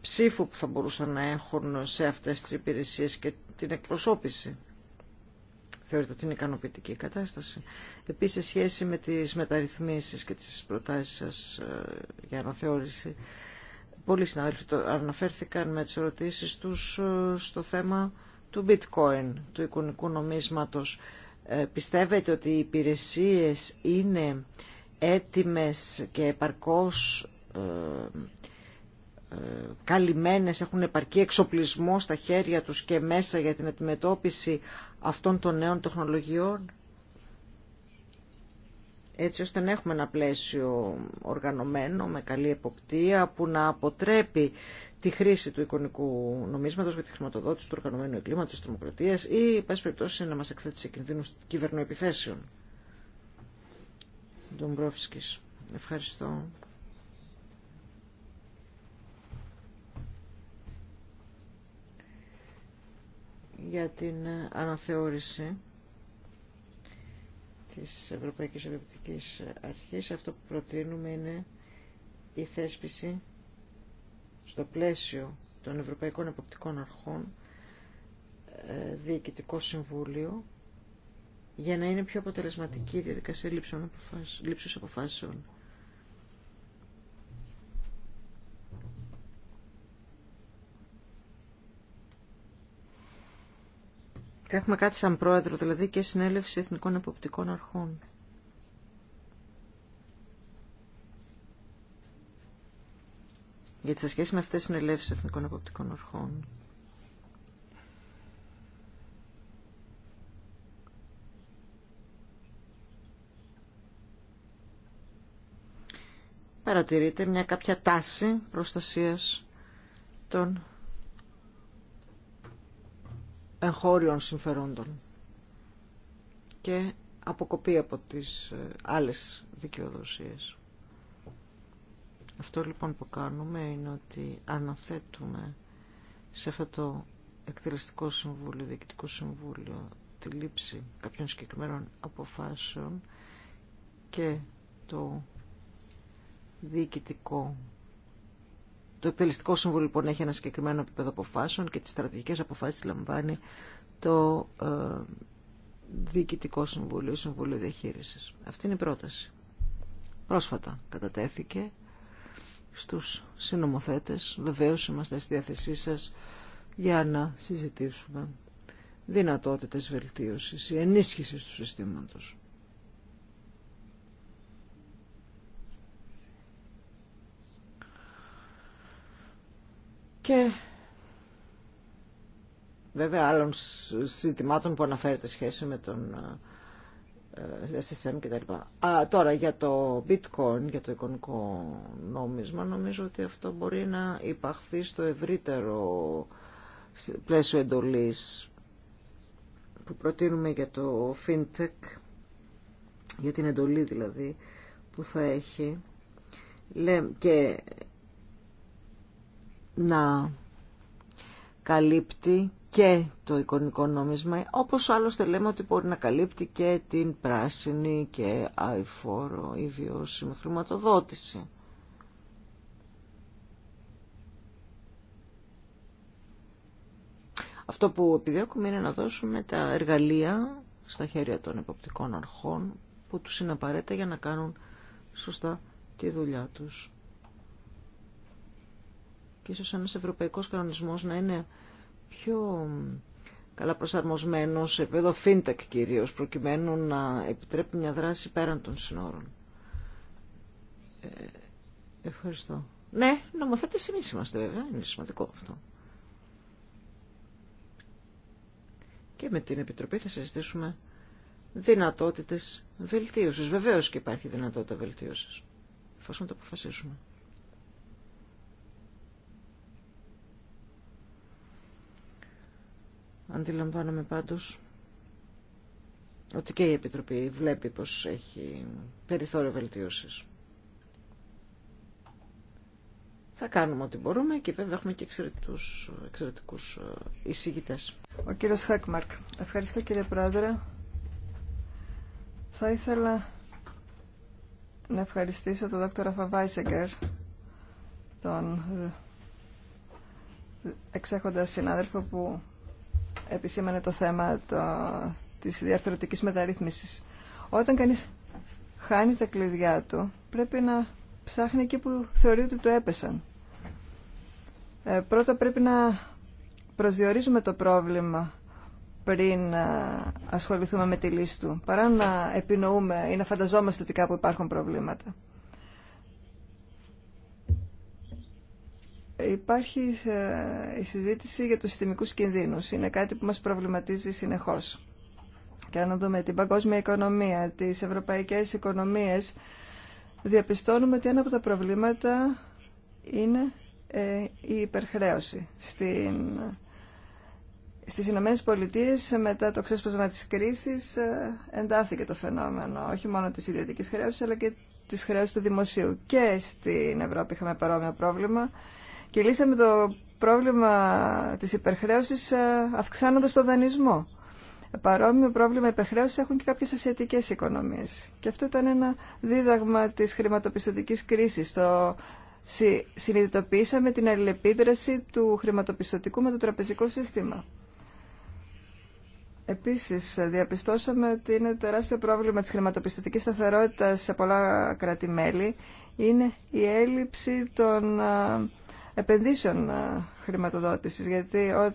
ψήφου που θα μπορούσαν να έχουν σε αυτές τις υπηρεσίες και την εκπροσώπηση. Θεωρείτε ότι είναι ικανοποιητική η κατάσταση. Επίσης, σε σχέση με τις μεταρρυθμίσεις και τις προτάσεις σας ε, για αναθεώρηση, πολλοί συνάδελφοι αναφέρθηκαν με τις ερωτήσεις τους ε, στο θέμα του bitcoin, του εικονικού νομίσματος. Ε, πιστεύετε ότι οι υπηρεσίες είναι έτοιμες και επαρκώς καλυμμένες, έχουν επαρκή εξοπλισμό στα χέρια τους και μέσα για την αντιμετώπιση αυτών των νέων τεχνολογιών έτσι ώστε να έχουμε ένα πλαίσιο οργανωμένο με καλή εποπτεία που να αποτρέπει τη χρήση του εικονικού νομίσματος για τη χρηματοδότηση του οργανωμένου εγκλήματος, της τρομοκρατίας ή, πες περιπτώσει, να μας εκθέτει σε κινδύνους κυβερνοεπιθέσεων. Ευχαριστώ, για την αναθεώρηση της Ευρωπαϊκής Ευρωπαϊκής Αρχής. Αυτό που προτείνουμε είναι η θέσπιση στο πλαίσιο των Ευρωπαϊκών Εποπτικών Αρχών ε, Διοικητικό Συμβούλιο για να είναι πιο αποτελεσματική η διαδικασία λήψεων αποφάσεων. Και έχουμε κάτι σαν πρόεδρο, δηλαδή και συνέλευση εθνικών εποπτικών αρχών. Γιατί σε σχέση με αυτές τις συνελεύσεις εθνικών εποπτικών αρχών, παρατηρείται μια κάποια τάση προστασίας των εγχώριων συμφερόντων και αποκοπή από τις ε, άλλες δικαιοδοσίες. Αυτό λοιπόν που κάνουμε είναι ότι αναθέτουμε σε αυτό το εκτελεστικό συμβούλιο, διοικητικό συμβούλιο, τη λήψη κάποιων συγκεκριμένων αποφάσεων και το διοικητικό το εκτελεστικό σύμβολο λοιπόν έχει ένα συγκεκριμένο επίπεδο αποφάσεων και τις στρατηγικές αποφάσεις λαμβάνει το ε, Διοικητικό Συμβούλιο, Συμβούλιο Διαχείρισης. Αυτή είναι η πρόταση. Πρόσφατα κατατέθηκε στους συνομοθέτες. Βεβαίως είμαστε στη διάθεσή σας για να συζητήσουμε δυνατότητες βελτίωσης ή ενίσχυσης του συστήματος. και βέβαια άλλων συντημάτων που αναφέρεται σχέση με τον ε, SSM κτλ. Α, τώρα για το bitcoin, για το εικονικό νόμισμα, νομίζω ότι αυτό μπορεί να υπαχθεί στο ευρύτερο πλαίσιο εντολής που προτείνουμε για το fintech, για την εντολή δηλαδή που θα έχει και να καλύπτει και το εικονικό νόμισμα, όπως άλλωστε λέμε ότι μπορεί να καλύπτει και την πράσινη και αηφόρο ή βιώσιμη χρηματοδότηση. Αυτό που επιδιώκουμε είναι να δώσουμε τα εργαλεία στα χέρια των υποπτικών αρχών που τους είναι απαραίτητα για να κάνουν σωστά τη δουλειά τους και ίσως ένας ευρωπαϊκός κανονισμός να είναι πιο καλά προσαρμοσμένο σε επίπεδο fintech κυρίως, προκειμένου να επιτρέπει μια δράση πέραν των συνόρων. Ε, ευχαριστώ. Ναι, νομοθέτες εμείς είμαστε βέβαια, είναι σημαντικό αυτό. Και με την Επιτροπή θα συζητήσουμε δυνατότητες βελτίωσης. Βεβαίως και υπάρχει δυνατότητα βελτίωσης, εφόσον το αποφασίσουμε. Αντιλαμβάνομαι πάντως ότι και η Επιτροπή βλέπει πως έχει περιθώριο βελτίωσης. Θα κάνουμε ό,τι μπορούμε και βέβαια έχουμε και εξαιρετικούς, εξαιρετικούς ε, εισηγητές. Ο κύριος Χακμαρκ. Ευχαριστώ κύριε Πρόεδρε. Θα ήθελα να ευχαριστήσω τον δόκτωρα Φαβάισεγκερ, τον ε, ε, εξέχοντα συνάδελφο που επισήμανε το θέμα το, της διαρθρωτικής μεταρρύθμισης. Όταν κανείς χάνει τα κλειδιά του, πρέπει να ψάχνει εκεί που θεωρεί ότι το έπεσαν. Ε, πρώτα πρέπει να προσδιορίζουμε το πρόβλημα πριν ε, ασχοληθούμε με τη λύση του, παρά να επινοούμε ή να φανταζόμαστε ότι κάπου υπάρχουν προβλήματα. Υπάρχει ε, η συζήτηση για τους συστημικούς κινδύνους. Είναι κάτι που μας προβληματίζει συνεχώς. Και αν δούμε την παγκόσμια οικονομία, τις ευρωπαϊκές οικονομίες, διαπιστώνουμε ότι ένα από τα προβλήματα είναι ε, η υπερχρέωση. Στην... Στις Ηνωμένες Πολιτείες μετά το ξέσπασμα της κρίσης ε, εντάθηκε το φαινόμενο όχι μόνο της ιδιωτικής χρέωσης αλλά και της χρέωσης του δημοσίου. Και στην Ευρώπη είχαμε παρόμοιο πρόβλημα και λύσαμε το πρόβλημα της υπερχρέωσης ε, αυξάνοντας το δανεισμό. Παρόμοιο πρόβλημα υπερχρέωσης έχουν και κάποιες ασιατικές οικονομίες. Και αυτό ήταν ένα δίδαγμα της χρηματοπιστωτικής κρίσης. Το συνειδητοποίησαμε την αλληλεπίδραση του χρηματοπιστωτικού με το τραπεζικό σύστημα. Επίσης, διαπιστώσαμε ότι είναι τεράστιο πρόβλημα της χρηματοπιστωτικής σταθερότητας σε πολλά κράτη-μέλη. Είναι η έλλειψη των ε, επενδύσεων ε, χρηματοδότησης, γιατί ό,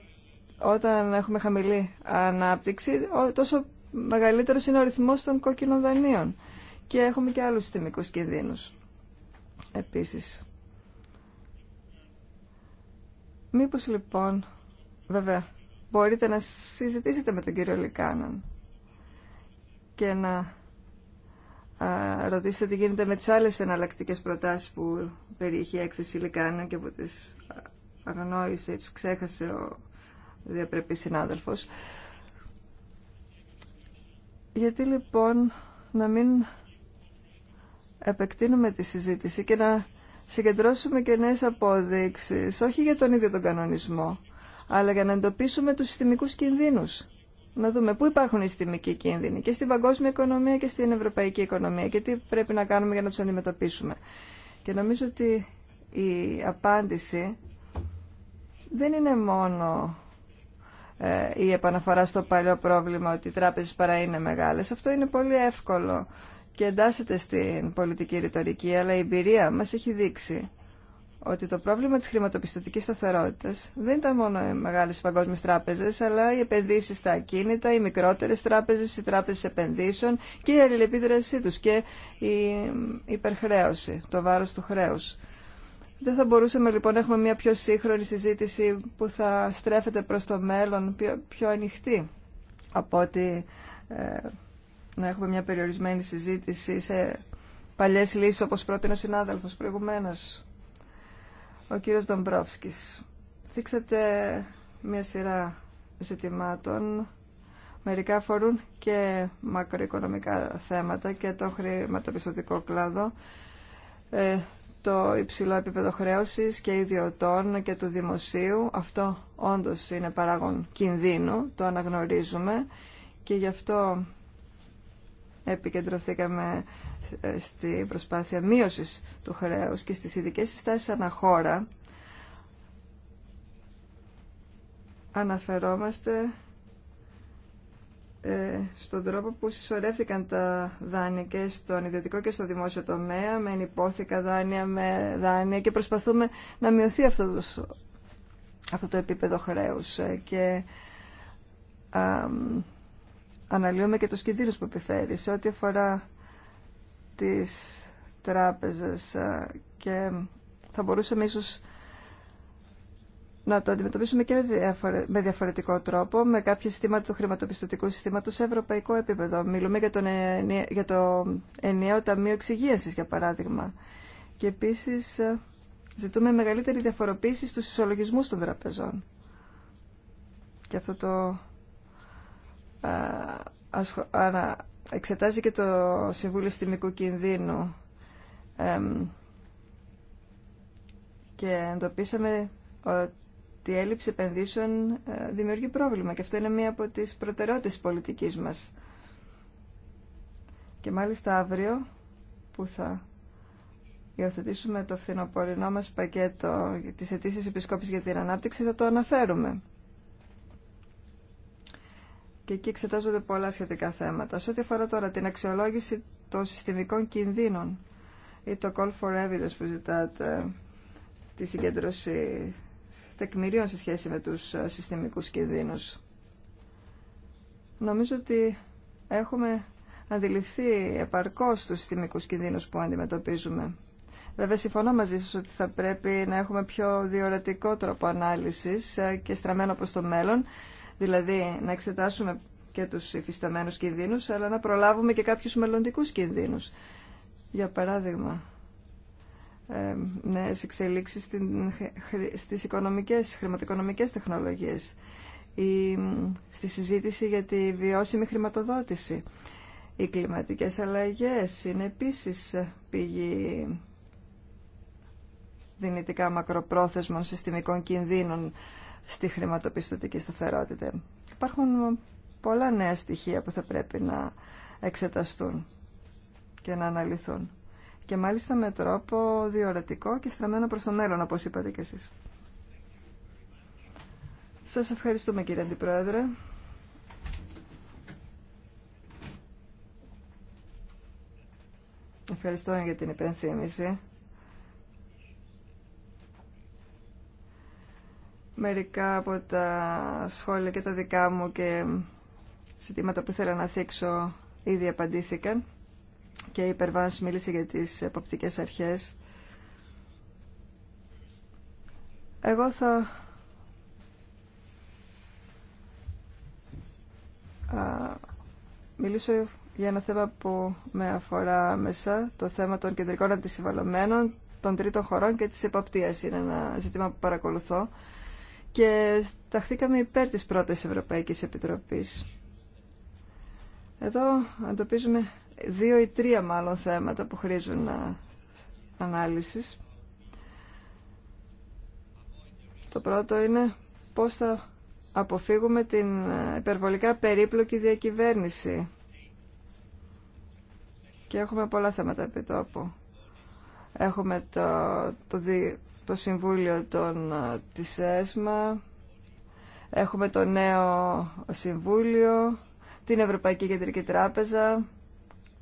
όταν έχουμε χαμηλή ανάπτυξη, τόσο μεγαλύτερος είναι ρυθμός των κόκκινων δανείων. Και έχουμε και άλλους συστημικούς κινδύνους επίσης. Μήπως λοιπόν, βέβαια, μπορείτε να συζητήσετε με τον κύριο Λικάναν και να ρωτήσετε τι γίνεται με τις άλλες εναλλακτικέ προτάσεις που περιείχε η έκθεση και που τις αγνόησε, τις ξέχασε ο διαπρεπής συνάδελφος. Γιατί λοιπόν να μην επεκτείνουμε τη συζήτηση και να συγκεντρώσουμε και νέες απόδειξεις, όχι για τον ίδιο τον κανονισμό, αλλά για να εντοπίσουμε τους συστημικούς κινδύνους να δούμε πού υπάρχουν οι συστημικοί κίνδυνοι και στην παγκόσμια οικονομία και στην ευρωπαϊκή οικονομία και τι πρέπει να κάνουμε για να τους αντιμετωπίσουμε. Και νομίζω ότι η απάντηση δεν είναι μόνο ε, η επαναφορά στο παλιό πρόβλημα ότι οι τράπεζες παρά είναι μεγάλες. Αυτό είναι πολύ εύκολο και εντάσσεται στην πολιτική ρητορική, αλλά η εμπειρία μας έχει δείξει ότι το πρόβλημα της χρηματοπιστωτικής σταθερότητας δεν ήταν μόνο οι μεγάλες παγκόσμιες τράπεζες, αλλά οι επενδύσεις στα ακίνητα, οι μικρότερες τράπεζες, οι τράπεζες επενδύσεων και η αλληλεπίδρασή τους και η υπερχρέωση, το βάρος του χρέους. Δεν θα μπορούσαμε λοιπόν να έχουμε μια πιο σύγχρονη συζήτηση που θα στρέφεται προς το μέλλον πιο, πιο ανοιχτή από ότι ε, να έχουμε μια περιορισμένη συζήτηση σε παλιές λύσεις όπως πρότεινε ο συνάδελφος προηγουμένως. Ο κύριος Δομπρόφσκης, δείξατε μια σειρά ζητημάτων. Μερικά αφορούν και μακροοικονομικά θέματα και το χρηματοπιστωτικό κλάδο, ε, το υψηλό επίπεδο χρέωσης και ιδιωτών και του δημοσίου. Αυτό όντως είναι παράγον κινδύνου, το αναγνωρίζουμε και γι' αυτό επικεντρωθήκαμε στη προσπάθεια μείωσης του χρέους και στις ειδικέ συστάσεις αναχώρα αναφερόμαστε ε, στον τρόπο που συσσωρεύτηκαν τα δάνεια και στον ιδιωτικό και στο δημόσιο τομέα με ενυπόθηκα δάνεια, με δάνεια και προσπαθούμε να μειωθεί αυτό το, αυτό το επίπεδο χρέους ε, και αναλύουμε και τους κινδύνους που επιφέρει σε ό,τι αφορά τις τράπεζες ε, και θα μπορούσαμε ίσως να το αντιμετωπίσουμε και με διαφορετικό τρόπο, με κάποια συστήματα του χρηματοπιστωτικού συστήματος σε ευρωπαϊκό επίπεδο. Μιλούμε για, τον, για το ενιαίο Ταμείο Εξυγίασης, για παράδειγμα. Και επίσης ε, ζητούμε μεγαλύτερη διαφοροποίηση στους ισολογισμούς των τραπεζών. Και αυτό το εξετάζει και το Συμβούλιο Συστημικού Κινδύνου και εντοπίσαμε ότι η έλλειψη επενδύσεων ε, δημιουργεί πρόβλημα και αυτό είναι μία από τις προτεραιότητες της πολιτικής μας. Και μάλιστα αύριο που θα υιοθετήσουμε το φθινοπορεινό μας πακέτο της αιτήσεις επισκόπης για την ανάπτυξη θα το αναφέρουμε και εκεί εξετάζονται πολλά σχετικά θέματα. Σε ό,τι αφορά τώρα την αξιολόγηση των συστημικών κινδύνων ή το call for evidence που ζητάτε, τη συγκέντρωση τεκμηρίων σε σχέση με τους ε, συστημικούς κινδύνους. Νομίζω ότι έχουμε αντιληφθεί επαρκώς τους συστημικούς κινδύνους που αντιμετωπίζουμε. Βέβαια, συμφωνώ μαζί σας ότι θα πρέπει να έχουμε πιο διορατικό τρόπο ανάλυσης ε, και στραμμένο προς το μέλλον Δηλαδή να εξετάσουμε και τους υφισταμένους κινδύνους, αλλά να προλάβουμε και κάποιους μελλοντικούς κινδύνους. Για παράδειγμα, ε, νέες εξελίξεις στις οικονομικές, χρηματοοικονομικές τεχνολογίες ή στη συζήτηση για τη βιώσιμη χρηματοδότηση. Οι κλιματικές αλλαγές είναι επίσης πηγή δυνητικά μακροπρόθεσμων συστημικών κινδύνων στη χρηματοπιστωτική σταθερότητα. Υπάρχουν πολλά νέα στοιχεία που θα πρέπει να εξεταστούν και να αναλυθούν. Και μάλιστα με τρόπο διορατικό και στραμμένο προς το μέλλον, όπως είπατε κι εσείς. Σας ευχαριστούμε κύριε Αντιπρόεδρε. Ευχαριστώ για την υπενθύμηση. μερικά από τα σχόλια και τα δικά μου και ζητήματα που ήθελα να θίξω ήδη απαντήθηκαν και η Περβάνς μίλησε για τις εποπτικές αρχές. Εγώ θα μιλήσω για ένα θέμα που με αφορά μέσα, το θέμα των κεντρικών αντισυμβαλωμένων, των τρίτων χωρών και της εποπτείας. Είναι ένα ζήτημα που παρακολουθώ και σταχθήκαμε υπέρ της πρώτης Ευρωπαϊκής Επιτροπής. Εδώ αντοπίζουμε δύο ή τρία μάλλον θέματα που χρήζουν ε, ανάλυσης. Το πρώτο είναι πώς θα αποφύγουμε την ε, υπερβολικά περίπλοκη διακυβέρνηση. Και έχουμε πολλά θέματα επί τόπου. Έχουμε το, το, το Συμβούλιο των, ε, της ΕΣΜΑ, έχουμε το νέο Συμβούλιο, την Ευρωπαϊκή Κεντρική Τράπεζα,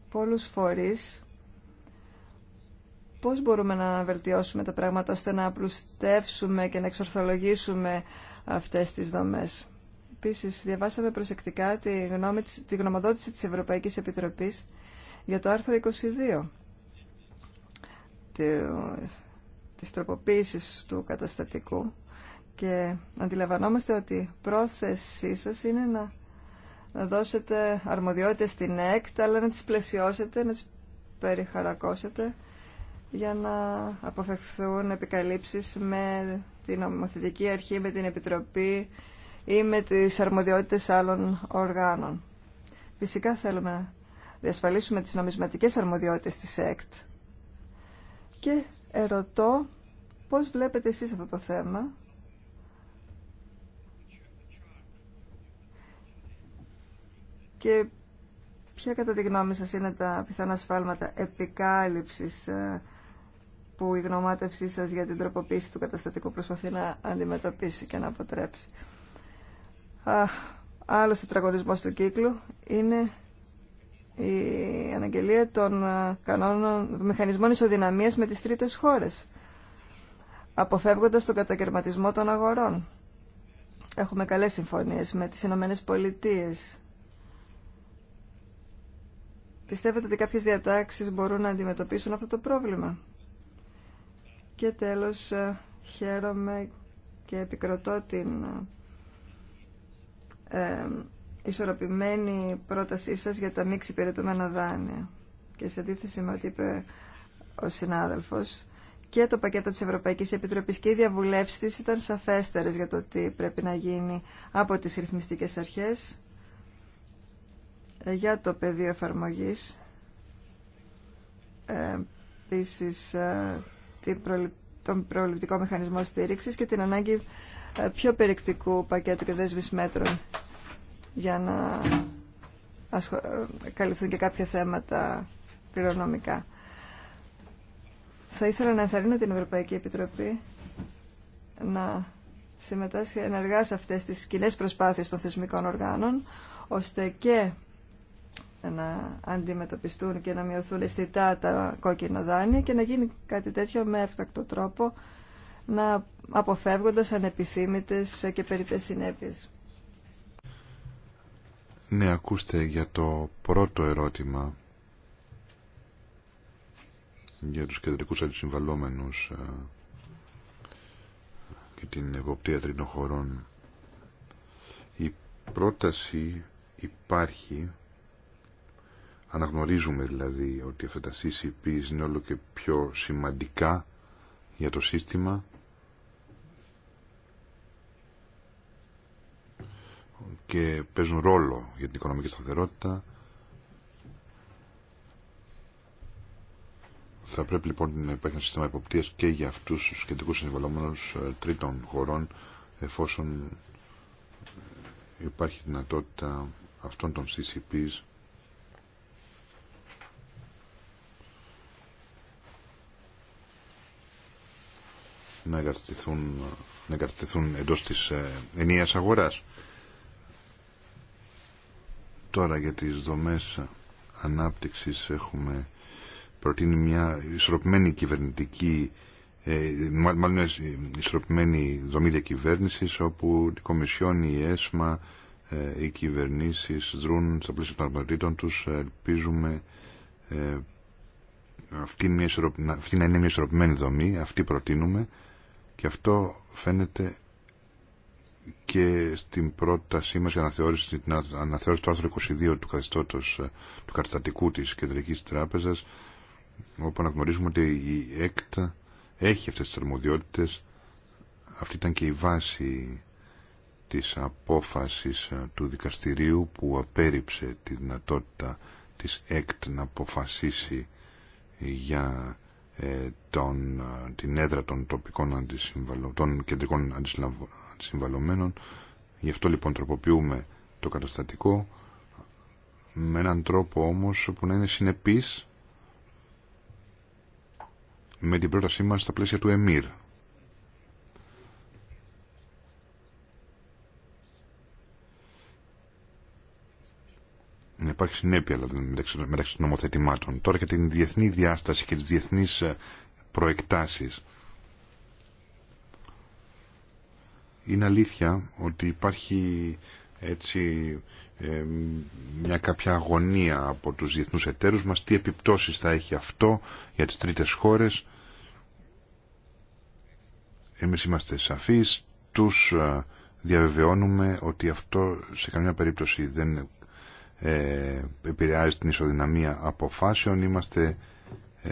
πολλούς φορείς. Πώς μπορούμε να βελτιώσουμε τα πράγματα ώστε να απλουστεύσουμε και να εξορθολογήσουμε αυτές τις δομές. Επίσης, διαβάσαμε προσεκτικά τη, γνώμη, τη γνωμοδότηση της Ευρωπαϊκής Επιτροπής για το άρθρο 22 της τροποποίησης του καταστατικού και αντιλαμβανόμαστε ότι η πρόθεσή σας είναι να δώσετε αρμοδιότητες στην ΕΚΤ αλλά να τις πλαισιώσετε, να τις περιχαρακώσετε για να αποφευχθούν επικαλύψεις με την Ομοθετική αρχή, με την Επιτροπή ή με τις αρμοδιότητες άλλων οργάνων. Φυσικά θέλουμε να διασφαλίσουμε τις νομισματικές αρμοδιότητες της ΕΚΤ και ερωτώ πώς βλέπετε εσείς αυτό το θέμα και ποια κατά τη γνώμη σας είναι τα πιθανά σφάλματα επικάλυψης ε, που η γνωμάτευσή σας για την τροποποίηση του καταστατικού προσπαθεί να αντιμετωπίσει και να αποτρέψει. Άλλο τραγωνισμός του κύκλου είναι η αναγγελία των ε, κανόνων μηχανισμών ισοδυναμίας με τις τρίτες χώρες, αποφεύγοντας τον κατακαιρματισμό των αγορών. Έχουμε καλές συμφωνίες με τις Ηνωμένε Πολιτείες. Πιστεύετε ότι κάποιες διατάξεις μπορούν να αντιμετωπίσουν αυτό το πρόβλημα. Και τέλος, ε, χαίρομαι και επικροτώ την ε, ισορροπημένη πρότασή σας για τα μη ξυπηρετούμενα δάνεια. Και σε αντίθεση με ό,τι είπε ο συνάδελφος, και το πακέτο της Ευρωπαϊκής Επιτροπής και οι διαβουλεύσεις της ήταν σαφέστερες για το τι πρέπει να γίνει από τις ρυθμιστικές αρχές ε, για το πεδίο εφαρμογής. Επίση επίσης, ε, τον προληπτικό μηχανισμό στήριξης και την ανάγκη ε, πιο περιεκτικού πακέτου και δέσμης μέτρων για να ε, καλυφθούν και κάποια θέματα πληρονομικά. Θα ήθελα να ενθαρρύνω την Ευρωπαϊκή Επιτροπή να συμμετάσχει ενεργά σε αυτές τις κοινέ προσπάθειες των θεσμικών οργάνων, ώστε και να αντιμετωπιστούν και να μειωθούν αισθητά τα κόκκινα δάνεια και να γίνει κάτι τέτοιο με εύτακτο τρόπο, να αποφεύγοντας ανεπιθύμητες και περιττές συνέπειες. Ναι, ακούστε για το πρώτο ερώτημα για τους κεντρικούς αντισυμβαλόμενους ε, και την εποπτεία τρινών χωρών. Η πρόταση υπάρχει, αναγνωρίζουμε δηλαδή ότι αυτά τα CCP είναι όλο και πιο σημαντικά για το σύστημα και παίζουν ρόλο για την οικονομική σταθερότητα. Θα πρέπει λοιπόν να υπάρχει ένα σύστημα υποπτίας και για αυτούς τους σχετικούς συμβολόμενους ε, τρίτων χωρών εφόσον υπάρχει δυνατότητα αυτών των CCPs να εγκαταστηθούν, να εγκαταστηθούν εντός της ε, ενίας αγοράς. Τώρα για τις δομές ανάπτυξης έχουμε προτείνει μια ισορροπημένη κυβερνητική ε, μάλλον μια ισορροπημένη δομή διακυβέρνησης όπου η Κομισιόν, η ΕΣΜΑ, ε, οι κυβερνήσεις δρούν στα πλαίσια των του τους. Ελπίζουμε ε, αυτή, μια αυτή να είναι μια ισορροπημένη δομή, αυτή προτείνουμε και αυτό φαίνεται και στην πρότασή μας για αναθεώρηση, την αναθεώρηση του άρθρου 22 του καθεστώτος ε, του καταστατικού της Κεντρικής Τράπεζας όπου αναγνωρίζουμε ότι η ΕΚΤ έχει αυτές τις αρμοδιότητες αυτή ήταν και η βάση της απόφασης ε, του δικαστηρίου που απέρριψε τη δυνατότητα της ΕΚΤ να αποφασίσει για ε, τον, ε, την έδρα των τοπικών των κεντρικών αντισυμβαλωμένων. Γι' αυτό λοιπόν τροποποιούμε το καταστατικό με έναν τρόπο όμως που να είναι συνεπής με την πρότασή μας στα πλαίσια του ΕΜΙΡ. να υπάρχει συνέπεια δηλαδή, μεταξύ, μεταξύ των νομοθετημάτων. Τώρα για την διεθνή διάσταση και τις διεθνείς ε, προεκτάσεις. Είναι αλήθεια ότι υπάρχει έτσι ε, μια κάποια αγωνία από τους διεθνούς εταίρους μας τι επιπτώσεις θα έχει αυτό για τις τρίτες χώρες εμείς είμαστε σαφείς τους ε, διαβεβαιώνουμε ότι αυτό σε καμιά περίπτωση δεν ε, επηρεάζει την ισοδυναμία αποφάσεων. Είμαστε ε,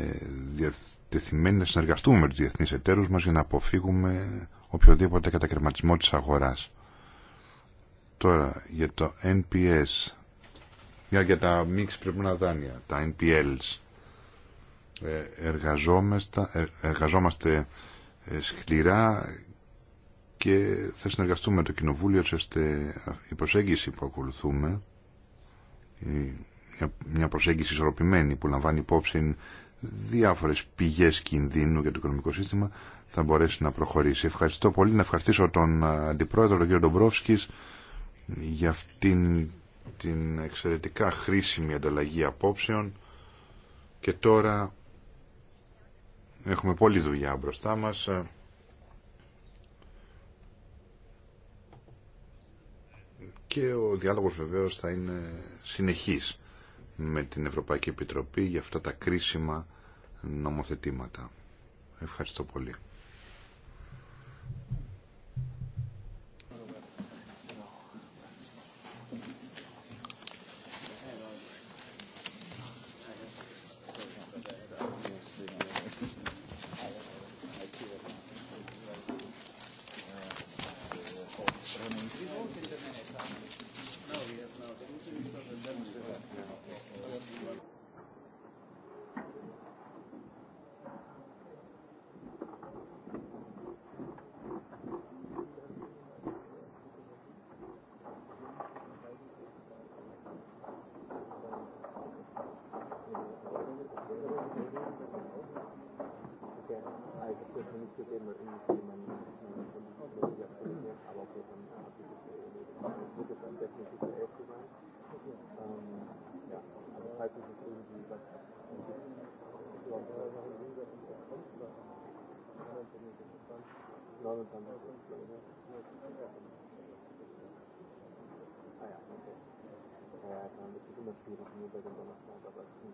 διατεθειμένοι να συνεργαστούμε με τους διεθνείς εταίρους μας για να αποφύγουμε οποιοδήποτε κατακαιρματισμό της αγοράς. Τώρα, για το NPS, για, για τα μη να δάνεια, τα NPLs, ε, ε, εργαζόμαστε, εργαζόμαστε σκληρά και θα συνεργαστούμε με το Κοινοβούλιο ώστε η προσέγγιση που ακολουθούμε μια προσέγγιση ισορροπημένη που λαμβάνει υπόψη διάφορες πηγές κινδύνου για το οικονομικό σύστημα θα μπορέσει να προχωρήσει. Ευχαριστώ πολύ. Να ευχαριστήσω τον Αντιπρόεδρο, τον κ. Ντομπρόφσκης, για αυτήν την εξαιρετικά χρήσιμη ανταλλαγή απόψεων και τώρα έχουμε πολλή δουλειά μπροστά μας. και ο διάλογος βεβαίως θα είναι συνεχής με την Ευρωπαϊκή Επιτροπή για αυτά τα κρίσιμα νομοθετήματα. Ευχαριστώ πολύ. werden. Also Ah okay.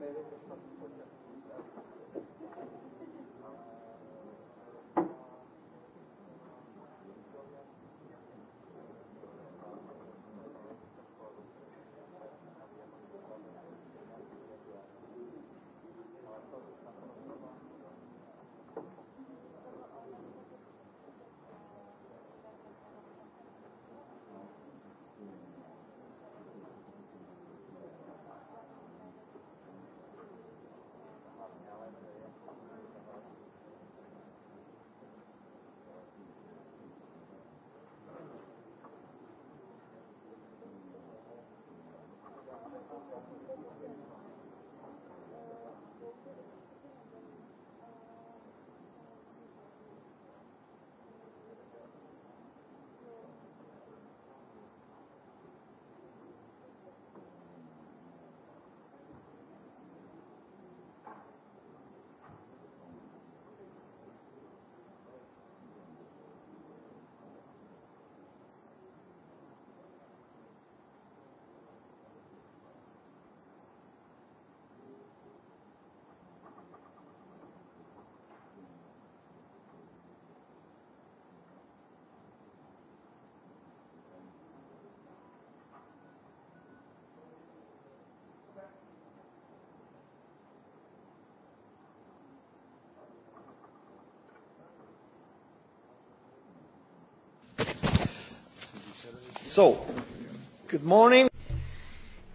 με το να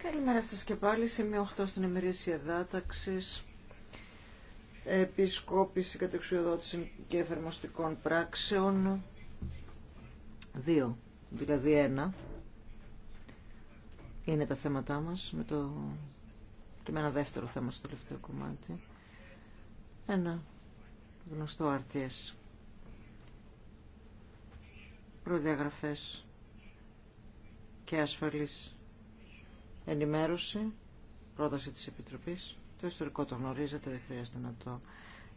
Καλημέρα σας και πάλι. Σημείο 8 στην ημερήσια δάταξης. Επισκόπηση κατεξιοδότηση και εφαρμοστικών πράξεων. Δύο, δηλαδή ένα. Είναι τα θέματά μας με το... και με ένα δεύτερο θέμα στο τελευταίο κομμάτι. Ένα γνωστό RTS. Προδιαγραφές και ασφαλής ενημέρωση, πρόταση της Επιτροπής. Το ιστορικό το γνωρίζετε, δεν χρειάζεται να το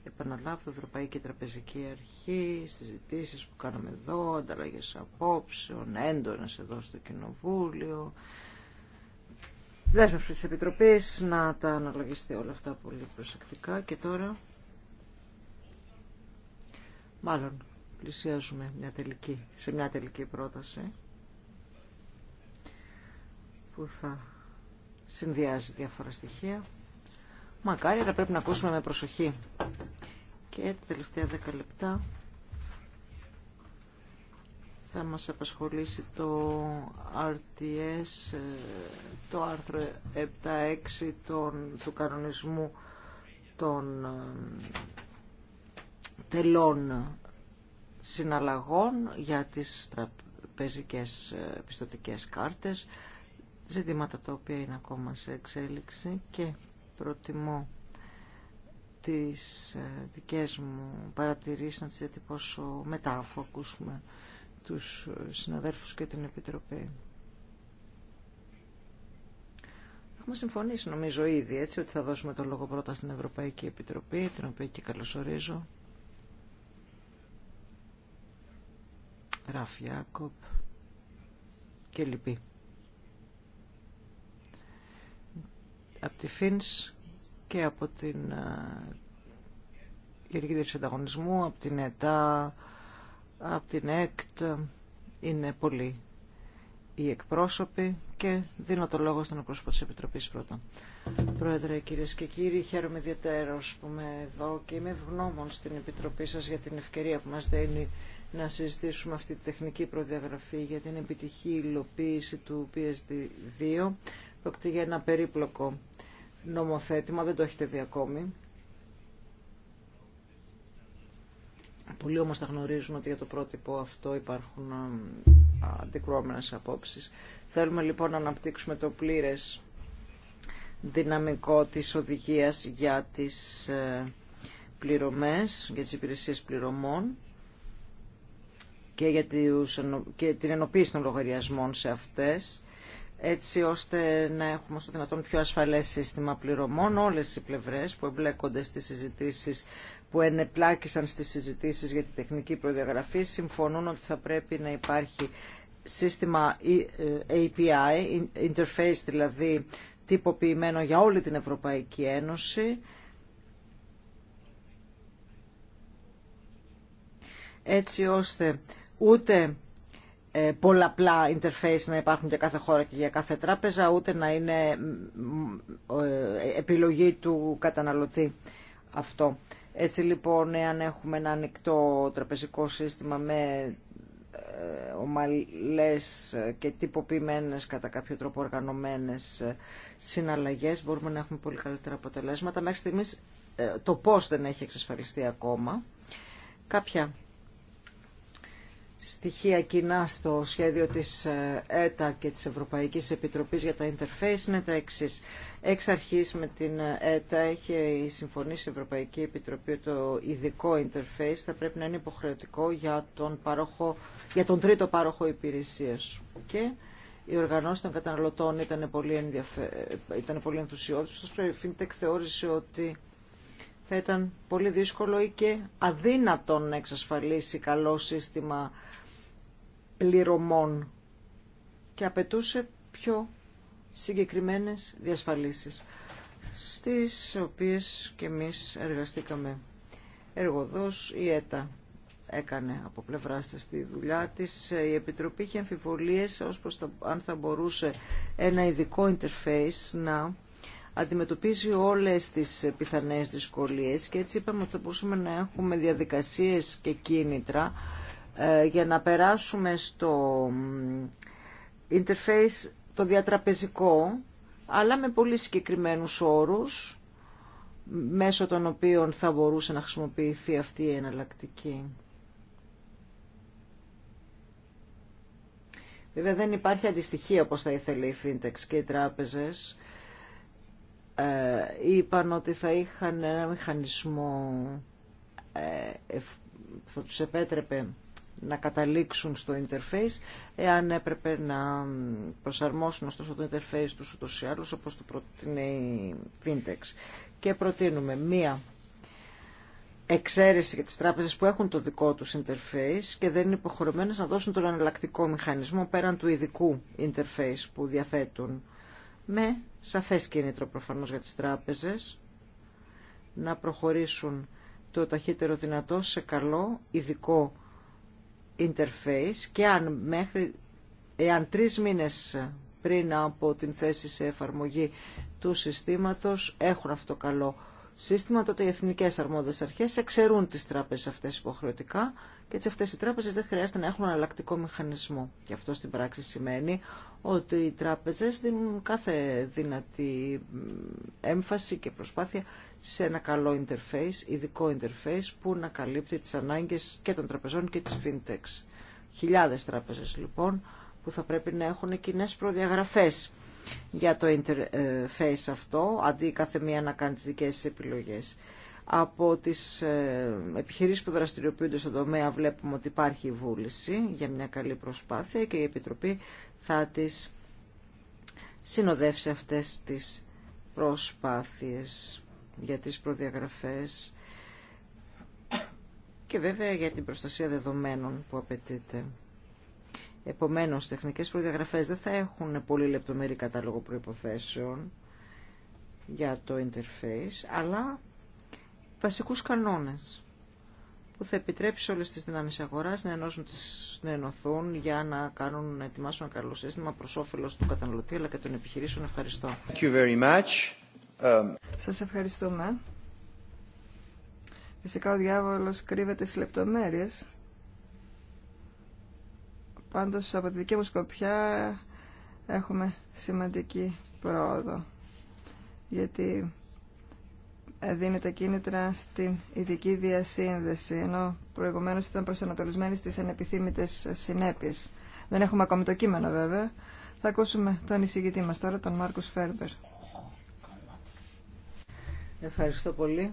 επαναλάβω. Ευρωπαϊκή Τραπεζική Αρχή, συζητήσεις που κάναμε εδώ, ανταλλαγές απόψεων, έντονες εδώ στο Κοινοβούλιο, δέσμευση τη Επιτροπή να τα αναλογιστεί όλα αυτά πολύ προσεκτικά και τώρα μάλλον πλησιάζουμε μια τελική, σε μια τελική πρόταση που θα συνδυάζει διάφορα στοιχεία. Μακάρι, αλλά πρέπει να ακούσουμε με προσοχή. Και τα τελευταία δέκα λεπτά θα μας απασχολήσει το RTS, το άρθρο 7.6 του κανονισμού των ε, τελών συναλλαγών για τις τραπεζικές ε, πιστοτικές κάρτες ζητήματα τα οποία είναι ακόμα σε εξέλιξη και προτιμώ τις ε, δικές μου παρατηρήσεις να τις διατυπώσω μετά αφού ακούσουμε τους ε, συναδέλφους και την Επιτροπή. Έχουμε συμφωνήσει νομίζω ήδη έτσι ότι θα δώσουμε το λόγο πρώτα στην Ευρωπαϊκή Επιτροπή την οποία και καλωσορίζω. Ραφ και λυπή. από τη ΦΙΝΣ και από την ε, Γενική Διευθυντή Ανταγωνισμού, από την ΕΤΑ, από την ΕΚΤ. Είναι πολλοί οι εκπρόσωποι και δίνω το λόγο στον εκπρόσωπο της Επιτροπής πρώτα. Πρόεδρε, κυρίε και κύριοι, χαίρομαι ιδιαίτερα που είμαι εδώ και είμαι ευγνώμων στην Επιτροπή σας για την ευκαιρία που μας δίνει να συζητήσουμε αυτή τη τεχνική προδιαγραφή για την επιτυχή υλοποίηση του PSD2. Πρόκειται για ένα περίπλοκο νομοθέτημα, δεν το έχετε δει ακόμη. Πολλοί όμως θα γνωρίζουν ότι για το πρότυπο αυτό υπάρχουν αντικρουόμενες απόψεις. Θέλουμε λοιπόν να αναπτύξουμε το πλήρες δυναμικό της οδηγίας για τις ε, πληρωμές, για τις υπηρεσίες πληρωμών και για την ενοποίηση των λογαριασμών σε αυτές έτσι ώστε να έχουμε στο δυνατόν πιο ασφαλές σύστημα πληρωμών. Όλες οι πλευρές που εμπλέκονται στις συζητήσεις, που ενεπλάκησαν στις συζητήσεις για τη τεχνική προδιαγραφή, συμφωνούν ότι θα πρέπει να υπάρχει σύστημα ε, API, interface δηλαδή τυποποιημένο για όλη την Ευρωπαϊκή Ένωση, έτσι ώστε ούτε ε, πολλαπλά interface να υπάρχουν για κάθε χώρα και για κάθε τράπεζα, ούτε να είναι ε, επιλογή του καταναλωτή αυτό. Έτσι λοιπόν, εάν έχουμε ένα ανοιχτό τραπεζικό σύστημα με ε, ομαλές και τυποποιημένες κατά κάποιο τρόπο οργανωμένες συναλλαγές, μπορούμε να έχουμε πολύ καλύτερα αποτελέσματα. Μέχρι στιγμής το πώς δεν έχει εξασφαλιστεί ακόμα. Κάποια στοιχεία κοινά στο σχέδιο της ε, ΕΤΑ και της Ευρωπαϊκής Επιτροπής για τα Interface είναι τα εξή. Εξ αρχής με την ε, ΕΤΑ έχει συμφωνήσει η Ευρωπαϊκή Επιτροπή το ειδικό Interface θα πρέπει να είναι υποχρεωτικό για τον, παρόχο, για τον τρίτο πάροχο υπηρεσίας. Και οι οργανώσεις των καταναλωτών ήταν πολύ, ενδιαφε... Ε, ήταν πολύ ενθουσιώδεις. Fintech θεώρησε ότι θα ήταν πολύ δύσκολο ή και αδύνατον να εξασφαλίσει καλό σύστημα πληρωμών και απαιτούσε πιο συγκεκριμένες διασφαλίσεις στις οποίες και εμείς εργαστήκαμε. Εργοδός η ΕΤΑ έκανε από πλευρά της τη δουλειά της. Η Επιτροπή είχε αμφιβολίες ως προς το αν θα μπορούσε ένα ειδικό interface να αντιμετωπίζει όλες τις πιθανές δυσκολίες και έτσι είπαμε ότι θα μπορούσαμε να έχουμε διαδικασίες και κίνητρα ε, για να περάσουμε στο interface το διατραπεζικό αλλά με πολύ συγκεκριμένους όρους μέσω των οποίων θα μπορούσε να χρησιμοποιηθεί αυτή η εναλλακτική. Βέβαια δεν υπάρχει αντιστοιχία όπως θα ήθελε η Fintech και οι τράπεζες ε, είπαν ότι θα είχαν ένα μηχανισμό που ε, θα τους επέτρεπε να καταλήξουν στο interface εάν έπρεπε να προσαρμόσουν ωστόσο το interface τους ούτως ή άλλως όπως το προτείνει η Fintex. Και προτείνουμε μία εξαίρεση για τις τράπεζες που έχουν το δικό τους interface και δεν είναι υποχρεωμένες να δώσουν τον εναλλακτικό μηχανισμό πέραν του ειδικού interface που διαθέτουν με σαφές κίνητρο προφανώς για τις τράπεζες να προχωρήσουν το ταχύτερο δυνατό σε καλό ειδικό interface και αν μέχρι εάν τρεις μήνες πριν από την θέση σε εφαρμογή του συστήματος έχουν αυτό καλό σύστημα, τότε οι εθνικές αρμόδες αρχές εξαιρούν τις τράπεζες αυτές υποχρεωτικά και έτσι αυτές οι τράπεζες δεν χρειάζεται να έχουν αναλλακτικό μηχανισμό. Και αυτό στην πράξη σημαίνει ότι οι τράπεζες δίνουν κάθε δυνατή έμφαση και προσπάθεια σε ένα καλό interface, ειδικό interface που να καλύπτει τις ανάγκες και των τραπεζών και της fintechs. Χιλιάδες τράπεζες λοιπόν που θα πρέπει να έχουν κοινέ προδιαγραφές για το interface αυτό, αντί κάθε μία να κάνει τις δικές επιλογές. Από τις ε, επιχειρήσεις που δραστηριοποιούνται στον τομέα βλέπουμε ότι υπάρχει βούληση για μια καλή προσπάθεια και η Επιτροπή θα τις συνοδεύσει αυτές τις προσπάθειες για τις προδιαγραφές και βέβαια για την προστασία δεδομένων που απαιτείται. Επομένως, τεχνικές προδιαγραφές δεν θα έχουν πολύ λεπτομερή κατάλογο προϋποθέσεων για το interface, αλλά βασικούς κανόνες που θα επιτρέψει όλες τις δυνάμεις αγοράς να, ενώσουν, να ενωθούν για να, κάνουν, να ετοιμάσουν ένα καλό σύστημα προς όφελος του καταναλωτή αλλά και των επιχειρήσεων. Ευχαριστώ. Um, Σας ευχαριστούμε. Φυσικά ο διάβολος κρύβεται στις λεπτομέρειες. Πάντως από τη δική μου σκοπιά έχουμε σημαντική πρόοδο. Γιατί δίνει τα κίνητρα στην ειδική διασύνδεση, ενώ προηγουμένως ήταν προσανατολισμένη στις ανεπιθύμητες συνέπειες. Δεν έχουμε ακόμη το κείμενο βέβαια. Θα ακούσουμε τον εισηγητή μας τώρα, τον Μάρκους Φέρμπερ. Ευχαριστώ πολύ.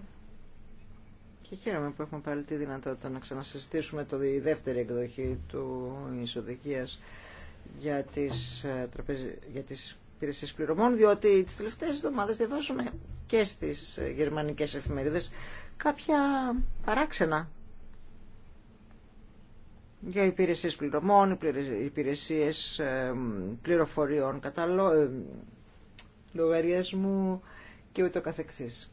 Και χαίρομαι που έχουμε πάλι τη δυνατότητα να ξανασυζητήσουμε το, δεύτερη εκδοχή του Ισοδικίας για τις, ε, για τις υπηρεσίες πληρωμών, διότι τις τελευταίες εβδομάδες διαβάζουμε και στις γερμανικές εφημερίδες κάποια παράξενα για υπηρεσίες πληρωμών, υπηρεσίες πληροφοριών, λογαριασμού και ούτω καθεξής.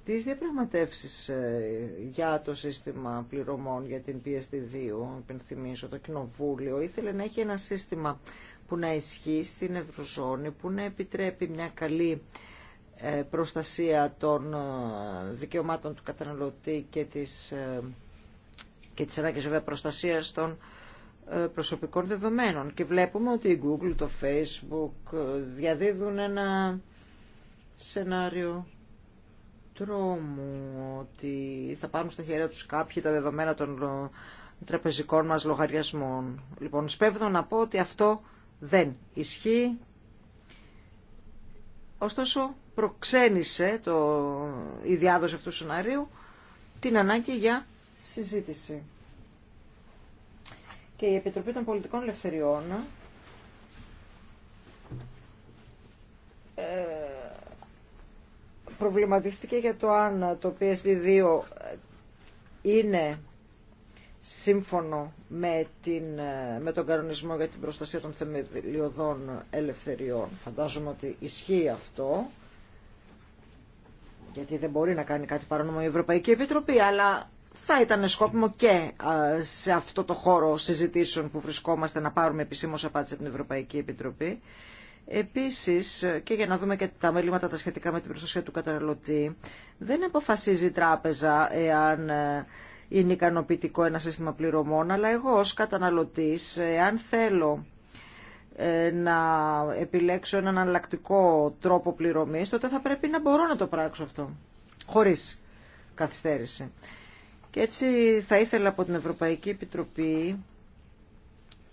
Στις διαπραγματεύσεις ε, για το σύστημα πληρωμών για την PSD2, υπενθυμίζω το Κοινοβούλιο, ήθελε να έχει ένα σύστημα που να ισχύει στην Ευρωζώνη, που να επιτρέπει μια καλή ε, προστασία των ε, δικαιωμάτων του καταναλωτή και της, ε, και της ανάγκης βέβαια προστασίας των προσωπικών δεδομένων. Και βλέπουμε ότι η Google, το Facebook διαδίδουν ένα σενάριο τρόμου ότι θα πάρουν στα χέρια τους κάποιοι τα δεδομένα των τραπεζικών μας λογαριασμών. Λοιπόν, σπέβδω να πω ότι αυτό δεν ισχύει. Ωστόσο, προξένησε το, η διάδοση αυτού του σενάριου την ανάγκη για συζήτηση. Και η Επιτροπή των Πολιτικών Ελευθεριών ε, προβληματίστηκε για το αν το PSD2 είναι σύμφωνο με, την, ε, με τον κανονισμό για την προστασία των θεμελιωδών ελευθεριών. Φαντάζομαι ότι ισχύει αυτό, γιατί δεν μπορεί να κάνει κάτι παράνομο η Ευρωπαϊκή Επιτροπή, αλλά θα ήταν σκόπιμο και σε αυτό το χώρο συζητήσεων που βρισκόμαστε να πάρουμε επισήμως απάντηση από την Ευρωπαϊκή Επιτροπή. Επίσης, και για να δούμε και τα μέληματα τα σχετικά με την προστασία του καταναλωτή, δεν αποφασίζει η τράπεζα εάν ε, είναι ικανοποιητικό ένα σύστημα πληρωμών, αλλά εγώ ως καταναλωτής, αν θέλω ε, να επιλέξω έναν αλλακτικό τρόπο πληρωμής, τότε θα πρέπει να μπορώ να το πράξω αυτό, χωρίς καθυστέρηση. Και έτσι θα ήθελα από την Ευρωπαϊκή Επιτροπή,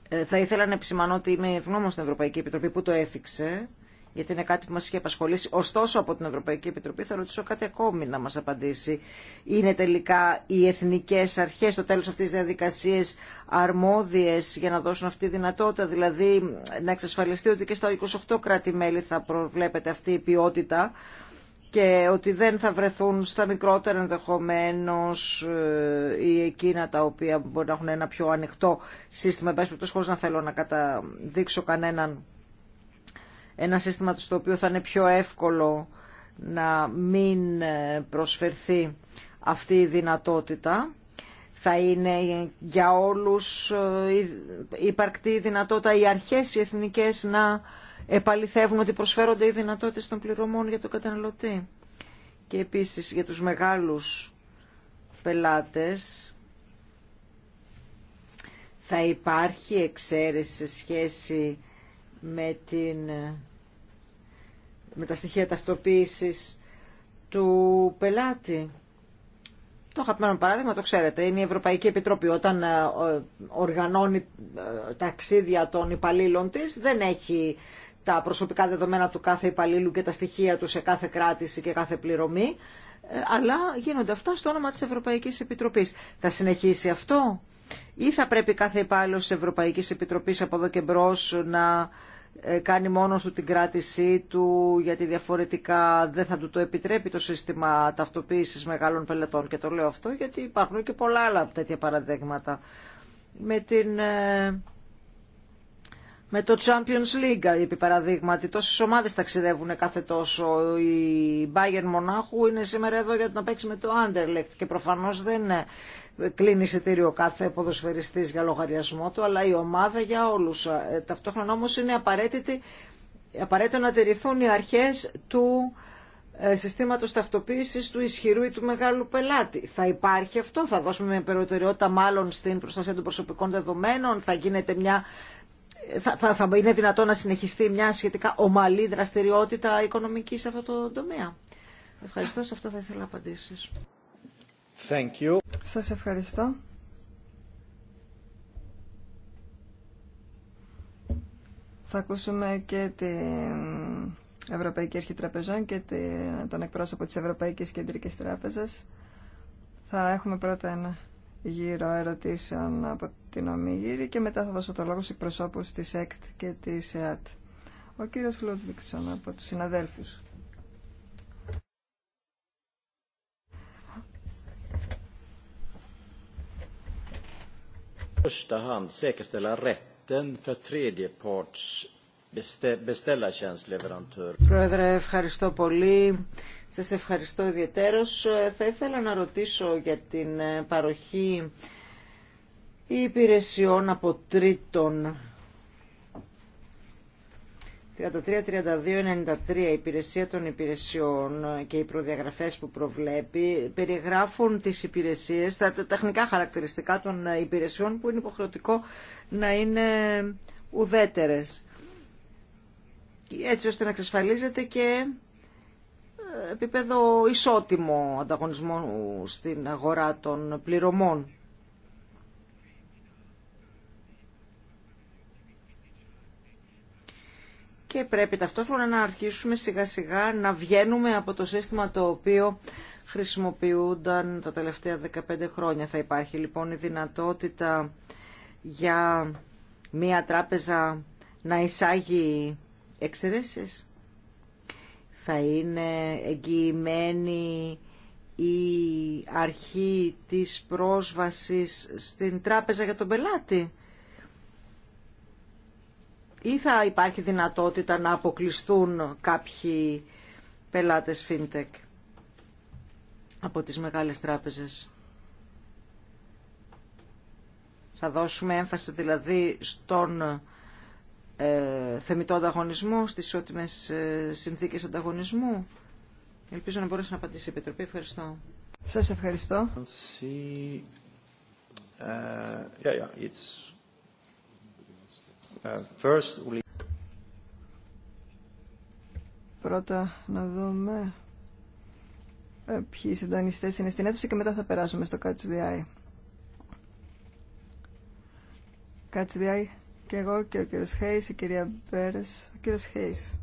ε, θα ήθελα να επισημανώ ότι είμαι ευγνώμων στην Ευρωπαϊκή Επιτροπή που το έθιξε, γιατί είναι κάτι που μας είχε απασχολήσει. Ωστόσο από την Ευρωπαϊκή Επιτροπή θα ρωτήσω κάτι ακόμη να μας απαντήσει. Είναι τελικά οι εθνικές αρχές στο τέλος αυτής της διαδικασίας αρμόδιες για να δώσουν αυτή τη δυνατότητα, δηλαδή να εξασφαλιστεί ότι και στα 28 κράτη-μέλη θα προβλέπεται αυτή η ποιότητα και ότι δεν θα βρεθούν στα μικρότερα ενδεχομένω ε, ή εκείνα τα οποία μπορεί να έχουν ένα πιο ανοιχτό σύστημα. Εν χωρίς να θέλω να καταδείξω κανέναν ένα σύστημα στο οποίο θα είναι πιο εύκολο να μην ε, προσφερθεί αυτή η δυνατότητα. Θα είναι για όλους ε, υπαρκτή η δυνατότητα οι αρχές οι εθνικές να επαληθεύουν ότι προσφέρονται οι δυνατότητες των πληρωμών για τον καταναλωτή. Και επίσης για τους μεγάλους πελάτες θα υπάρχει εξαίρεση σε σχέση με την με τα στοιχεία ταυτοποίησης του πελάτη. Το αγαπημένο παράδειγμα το ξέρετε, είναι η Ευρωπαϊκή Επιτροπή. Όταν ε, οργανώνει ε, ταξίδια των υπαλλήλων της, δεν έχει τα προσωπικά δεδομένα του κάθε υπαλλήλου και τα στοιχεία του σε κάθε κράτηση και κάθε πληρωμή, ε, αλλά γίνονται αυτά στο όνομα της Ευρωπαϊκής Επιτροπής. Θα συνεχίσει αυτό ή θα πρέπει κάθε υπάλληλος της Ευρωπαϊκής Επιτροπής από εδώ και μπρος να ε, κάνει μόνο του την κράτησή του, γιατί διαφορετικά δεν θα του το επιτρέπει το σύστημα ταυτοποίησης μεγάλων πελετών. Και το λέω αυτό γιατί υπάρχουν και πολλά άλλα τέτοια παραδείγματα. Με την ε, με το Champions League, επί παραδείγματι. Τόσε ομάδες ταξιδεύουν κάθε τόσο. Η Bayern Μονάχου είναι σήμερα εδώ για να παίξει με το Anderlecht και προφανώς δεν ε, κλείνει εισιτήριο κάθε ποδοσφαιριστής για λογαριασμό του, αλλά η ομάδα για όλου. Ε, ταυτόχρονα όμως είναι απαραίτητο να τηρηθούν οι αρχές του ε, συστήματο ταυτοποίηση του ισχυρού ή του μεγάλου πελάτη. Θα υπάρχει αυτό, θα δώσουμε μια περιοτεραιότητα μάλλον στην προστασία των προσωπικών δεδομένων, θα γίνεται μια θα, θα, θα είναι δυνατό να συνεχιστεί μια σχετικά ομαλή δραστηριότητα οικονομική σε αυτό το τομέα. Ευχαριστώ. Σε αυτό θα ήθελα απαντήσεις. Thank you. Σας ευχαριστώ. Θα ακούσουμε και την Ευρωπαϊκή Αρχή Τραπεζών και τον εκπρόσωπο της Ευρωπαϊκής Κεντρικής Τράπεζας. Θα έχουμε πρώτα ένα γύρω ερωτήσεων από την Ομιγύρη και μετά θα δώσω το λόγο στους προσώπους της ΕΚΤ και της ΕΑΤ. Ο κύριος Λούντβικσον από τους συναδέλφους. Πρώτα Πρόεδρε, ευχαριστώ πολύ. Σας ευχαριστώ ιδιαίτερος. Θα ήθελα να ρωτήσω για την ε, παροχή υπηρεσιών από 33 τρίτον. 33-32-93 υπηρεσία των υπηρεσιών και οι προδιαγραφές που προβλέπει περιγράφουν τις υπηρεσίες, τα τεχνικά χαρακτηριστικά των ε, υπηρεσιών που είναι υποχρεωτικό να είναι ουδέτερες. Έτσι ώστε να εξασφαλίζεται και επίπεδο ισότιμο ανταγωνισμό στην αγορά των πληρωμών. Και πρέπει ταυτόχρονα να αρχίσουμε σιγά σιγά να βγαίνουμε από το σύστημα το οποίο χρησιμοποιούνταν τα τελευταία 15 χρόνια. Θα υπάρχει λοιπόν η δυνατότητα για μία τράπεζα να εισάγει εξαιρέσεις θα είναι εγγυημένη η αρχή της πρόσβασης στην τράπεζα για τον πελάτη ή θα υπάρχει δυνατότητα να αποκλειστούν κάποιοι πελάτες fintech από τις μεγάλες τράπεζες. Θα δώσουμε έμφαση δηλαδή στον ε, θεμητό ανταγωνισμό, στις ισότιμες ε, συνθήκες ανταγωνισμού. Ελπίζω να μπορέσει να απαντήσει η Επιτροπή. Ευχαριστώ. Σας ευχαριστώ. Uh, Πρώτα να δούμε ε, ποιοι συντονιστέ είναι στην αίθουσα και μετά θα περάσουμε στο Catch the Eye. Catch the Eye και εγώ και ο κύριος Χέις, η κυρία Μπέρες, ο κύριος Χέις.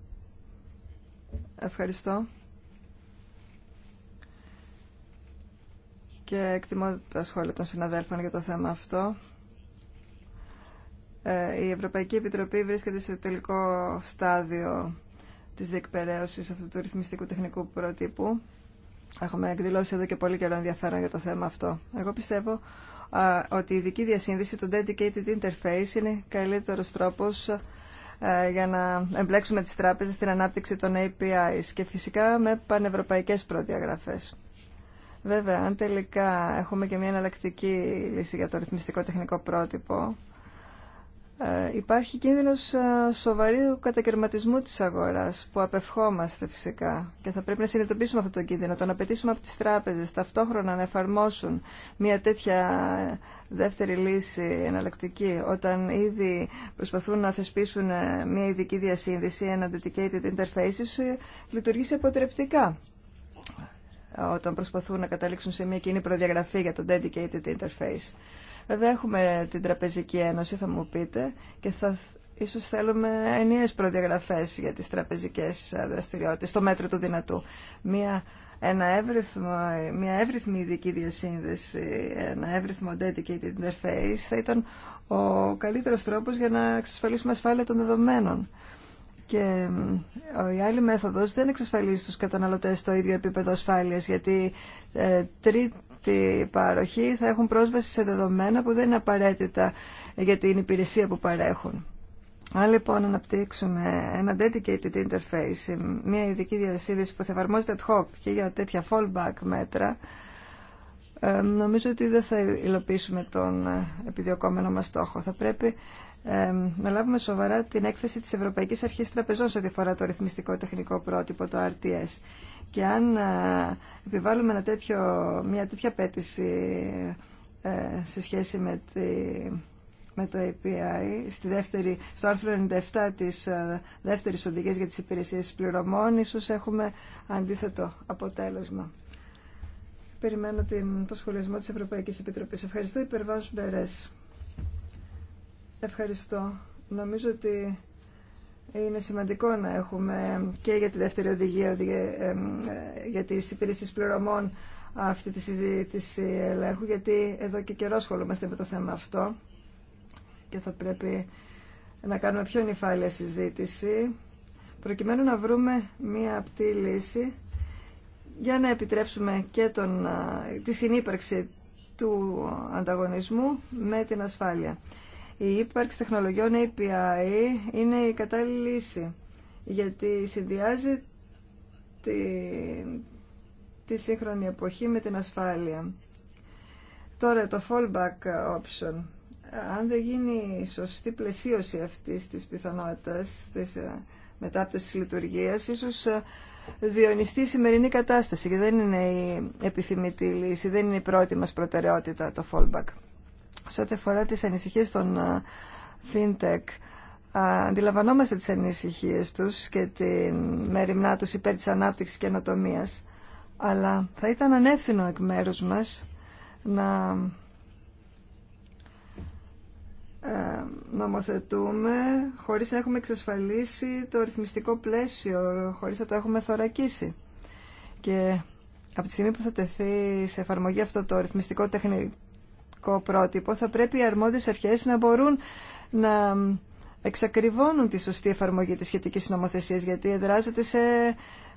Ευχαριστώ. Και εκτιμώ τα σχόλια των συναδέλφων για το θέμα αυτό. Ε, η Ευρωπαϊκή Επιτροπή βρίσκεται σε τελικό στάδιο της διεκπαιρέωσης αυτού του ρυθμιστικού τεχνικού προτύπου. Έχουμε εκδηλώσει εδώ και πολύ καιρό ενδιαφέρον για το θέμα αυτό. Εγώ πιστεύω ότι η ειδική διασύνδεση, το Dedicated Interface, είναι καλύτερος τρόπος για να εμπλέξουμε τις τράπεζες στην ανάπτυξη των APIs και φυσικά με πανευρωπαϊκές προδιαγραφές. Βέβαια, αν τελικά έχουμε και μια εναλλακτική λύση για το ρυθμιστικό τεχνικό πρότυπο, ε, υπάρχει κίνδυνος ε, σοβαρού κατακαιρματισμού της αγοράς που απευχόμαστε φυσικά και θα πρέπει να συνειδητοποιήσουμε αυτό το κίνδυνο, το να απαιτήσουμε από τις τράπεζες ταυτόχρονα να εφαρμόσουν μια τέτοια ε, δεύτερη λύση εναλλακτική όταν ήδη προσπαθούν να θεσπίσουν μια ειδική διασύνδεση, ένα dedicated interface, σε αποτρεπτικά όταν προσπαθούν να καταλήξουν σε μια κοινή προδιαγραφή για το dedicated interface. Βέβαια έχουμε την Τραπεζική Ένωση, θα μου πείτε, και θα ίσως θέλουμε ενιαίες προδιαγραφές για τις τραπεζικές ε, δραστηριότητες, στο μέτρο του δυνατού. Μια, ένα εύρυθμο, μια εύρυθμη ειδική διασύνδεση, ένα εύρυθμο dedicated interface θα ήταν ο καλύτερος τρόπος για να εξασφαλίσουμε ασφάλεια των δεδομένων. Και ε, η άλλη μέθοδος δεν εξασφαλίζει στους καταναλωτές το ίδιο επίπεδο ασφάλειας, γιατί ε, Τη παροχή θα έχουν πρόσβαση σε δεδομένα που δεν είναι απαραίτητα για την υπηρεσία που παρέχουν. Αν λοιπόν αναπτύξουμε ένα dedicated interface, μια ειδική διασύνδεση που θα εφαρμόζεται ad hoc και για τέτοια fallback μέτρα, ε, νομίζω ότι δεν θα υλοποιήσουμε τον ε, επιδιωκόμενο μας στόχο. Θα πρέπει ε, να λάβουμε σοβαρά την έκθεση της Ευρωπαϊκής Αρχής Τραπεζών σε ό,τι αφορά το ρυθμιστικό τεχνικό πρότυπο, το RTS. Και αν ε, επιβάλλουμε ένα τέτοιο, μια τέτοια απέτηση ε, σε σχέση με, τη, με το API, στη δεύτερη, στο άρθρο 97 της ε, δεύτερης οδηγίας για τις υπηρεσίες πληρωμών, ίσως έχουμε αντίθετο αποτέλεσμα. Περιμένω την, το σχολιασμό της Ευρωπαϊκής Επιτροπής. Ευχαριστώ, Υπερβάσου Μπερές. Ευχαριστώ. Νομίζω ότι είναι σημαντικό να έχουμε και για τη δεύτερη οδηγία για τις υπηρεσίες πληρωμών αυτή τη συζήτηση ελέγχου, γιατί εδώ και καιρό ασχολούμαστε με το θέμα αυτό και θα πρέπει να κάνουμε πιο νυφάλια συζήτηση, προκειμένου να βρούμε μία απτή λύση για να επιτρέψουμε και τον, τη συνύπαρξη του ανταγωνισμού με την ασφάλεια η ύπαρξη τεχνολογιών API είναι η κατάλληλη λύση, γιατί συνδυάζει τη, τη σύγχρονη εποχή με την ασφάλεια. Τώρα το fallback option. Αν δεν γίνει σωστή πλαισίωση αυτής της πιθανότητας της ε, μετάπτωσης λειτουργίας, ίσως ε, διονυστεί η σημερινή κατάσταση και δεν είναι η επιθυμητή λύση, δεν είναι η πρώτη μας προτεραιότητα το fallback σε ό,τι αφορά τις ανησυχίες των ε, fintech. Αντιλαμβανόμαστε τις ανησυχίες τους και την μεριμνά τους υπέρ της ανάπτυξης και ανατομίας, αλλά θα ήταν ανεύθυνο εκ μέρους μας να ε, νομοθετούμε χωρίς να έχουμε εξασφαλίσει το ρυθμιστικό πλαίσιο, χωρίς να το έχουμε θωρακίσει. Και από τη στιγμή που θα τεθεί σε εφαρμογή αυτό το ρυθμιστικό τεχνικό πρότυπο, θα πρέπει οι αρμόδιες αρχές να μπορούν να εξακριβώνουν τη σωστή εφαρμογή της σχετικής νομοθεσίας, γιατί εδράζεται σε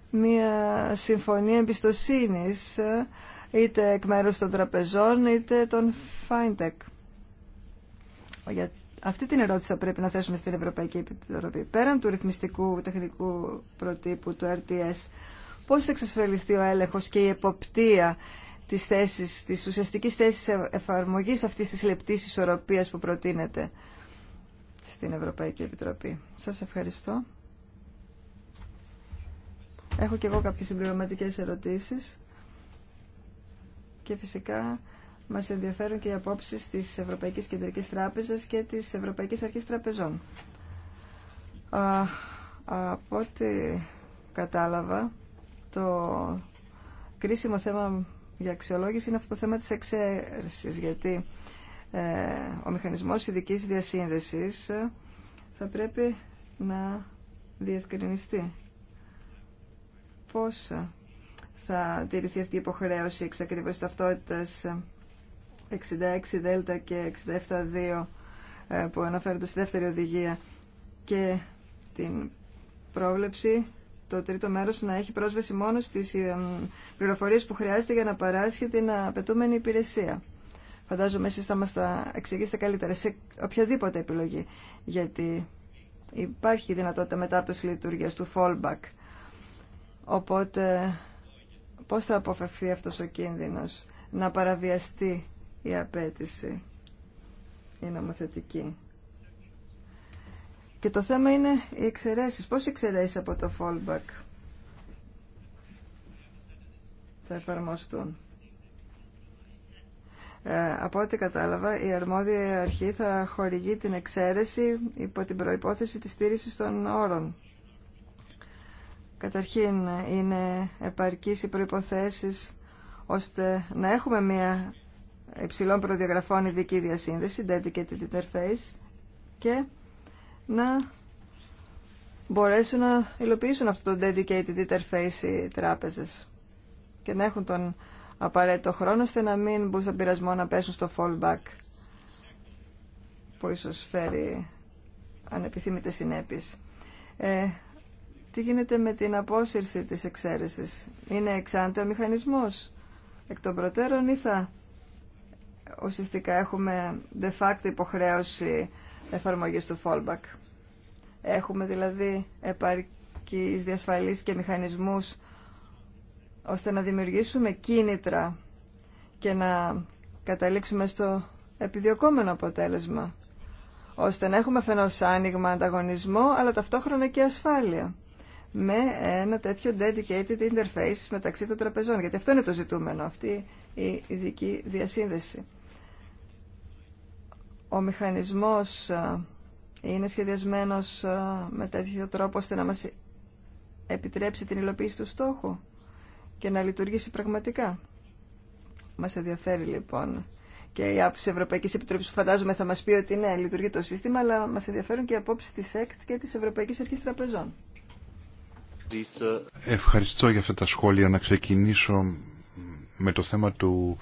μια συμφωνία εμπιστοσύνης, είτε εκ μέρους των τραπεζών, είτε των FinTech. Για αυτή την ερώτηση θα πρέπει να θέσουμε στην Ευρωπαϊκή Επιτροπή. Πέραν του ρυθμιστικού τεχνικού προτύπου του RTS, πώς θα εξασφαλιστεί ο έλεγχος και η εποπτεία της, θέσης, της ουσιαστικής θέσης εφαρμογής αυτής της λεπτής ισορροπίας που προτείνεται στην Ευρωπαϊκή Επιτροπή. Σας ευχαριστώ. Έχω και εγώ κάποιες συμπληρωματικές ερωτήσεις και φυσικά μας ενδιαφέρουν και οι απόψεις της Ευρωπαϊκής Κεντρικής Τράπεζας και της Ευρωπαϊκής Αρχής Τραπεζών. Α, από ό,τι κατάλαβα, το κρίσιμο θέμα για αξιολόγηση είναι αυτό το θέμα της εξαίρεσης, γιατί ε, ο μηχανισμός ειδική διασύνδεσης ε, θα πρέπει να διευκρινιστεί. Πώς ε, θα τηρηθεί αυτή η υποχρέωση ακριβώς ταυτότητας 66 Δέλτα και 67 που αναφέρονται στη δεύτερη οδηγία και την πρόβλεψη το τρίτο μέρος να έχει πρόσβαση μόνο στις ε, πληροφορίες που χρειάζεται για να παράσχει την απαιτούμενη υπηρεσία. Φαντάζομαι εσείς θα μας τα εξηγήσετε καλύτερα σε οποιαδήποτε επιλογή, γιατί υπάρχει δυνατότητα μετά το λειτουργίας του fallback. Οπότε πώς θα αποφευθεί αυτός ο κίνδυνος να παραβιαστεί η απέτηση η νομοθετική. Και το θέμα είναι οι εξαιρέσεις. Πώς εξαιρέσεις από το fallback θα εφαρμοστούν. Ε, από ό,τι κατάλαβα, η αρμόδια αρχή θα χορηγεί την εξαίρεση υπό την προϋπόθεση της στήρησης των όρων. Καταρχήν, είναι επαρκής οι προϋποθέσεις ώστε να έχουμε μια υψηλών προδιαγραφών ειδική διασύνδεση, dedicated interface, και να μπορέσουν να υλοποιήσουν αυτό το dedicated interface οι τράπεζες και να έχουν τον απαραίτητο χρόνο ώστε να μην μπουν στον πειρασμό να πέσουν στο fallback που ίσως φέρει ανεπιθύμητες συνέπειες. Ε, τι γίνεται με την απόσυρση της εξαίρεσης. Είναι εξάντε ο μηχανισμός εκ των προτέρων ή θα ουσιαστικά έχουμε de facto υποχρέωση εφαρμογής του fallback. Έχουμε δηλαδή επαρκείς διασφαλίσεις και μηχανισμούς ώστε να δημιουργήσουμε κίνητρα και να καταλήξουμε στο επιδιωκόμενο αποτέλεσμα ώστε να έχουμε φαινός άνοιγμα, ανταγωνισμό, αλλά ταυτόχρονα και ασφάλεια με ένα τέτοιο dedicated interface μεταξύ των τραπεζών, γιατί αυτό είναι το ζητούμενο, αυτή η ειδική διασύνδεση. Ο μηχανισμός είναι σχεδιασμένος ε, με τέτοιο τρόπο ώστε να μας επιτρέψει την υλοποίηση του στόχου και να λειτουργήσει πραγματικά. Μας ενδιαφέρει λοιπόν και η άποψη Ευρωπαϊκή Επιτροπή που φαντάζομαι θα μα πει ότι ναι, λειτουργεί το σύστημα, αλλά μα ενδιαφέρουν και οι απόψει τη ΕΚΤ και τη Ευρωπαϊκή Αρχή Τραπεζών. Ευχαριστώ για αυτά τα σχόλια. Να ξεκινήσω με το θέμα του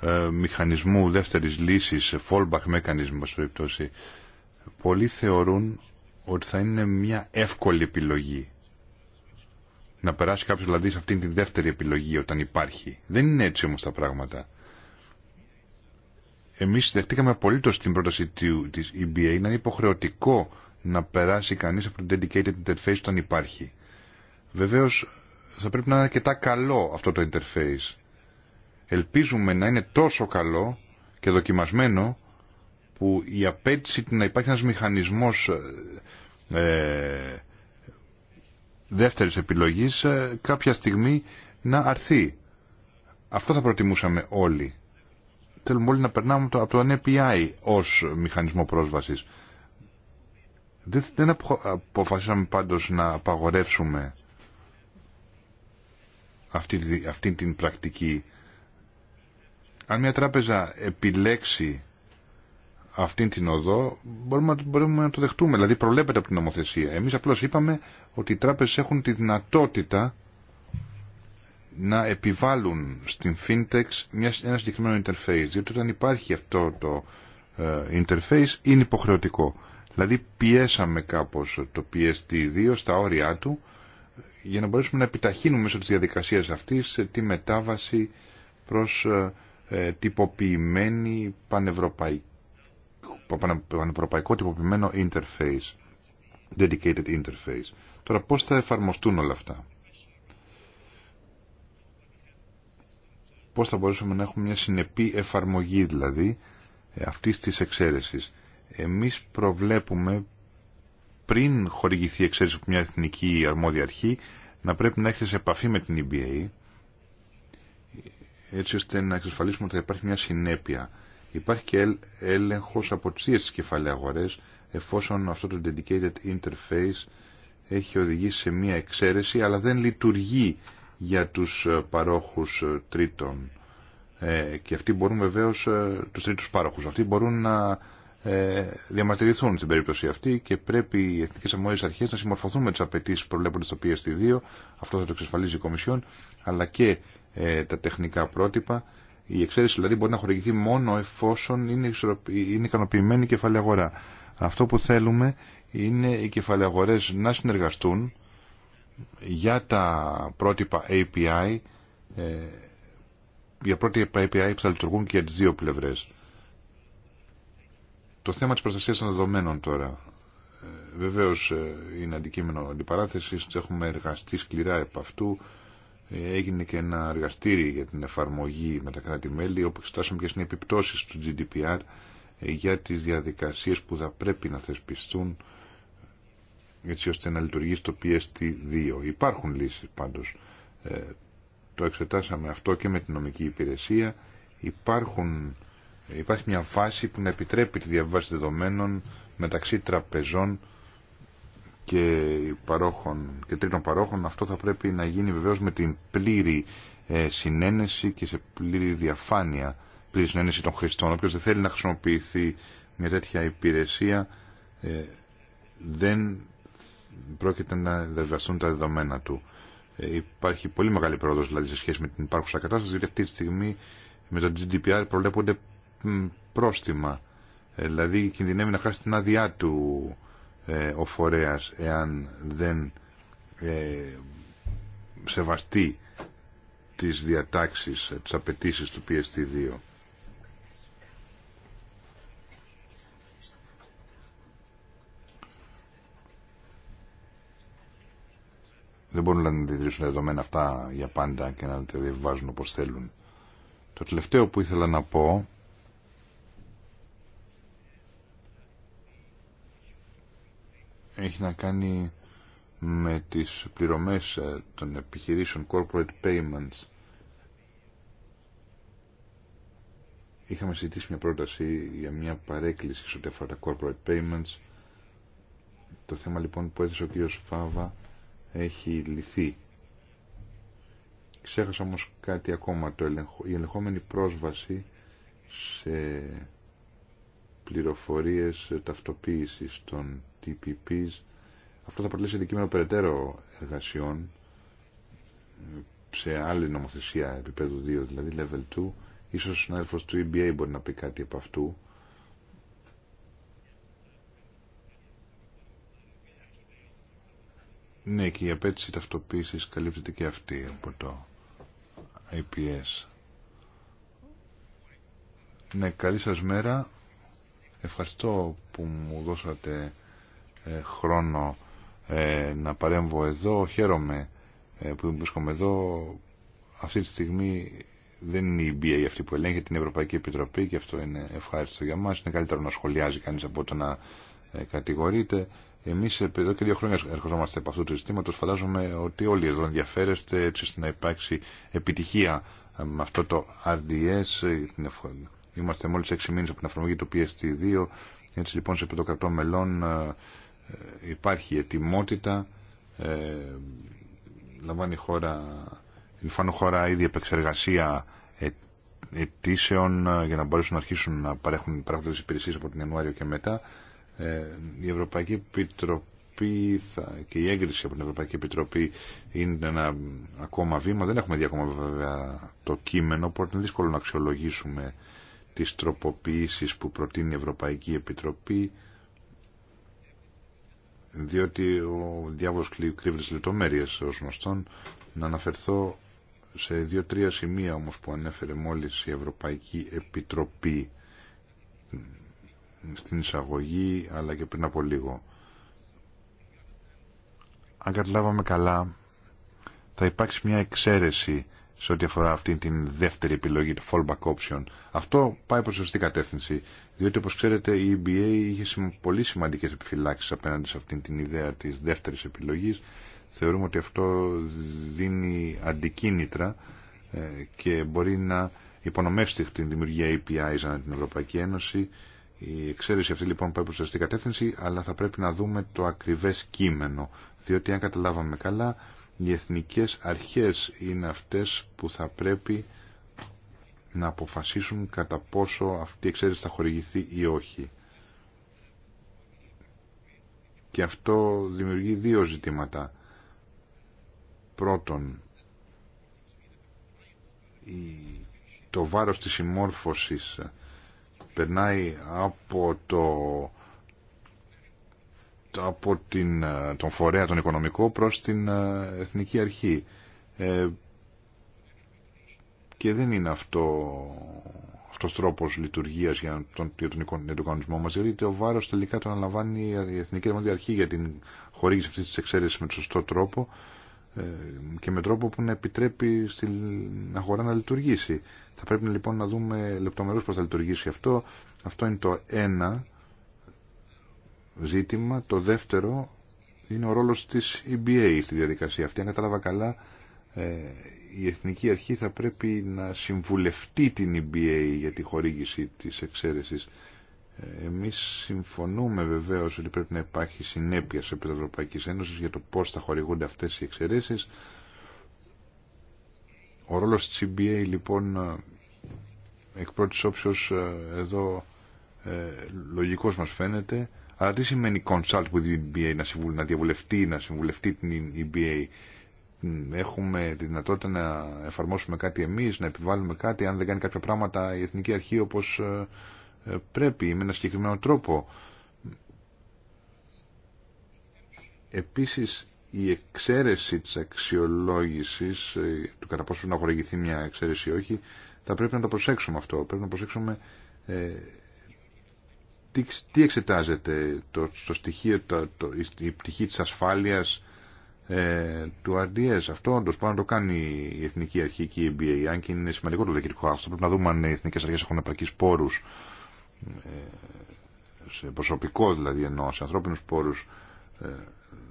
ε, μηχανισμού δεύτερης λύσης, fallback mechanism, σε περιπτώσει πολλοί θεωρούν ότι θα είναι μια εύκολη επιλογή. Να περάσει κάποιος δηλαδή σε αυτήν την δεύτερη επιλογή όταν υπάρχει. Δεν είναι έτσι όμως τα πράγματα. Εμείς δεχτήκαμε απολύτως την πρόταση της EBA να είναι υποχρεωτικό να περάσει κανείς από το dedicated interface όταν υπάρχει. Βεβαίως θα πρέπει να είναι αρκετά καλό αυτό το interface. Ελπίζουμε να είναι τόσο καλό και δοκιμασμένο που η απέτηση να υπάρχει ένας μηχανισμός ε, ε δεύτερης επιλογής ε, κάποια στιγμή να αρθεί. Αυτό θα προτιμούσαμε όλοι. Θέλουμε όλοι να περνάμε από το NPI ως μηχανισμό πρόσβασης. Δεν, αποφασίσαμε πάντως να απαγορεύσουμε αυτή, αυτή την πρακτική. Αν μια τράπεζα επιλέξει αυτή την οδό μπορούμε, μπορούμε να το δεχτούμε. Δηλαδή προβλέπεται από την νομοθεσία. Εμείς απλώς είπαμε ότι οι τράπεζες έχουν τη δυνατότητα να επιβάλλουν στην fintech μια, ένα συγκεκριμένο interface. Διότι όταν υπάρχει αυτό το ε, interface είναι υποχρεωτικό. Δηλαδή πιέσαμε κάπως το PST2 στα όρια του για να μπορέσουμε να επιταχύνουμε μέσω της διαδικασίας αυτής τη μετάβαση προς ε, ε, τυποποιημένη πανευρωπαϊκή πανευρωπαϊκό τυποποιημένο interface, dedicated interface. Τώρα πώς θα εφαρμοστούν όλα αυτά. Πώς θα μπορέσουμε να έχουμε μια συνεπή εφαρμογή δηλαδή ε, αυτής της εξαίρεσης. Εμείς προβλέπουμε πριν χορηγηθεί η εξαίρεση από μια εθνική αρμόδια αρχή να πρέπει να έχετε σε επαφή με την EBA έτσι ώστε να εξασφαλίσουμε ότι θα υπάρχει μια συνέπεια Υπάρχει και έλεγχος από τις ίδιες κεφαλαίες αγορές, εφόσον αυτό το dedicated interface έχει οδηγήσει σε μία εξαίρεση, αλλά δεν λειτουργεί για τους ε, παρόχους ε, τρίτων. Ε, και αυτοί μπορούν βεβαίως, τους τρίτους παρόχους, αυτοί μπορούν να ε, διαμαρτυρηθούν στην περίπτωση αυτή και πρέπει οι εθνικές αμμόδιες αρχές να συμμορφωθούν με τις απαιτήσεις προβλέπονται στο PSD2, αυτό θα το εξασφαλίζει η Κομισιόν, αλλά και ε, τα τεχνικά πρότυπα η εξαίρεση δηλαδή μπορεί να χορηγηθεί μόνο εφόσον είναι, είναι ικανοποιημένη η κεφαλαία αγορά. Αυτό που θέλουμε είναι οι κεφαλαία αγορές να συνεργαστούν για τα πρότυπα API, ε, για πρότυπα API που θα λειτουργούν και για τις δύο πλευρές. Το θέμα της προστασίας των δεδομένων τώρα. Ε, βεβαίως ε, είναι αντικείμενο αντιπαράθεσης, έχουμε εργαστεί σκληρά επ' αυτού έγινε και ένα εργαστήρι για την εφαρμογή με τα κράτη-μέλη όπου εξετάσαμε και οι επιπτώσεις του GDPR ε, για τις διαδικασίες που θα πρέπει να θεσπιστούν έτσι ώστε να λειτουργήσει το PST2. Υπάρχουν λύσεις πάντως. Ε, το εξετάσαμε αυτό και με την νομική υπηρεσία. Υπάρχουν, ε, υπάρχει μια φάση που να επιτρέπει τη διαβάση δεδομένων μεταξύ τραπεζών και, παρόχων, και τρίτων παρόχων. Αυτό θα πρέπει να γίνει βεβαίως με την πλήρη ε, συνένεση και σε πλήρη διαφάνεια, πλήρη συνένεση των χρηστών. Όποιος δεν θέλει να χρησιμοποιηθεί μια τέτοια υπηρεσία ε, δεν πρόκειται να δευαστούν τα δεδομένα του. Ε, υπάρχει πολύ μεγάλη πρόοδο δηλαδή σε σχέση με την υπάρχουσα κατάσταση, γιατί αυτή τη στιγμή με το GDPR προβλέπονται πρόστιμα. δηλαδή κινδυνεύει να χάσει την άδειά του ε, ο φορέας εάν δεν ε, σεβαστεί τις διατάξεις, τις απαιτήσεις του PST2. Δεν μπορούν να αντιδρύσουν τα δεδομένα αυτά για πάντα και να τα διαβάζουν όπως θέλουν. Το τελευταίο που ήθελα να πω έχει να κάνει με τις πληρωμές ε, των επιχειρήσεων corporate payments. Είχαμε συζητήσει μια πρόταση για μια παρέκκληση σε ό,τι αφορά τα corporate payments. Το θέμα λοιπόν που έθεσε ο κ. Φάβα έχει λυθεί. Ξέχασα όμως κάτι ακόμα. Το Η ελεγχόμενη πρόσβαση σε πληροφορίες ταυτοποίησης των TPPs. Αυτό θα προτελέσει αντικείμενο περαιτέρω εργασιών σε άλλη νομοθεσία επίπεδου 2, δηλαδή level 2. Ίσως ο συνάδελφος του EBA μπορεί να πει κάτι από αυτού. Ναι, και η απέτηση ταυτοποίησης καλύπτεται και αυτή από το IPS. Ναι, καλή σας μέρα. Ευχαριστώ που μου δώσατε ε, χρόνο ε, να παρέμβω εδώ. Χαίρομαι ε, που βρίσκομαι εδώ. Αυτή τη στιγμή δεν είναι η BA αυτή που ελέγχει την Ευρωπαϊκή Επιτροπή και αυτό είναι ευχάριστο για μας. Είναι καλύτερο να σχολιάζει κανείς από το να κατηγορείται. Εμείς εδώ και δύο χρόνια ερχόμαστε από αυτού του συστήματος. Φαντάζομαι ότι όλοι εδώ ενδιαφέρεστε έτσι ώστε να υπάρξει επιτυχία με αυτό το RDS. Είμαστε μόλις 6 μήνες από την εφαρμογή του PST2. Έτσι λοιπόν σε επίπεδο μελών ε, υπάρχει ετοιμότητα, ε, λαμβάνει η χώρα, λαμβάνει χώρα ήδη επεξεργασία ε, αιτήσεων για να μπορέσουν να αρχίσουν να παρέχουν παράγοντες υπηρεσίε από την Ιανουάριο και μετά. η Ευρωπαϊκή Επιτροπή θα, και η έγκριση από την Ευρωπαϊκή Επιτροπή είναι ένα ακόμα βήμα. Δεν έχουμε δει ακόμα βέβαια το κείμενο, οπότε είναι δύσκολο να αξιολογήσουμε τις τροποποιήσεις που προτείνει η Ευρωπαϊκή Επιτροπή διότι ο διάβολος κρύβει τις λεπτομέρειες ως γνωστόν, να αναφερθώ σε δύο-τρία σημεία όμως που ανέφερε μόλις η Ευρωπαϊκή Επιτροπή στην εισαγωγή αλλά και πριν από λίγο. Αν καταλάβαμε καλά, θα υπάρξει μια εξαίρεση σε ό,τι αφορά αυτή την δεύτερη επιλογή, το fallback option. Αυτό πάει προς σωστή κατεύθυνση, διότι όπως ξέρετε η EBA είχε πολύ σημαντικές επιφυλάξεις απέναντι σε αυτήν την ιδέα της δεύτερης επιλογής. Θεωρούμε ότι αυτό δίνει αντικίνητρα ε, και μπορεί να υπονομεύσει την δημιουργία APIs ανά την Ευρωπαϊκή Ένωση. Η εξαίρεση αυτή λοιπόν πάει προς σωστή κατεύθυνση, αλλά θα πρέπει να δούμε το ακριβές κείμενο, διότι αν καταλάβαμε καλά οι εθνικές αρχές είναι αυτές που θα πρέπει να αποφασίσουν κατά πόσο αυτή η εξαίρεση θα χορηγηθεί ή όχι. Και αυτό δημιουργεί δύο ζητήματα. Πρώτον, το βάρος της συμμόρφωσης περνάει από το από την, ε, τον φορέα τον οικονομικό προς την ε, Εθνική Αρχή. Ε, και δεν είναι αυτό αυτός τρόπος λειτουργίας για τον, για τον, για τον κανονισμό μας, γιατί ο βάρος τελικά τον αναλαμβάνει η Εθνική Αρχή για την χορήγηση αυτής της εξαίρεσης με τον σωστό τρόπο και με τρόπο που να επιτρέπει στην αγορά να λειτουργήσει. Θα πρέπει λοιπόν να δούμε λεπτομερώς πώς θα λειτουργήσει αυτό. Αυτό είναι το ένα ζήτημα. Το δεύτερο είναι ο ρόλος της EBA στη διαδικασία αυτή. Αν κατάλαβα καλά, ε, η Εθνική Αρχή θα πρέπει να συμβουλευτεί την EBA για τη χορήγηση της εξαίρεσης. Ε, εμείς συμφωνούμε βεβαίως ότι πρέπει να υπάρχει συνέπεια σε επίπεδο Ένωσης για το πώς θα χορηγούνται αυτές οι εξαιρέσεις. Ο ρόλος της EBA λοιπόν ε, εκ πρώτης εδώ λογικός μας φαίνεται αλλά τι σημαίνει consult with EBA, e να, συμβουλ, να διαβουλευτεί, να συμβουλευτεί την EBA. Έχουμε τη δυνατότητα να εφαρμόσουμε κάτι εμείς, να επιβάλλουμε κάτι, αν δεν κάνει κάποια πράγματα η Εθνική Αρχή όπως ε, ε, πρέπει, με ένα συγκεκριμένο τρόπο. Επίσης, η εξαίρεση της αξιολόγησης, ε, του κατά πόσο να χορηγηθεί μια εξαίρεση ή όχι, θα πρέπει να το προσέξουμε αυτό. Πρέπει να προσέξουμε τι, τι εξετάζεται το, το στοιχείο, το, το, η πτυχή της ασφάλειας ε, του RDS. Αυτό όντω πάνω το κάνει η Εθνική Αρχή και η EBA, αν και είναι σημαντικό το διοικητικό αυτό. Πρέπει να δούμε αν οι εθνικές αρχές έχουν επαρκεί πόρου, ε, σε προσωπικό δηλαδή εννοώ, σε ανθρώπινου πόρου, ε,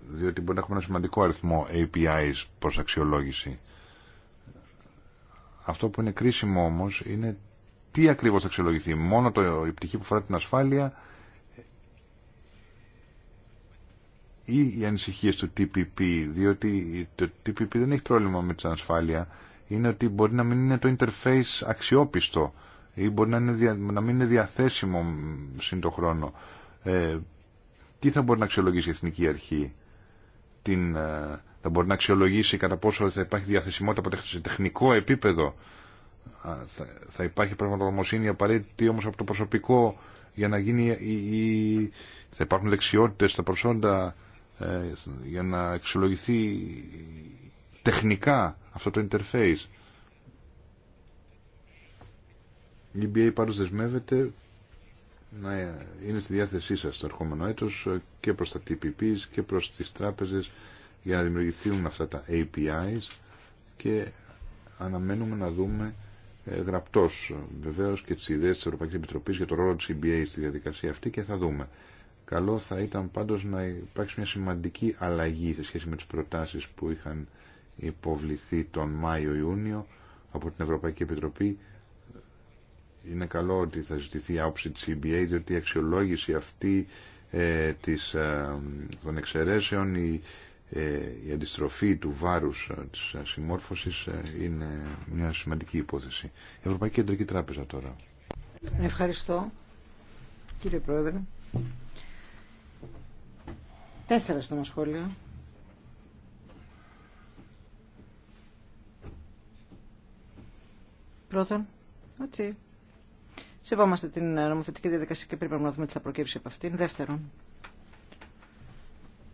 διότι μπορεί να έχουμε ένα σημαντικό αριθμό APIs προς αξιολόγηση. Αυτό που είναι κρίσιμο όμως είναι τι ακριβώς θα αξιολογηθεί. Μόνο το, η πτυχή που αφορά την ασφάλεια ή οι ανησυχίε του TPP, διότι το TPP δεν έχει πρόβλημα με την ασφάλεια, είναι ότι μπορεί να μην είναι το interface αξιόπιστο ή μπορεί να, είναι, να μην είναι διαθέσιμο σύν χρόνο. Ε, τι θα μπορεί να αξιολογήσει η Εθνική Αρχή, την, ε, θα μπορεί να αξιολογήσει κατά πόσο θα υπάρχει διαθεσιμότητα σε τεχνικό επίπεδο θα υπάρχει πραγματογνωμοσύνη απαραίτητη όμως από το προσωπικό για να γίνει η, θα υπάρχουν δεξιότητες στα προσόντα ε, για να αξιολογηθεί τεχνικά αυτό το interface. Η EPA πάντως δεσμεύεται να είναι στη διάθεσή σας το ερχόμενο έτος και προς τα TPPs και προς τις τράπεζες για να δημιουργηθούν αυτά τα APIs και αναμένουμε να δούμε ε, Γραπτό, βεβαίω και τι ιδέε τη Ευρωπαϊκή Επιτροπή για το ρόλο του CBA στη διαδικασία αυτή και θα δούμε. Καλό θα ήταν πάντως να υπάρξει μια σημαντική αλλαγή σε σχέση με τις προτάσεις που είχαν υποβληθεί τον Μάιο-Ιούνιο από την Ευρωπαϊκή Επιτροπή. Είναι καλό ότι θα ζητηθεί άποψη τη EBA διότι η αξιολόγηση αυτή ε, της, ε, των εξαιρέσεων, η ε, η αντιστροφή του βάρους ε, της ε, συμμόρφωσης είναι μια σημαντική υπόθεση. Ευρωπαϊκή Κεντρική Τράπεζα τώρα. Ευχαριστώ κύριε Πρόεδρε. Τέσσερα στο σχόλια. Πρώτον, ότι σεβόμαστε την νομοθετική διαδικασία και πρέπει να δούμε τι θα προκύψει από αυτήν. Δεύτερον,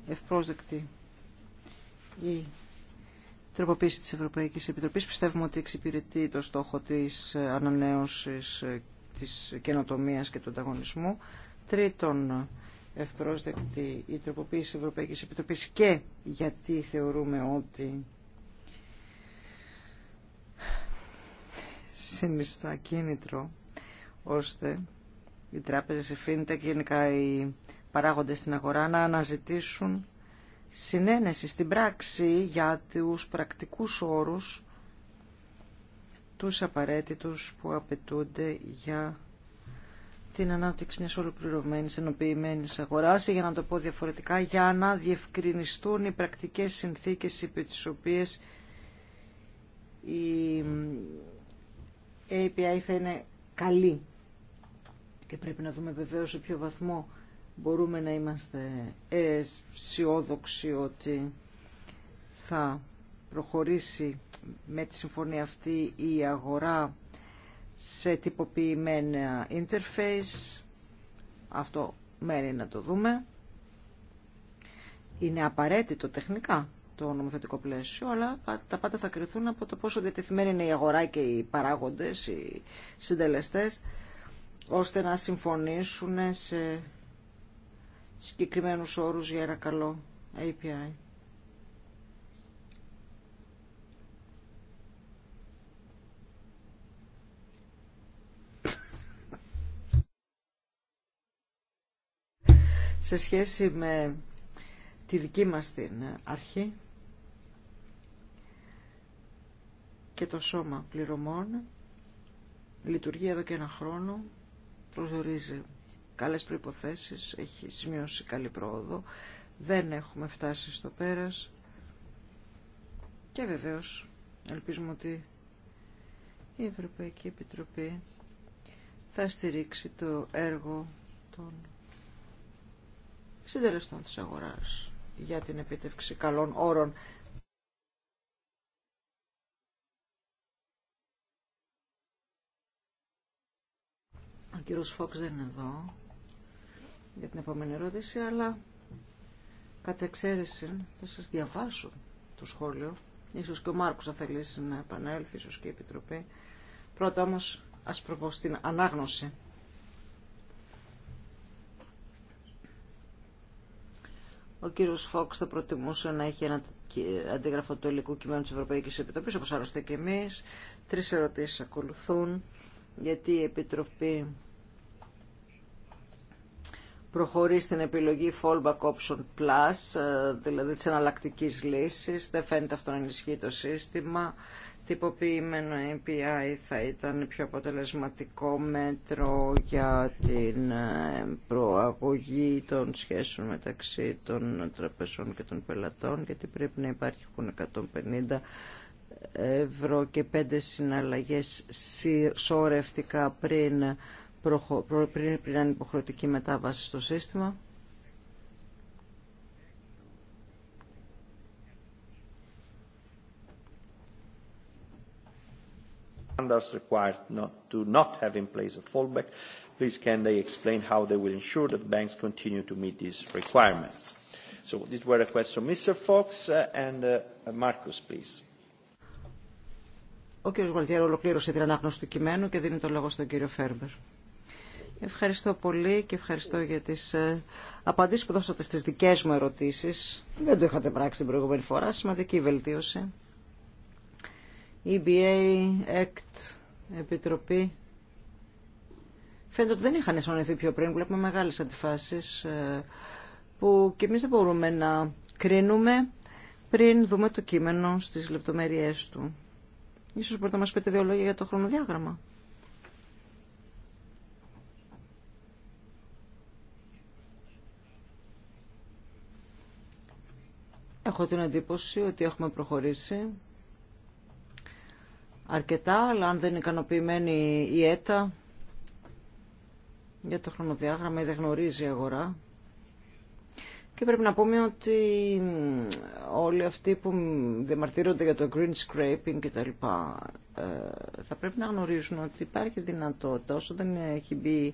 ευπρόσδεκτη η τροποποίηση της Ευρωπαϊκής Επιτροπής. Πιστεύουμε ότι εξυπηρετεί το στόχο της ανανέωσης ε, της καινοτομίας και του ανταγωνισμού. Τρίτον, ευπρόσδεκτη η τροποποίηση της Ευρωπαϊκής Επιτροπής και γιατί θεωρούμε ότι συνιστά κίνητρο ώστε οι τράπεζες, οι και γενικά οι παράγοντες στην αγορά να αναζητήσουν συνένεση στην πράξη για τους πρακτικούς όρους τους απαραίτητους που απαιτούνται για την ανάπτυξη μιας ολοκληρωμένης ενοποιημένης αγοράς για να το πω διαφορετικά για να διευκρινιστούν οι πρακτικές συνθήκες υπό τις οποίες η API θα είναι καλή και πρέπει να δούμε βεβαίως σε ποιο βαθμό μπορούμε να είμαστε αισιόδοξοι ότι θα προχωρήσει με τη συμφωνία αυτή η αγορά σε τυποποιημένα interface. Αυτό μένει να το δούμε. Είναι απαραίτητο τεχνικά το νομοθετικό πλαίσιο, αλλά τα πάντα θα κρυθούν από το πόσο διατεθειμένη είναι η αγορά και οι παράγοντες, οι συντελεστές, ώστε να συμφωνήσουν σε συγκεκριμένους όρους για ένα καλό API. σε σχέση με τη δική μας την αρχή και το σώμα πληρωμών λειτουργεί εδώ και ένα χρόνο προσδορίζει καλές προϋποθέσεις, έχει σημειώσει καλή πρόοδο. Δεν έχουμε φτάσει στο πέρας. Και βεβαίως ελπίζουμε ότι η Ευρωπαϊκή Επιτροπή θα στηρίξει το έργο των συντελεστών της αγοράς για την επίτευξη καλών όρων. Ο κύριος Φόξ δεν είναι εδώ για την επόμενη ερώτηση, αλλά κατά εξαίρεση θα σας διαβάσω το σχόλιο. Ίσως και ο Μάρκος θα θελήσει να επανέλθει, ίσως και η Επιτροπή. Πρώτα όμως ας προβώ στην ανάγνωση. Ο κύριος Φόξ θα προτιμούσε να έχει ένα αντίγραφο του ελληνικού κειμένου της Ευρωπαϊκής Επιτροπής, όπως άλλωστε και εμείς. Τρεις ερωτήσεις ακολουθούν, γιατί η Επιτροπή προχωρεί στην επιλογή fallback option plus, ε, δηλαδή της εναλλακτική λύσης. Δεν φαίνεται αυτό να ενισχύει το σύστημα. Τυποποιημένο MPI θα ήταν πιο αποτελεσματικό μέτρο για την ε, προαγωγή των σχέσεων μεταξύ των τραπεζών και των πελατών, γιατί πρέπει να υπάρχουν 150 ευρώ και 5 συναλλαγές σωρευτικά πριν πριν είναι υποχρεωτική μετάβαση στο σύστημα. standards required not, to not have in place a fallback. Please can they explain how they will ensure that banks continue to meet these requirements? So these were requests from Mr. Fox and Marcus, please. Ο κύριος Γουαλτιέρο ολοκλήρωσε την ανάγνωση του κειμένου και δίνει το λόγο στον κύριο Φέρμπερ. Ευχαριστώ πολύ και ευχαριστώ για τις ε, απαντήσεις που δώσατε στις δικές μου ερωτήσεις. Δεν το είχατε πράξει την προηγούμενη φορά. Σημαντική βελτίωση. EBA, ACT, Επιτροπή. Φαίνεται ότι δεν είχαν σωνηθεί πιο πριν. Βλέπουμε μεγάλες αντιφάσεις ε, που και εμείς δεν μπορούμε να κρίνουμε πριν δούμε το κείμενο στις λεπτομέρειές του. Ίσως μπορείτε να μας πείτε δύο λόγια για το χρονοδιάγραμμα. Έχω την εντύπωση ότι έχουμε προχωρήσει αρκετά, αλλά αν δεν είναι ικανοποιημένη η ΕΤΑ για το χρονοδιάγραμμα ή δεν γνωρίζει η αγορά. Και πρέπει να πούμε ότι όλοι αυτοί που διαμαρτύρονται για το green scraping και τα λοιπά ε, θα πρέπει να γνωρίζουν ότι υπάρχει δυνατότητα όσο δεν έχει μπει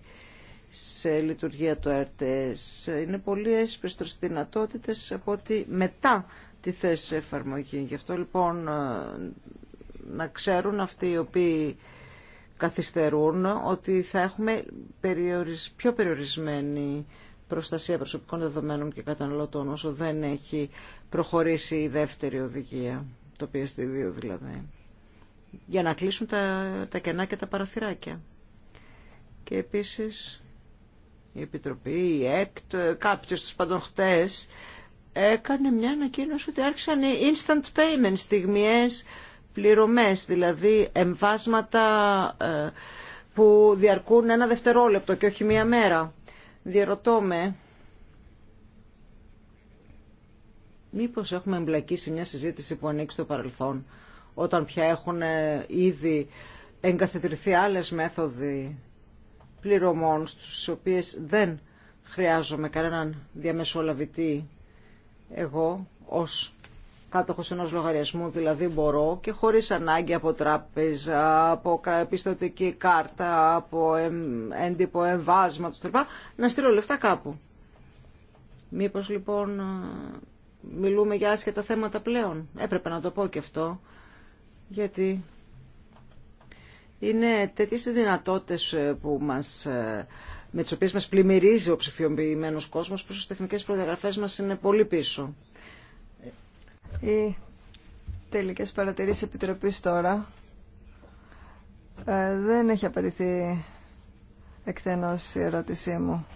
σε λειτουργία το ΕΡΤΕΣ Είναι πολύ έσπιστος δυνατότητες από ότι μετά τη θέση εφαρμογή. Γι' αυτό λοιπόν ε, να ξέρουν αυτοί οι οποίοι καθυστερούν ότι θα έχουμε περιορισ... πιο περιορισμένη προστασία προσωπικών δεδομένων και καταναλωτών όσο δεν έχει προχωρήσει η δεύτερη οδηγία, το PSD2 δηλαδή, για να κλείσουν τα, τα κενά και τα παραθυράκια. Και επίσης η Επιτροπή, η ΕΚΤ, κάποιος τους παντοχτές, έκανε μια ανακοίνωση ότι άρχισαν οι instant payments, στιγμιές πληρωμές, δηλαδή εμβάσματα ε, που διαρκούν ένα δευτερόλεπτο και όχι μία μέρα. Διερωτώ με, μήπως έχουμε εμπλακεί σε μια συζήτηση που ανοίξει στο παρελθόν, όταν πια έχουν ε, ήδη εγκαθιδρυθεί άλλες μέθοδοι πληρωμών στους οποίες δεν χρειάζομαι κανέναν διαμεσολαβητή εγώ ως κάτοχος ενός λογαριασμού δηλαδή μπορώ και χωρίς ανάγκη από τράπεζα, από επιστοτική κάρτα, από έντυπο εμβάσματος να στείλω λεφτά κάπου. Μήπως λοιπόν μιλούμε για άσχετα θέματα πλέον. Έπρεπε να το πω και αυτό γιατί είναι τέτοιες οι δυνατότητες ε, που μας, ε, με τις οποίες μας πλημμυρίζει ο ψηφιοποιημένος κόσμος, που στις τεχνικές προδιαγραφές μας είναι πολύ πίσω. Ε, οι τελικές παρατηρήσεις επιτροπής τώρα δεν έχει απαντηθεί εκτενώς η ερώτησή μου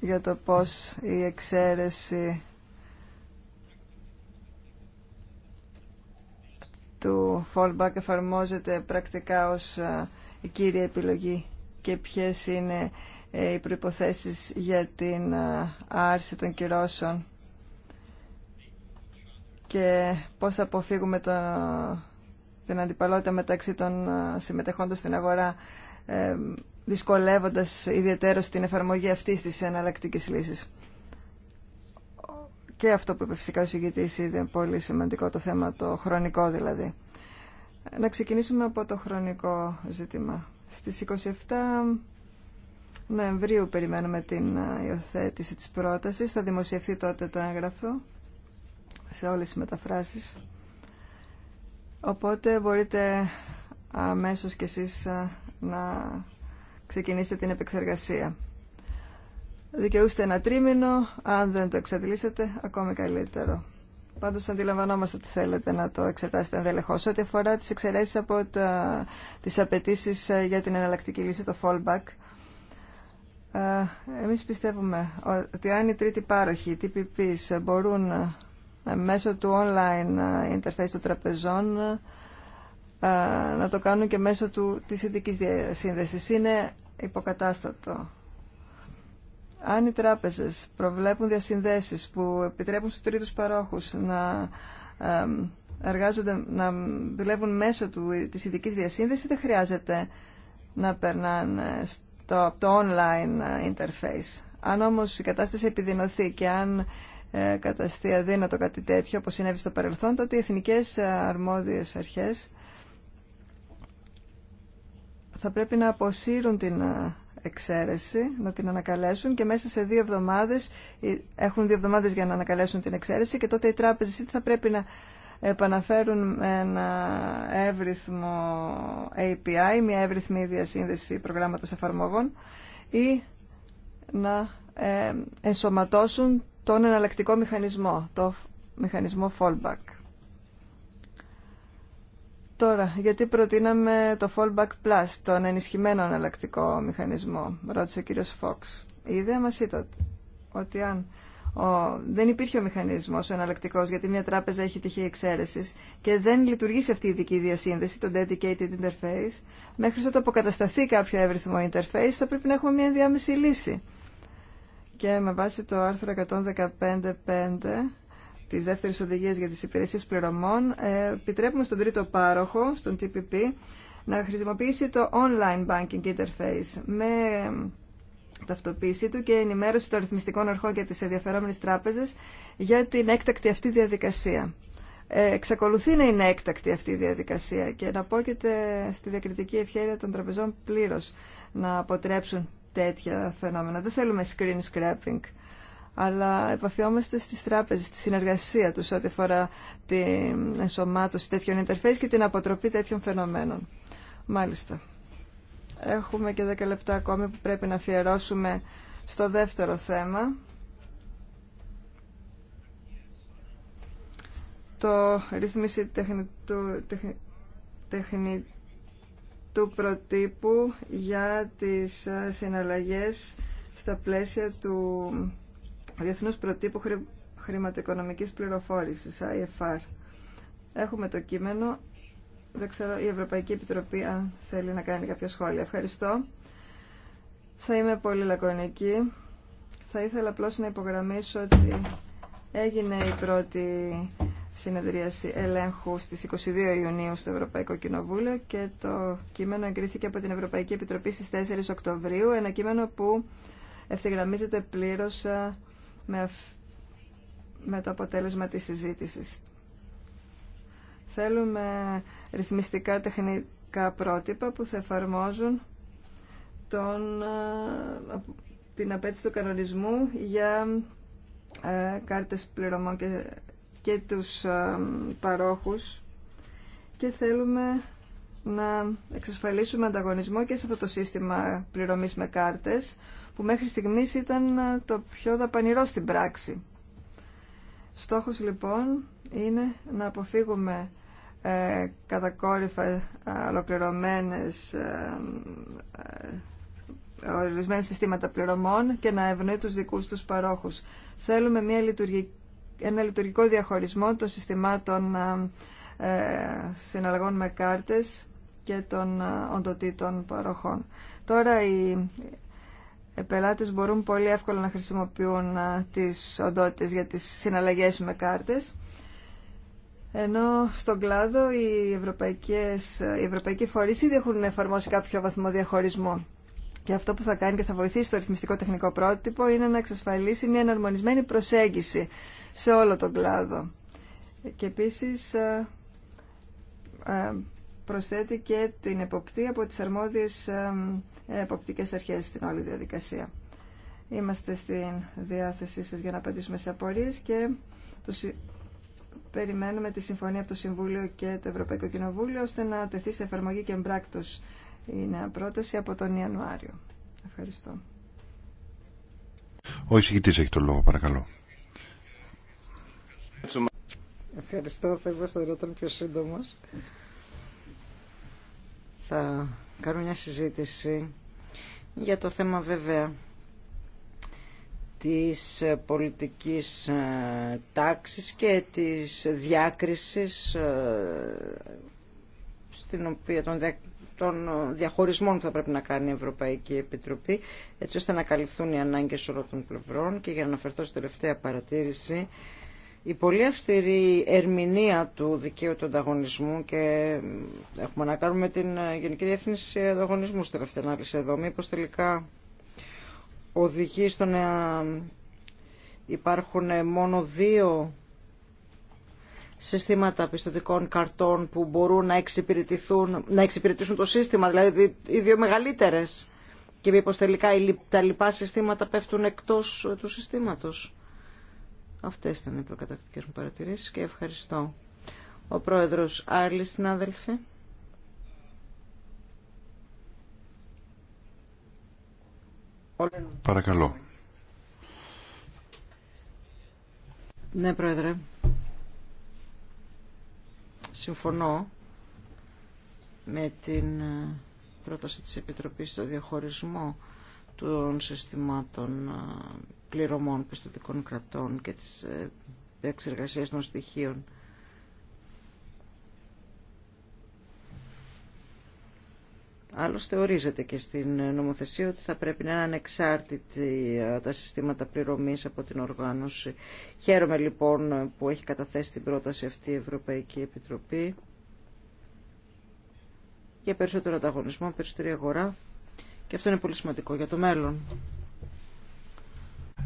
για το πώς η εξαίρεση του fallback εφαρμόζεται πρακτικά ως ε, η κύρια επιλογή και ποιες είναι ε, οι προϋποθέσεις για την ε, άρση των κυρώσεων και πώς θα αποφύγουμε τον, την αντιπαλότητα μεταξύ των συμμετεχόντων στην αγορά δυσκολεύοντας ιδιαίτερα την εφαρμογή αυτής της εναλλακτικής λύσης και αυτό που είπε φυσικά ο συγκητής είναι πολύ σημαντικό το θέμα, το χρονικό δηλαδή. Να ξεκινήσουμε από το χρονικό ζήτημα. Στις 27 Νοεμβρίου περιμένουμε την ε, υιοθέτηση της πρότασης. Θα δημοσιευθεί τότε το έγγραφο σε όλες τις μεταφράσεις. Οπότε μπορείτε αμέσως κι εσείς ε, να ξεκινήσετε την επεξεργασία δικαιούστε ένα τρίμηνο, αν δεν το εξαντλήσετε, ακόμη καλύτερο. Πάντω αντιλαμβανόμαστε ότι θέλετε να το εξετάσετε ενδελεχώ. Ό,τι αφορά τι εξαιρέσει από τι απαιτήσει ε, για την εναλλακτική λύση, το fallback, ε, εμεί πιστεύουμε ότι αν οι τρίτοι πάροχοι, οι TPPs, μπορούν ε, μέσω του online interface των τραπεζών να το κάνουν και μέσω του, της ειδικής Είναι υποκατάστατο αν οι τράπεζες προβλέπουν διασυνδέσεις που επιτρέπουν στους τρίτους παρόχους να εργάζονται, να δουλεύουν μέσω του, της ειδική διασύνδεσης, δεν χρειάζεται να περνάνε στο, το online ε, interface. Αν όμως η κατάσταση επιδεινωθεί και αν ε, καταστεί αδύνατο κάτι τέτοιο, όπως συνέβη στο παρελθόν, τότε οι εθνικές ε, αρμόδιες αρχές θα πρέπει να αποσύρουν την ε, εξαίρεση, να την ανακαλέσουν και μέσα σε δύο εβδομάδες, ε, έχουν δύο εβδομάδες για να ανακαλέσουν την εξαίρεση και τότε οι τράπεζες θα πρέπει να επαναφέρουν ένα εύρυθμο API, μια εύρυθμη διασύνδεση προγράμματος εφαρμογών ή να ε, ενσωματώσουν τον εναλλακτικό μηχανισμό, το μηχανισμό fallback. Τώρα, γιατί προτείναμε το Fallback Plus, τον ενισχυμένο αναλλακτικό μηχανισμό, ρώτησε ο κύριος Φόξ. Η ιδέα μας ήταν ότι αν ο, δεν υπήρχε ο μηχανισμός ο εναλλακτικός, γιατί μια τράπεζα έχει τυχή εξαίρεση και δεν σε αυτή η ειδική διασύνδεση, το Dedicated Interface, μέχρι όταν αποκατασταθεί κάποιο εύρυθμο interface θα πρέπει να έχουμε μια διάμεση λύση. Και με βάση το άρθρο 115.5 Τη δεύτερη οδηγία για τις υπηρεσίες πληρωμών ε, επιτρέπουμε στον τρίτο πάροχο, στον TPP, να χρησιμοποιήσει το online banking interface με ταυτοποίησή του και ενημέρωση των ρυθμιστικών αρχών και της ενδιαφερόμενης τράπεζας για την έκτακτη αυτή διαδικασία. Ε, εξακολουθεί να είναι έκτακτη αυτή η διαδικασία και να πόκεται στη διακριτική ευχαίρεια των τραπεζών πλήρως να αποτρέψουν τέτοια φαινόμενα. Δεν θέλουμε screen scrapping αλλά επαφιόμαστε στις τράπεζες, στη συνεργασία τους ό,τι αφορά την ενσωμάτωση τέτοιων interface και την αποτροπή τέτοιων φαινομένων. Μάλιστα. Έχουμε και 10 λεπτά ακόμη που πρέπει να αφιερώσουμε στο δεύτερο θέμα. Το ρύθμιση τεχνητού, τεχνη, τεχνητού προτύπου για τις ε, συναλλαγές στα πλαίσια του Διεθνούς Προτύπου Χρηματοοικονομικής Πληροφόρησης, IFR. Έχουμε το κείμενο. Δεν ξέρω η Ευρωπαϊκή Επιτροπή αν θέλει να κάνει κάποια σχόλια. Ευχαριστώ. Θα είμαι πολύ λακωνική. Θα ήθελα απλώ να υπογραμμίσω ότι έγινε η πρώτη συνεδρίαση ελέγχου στις 22 Ιουνίου στο Ευρωπαϊκό Κοινοβούλιο και το κείμενο εγκρίθηκε από την Ευρωπαϊκή Επιτροπή στις 4 Οκτωβρίου, ένα κείμενο που ευθυγραμμίζεται πλήρως ε, με, με το αποτέλεσμα της συζήτησης. Θέλουμε ρυθμιστικά τεχνικά πρότυπα που θα εφαρμόζουν τον, ε, την απέτηση του κανονισμού για ε, κάρτες πληρωμών και, και τους ε, παρόχους και θέλουμε να εξασφαλίσουμε ανταγωνισμό και σε αυτό το σύστημα πληρωμής με κάρτες που μέχρι στιγμής ήταν ε, το πιο δαπανηρό στην πράξη. Στόχος λοιπόν είναι να αποφύγουμε ε, κατακόρυφα ε, ολοκληρωμένες ε, ε συστήματα πληρωμών και να ευνοεί τους δικούς τους παρόχους. Θέλουμε μια λειτουργική, ένα λειτουργικό διαχωρισμό των συστημάτων συναλλαγών με κάρτες και των οντοτήτων παροχών. Τώρα η οι ε, πελάτες μπορούν πολύ εύκολα να χρησιμοποιούν τις οντότητες για τις συναλλαγές με κάρτες. Ενώ στον κλάδο οι, ευρωπαϊκές, οι ευρωπαϊκοί φορείς ήδη έχουν εφαρμόσει κάποιο βαθμό διαχωρισμού. Και αυτό που θα κάνει και θα βοηθήσει το ρυθμιστικό τεχνικό πρότυπο είναι να εξασφαλίσει μια εναρμονισμένη προσέγγιση σε όλο τον κλάδο. Και επίσης προσθέτει και την εποπτεία από τις αρμόδιες εποπτικές αρχές στην όλη διαδικασία. Είμαστε στη διάθεσή σας για να απαντήσουμε σε απορίες και το συ... περιμένουμε τη συμφωνία από το Συμβούλιο και το Ευρωπαϊκό Κοινοβούλιο ώστε να τεθεί σε εφαρμογή και εμπράκτος η νέα πρόταση από τον Ιανουάριο. Ευχαριστώ. Ο εισηγητής έχει το λόγο, παρακαλώ. Ευχαριστώ, θα είμαι στον πιο σύντομος θα κάνω μια συζήτηση για το θέμα βέβαια της πολιτικής ε, τάξης και της διάκρισης ε, στην οποία των, των διαχωρισμών που θα πρέπει να κάνει η Ευρωπαϊκή Επιτροπή έτσι ώστε να καλυφθούν οι ανάγκες όλων των πλευρών και για να αναφερθώ στη τελευταία παρατήρηση η πολύ αυστηρή ερμηνεία του δικαίου του ανταγωνισμού και έχουμε να κάνουμε την ε, Γενική Διεύθυνση Ανταγωνισμού στην τελευταία ανάλυση εδώ. τελικά οδηγεί στο να υπάρχουν ε, μόνο δύο συστήματα πιστοτικών καρτών που μπορούν να εξυπηρετηθούν, να εξυπηρετήσουν το σύστημα, δηλαδή οι δύο μεγαλύτερες και μήπως τελικά τα λοιπά συστήματα πέφτουν εκτός ε, του συστήματος. Αυτές ήταν οι προκατακτικές μου παρατηρήσεις και ευχαριστώ. Ο πρόεδρος Άρλη, συνάδελφε. Παρακαλώ. Ναι, πρόεδρε. Συμφωνώ με την ε, πρόταση της Επιτροπής στο διαχωρισμό των συστημάτων ε, πληρωμών πιστοτικών κρατών και της ε, εξεργασίας των στοιχείων. Άλλωστε ορίζεται και στην νομοθεσία ότι θα πρέπει να είναι ανεξάρτητη ε, τα συστήματα πληρωμής από την οργάνωση. Χαίρομαι λοιπόν που έχει καταθέσει την πρόταση αυτή η Ευρωπαϊκή Επιτροπή για περισσότερο ανταγωνισμό, περισσότερη αγορά και αυτό είναι πολύ σημαντικό για το μέλλον.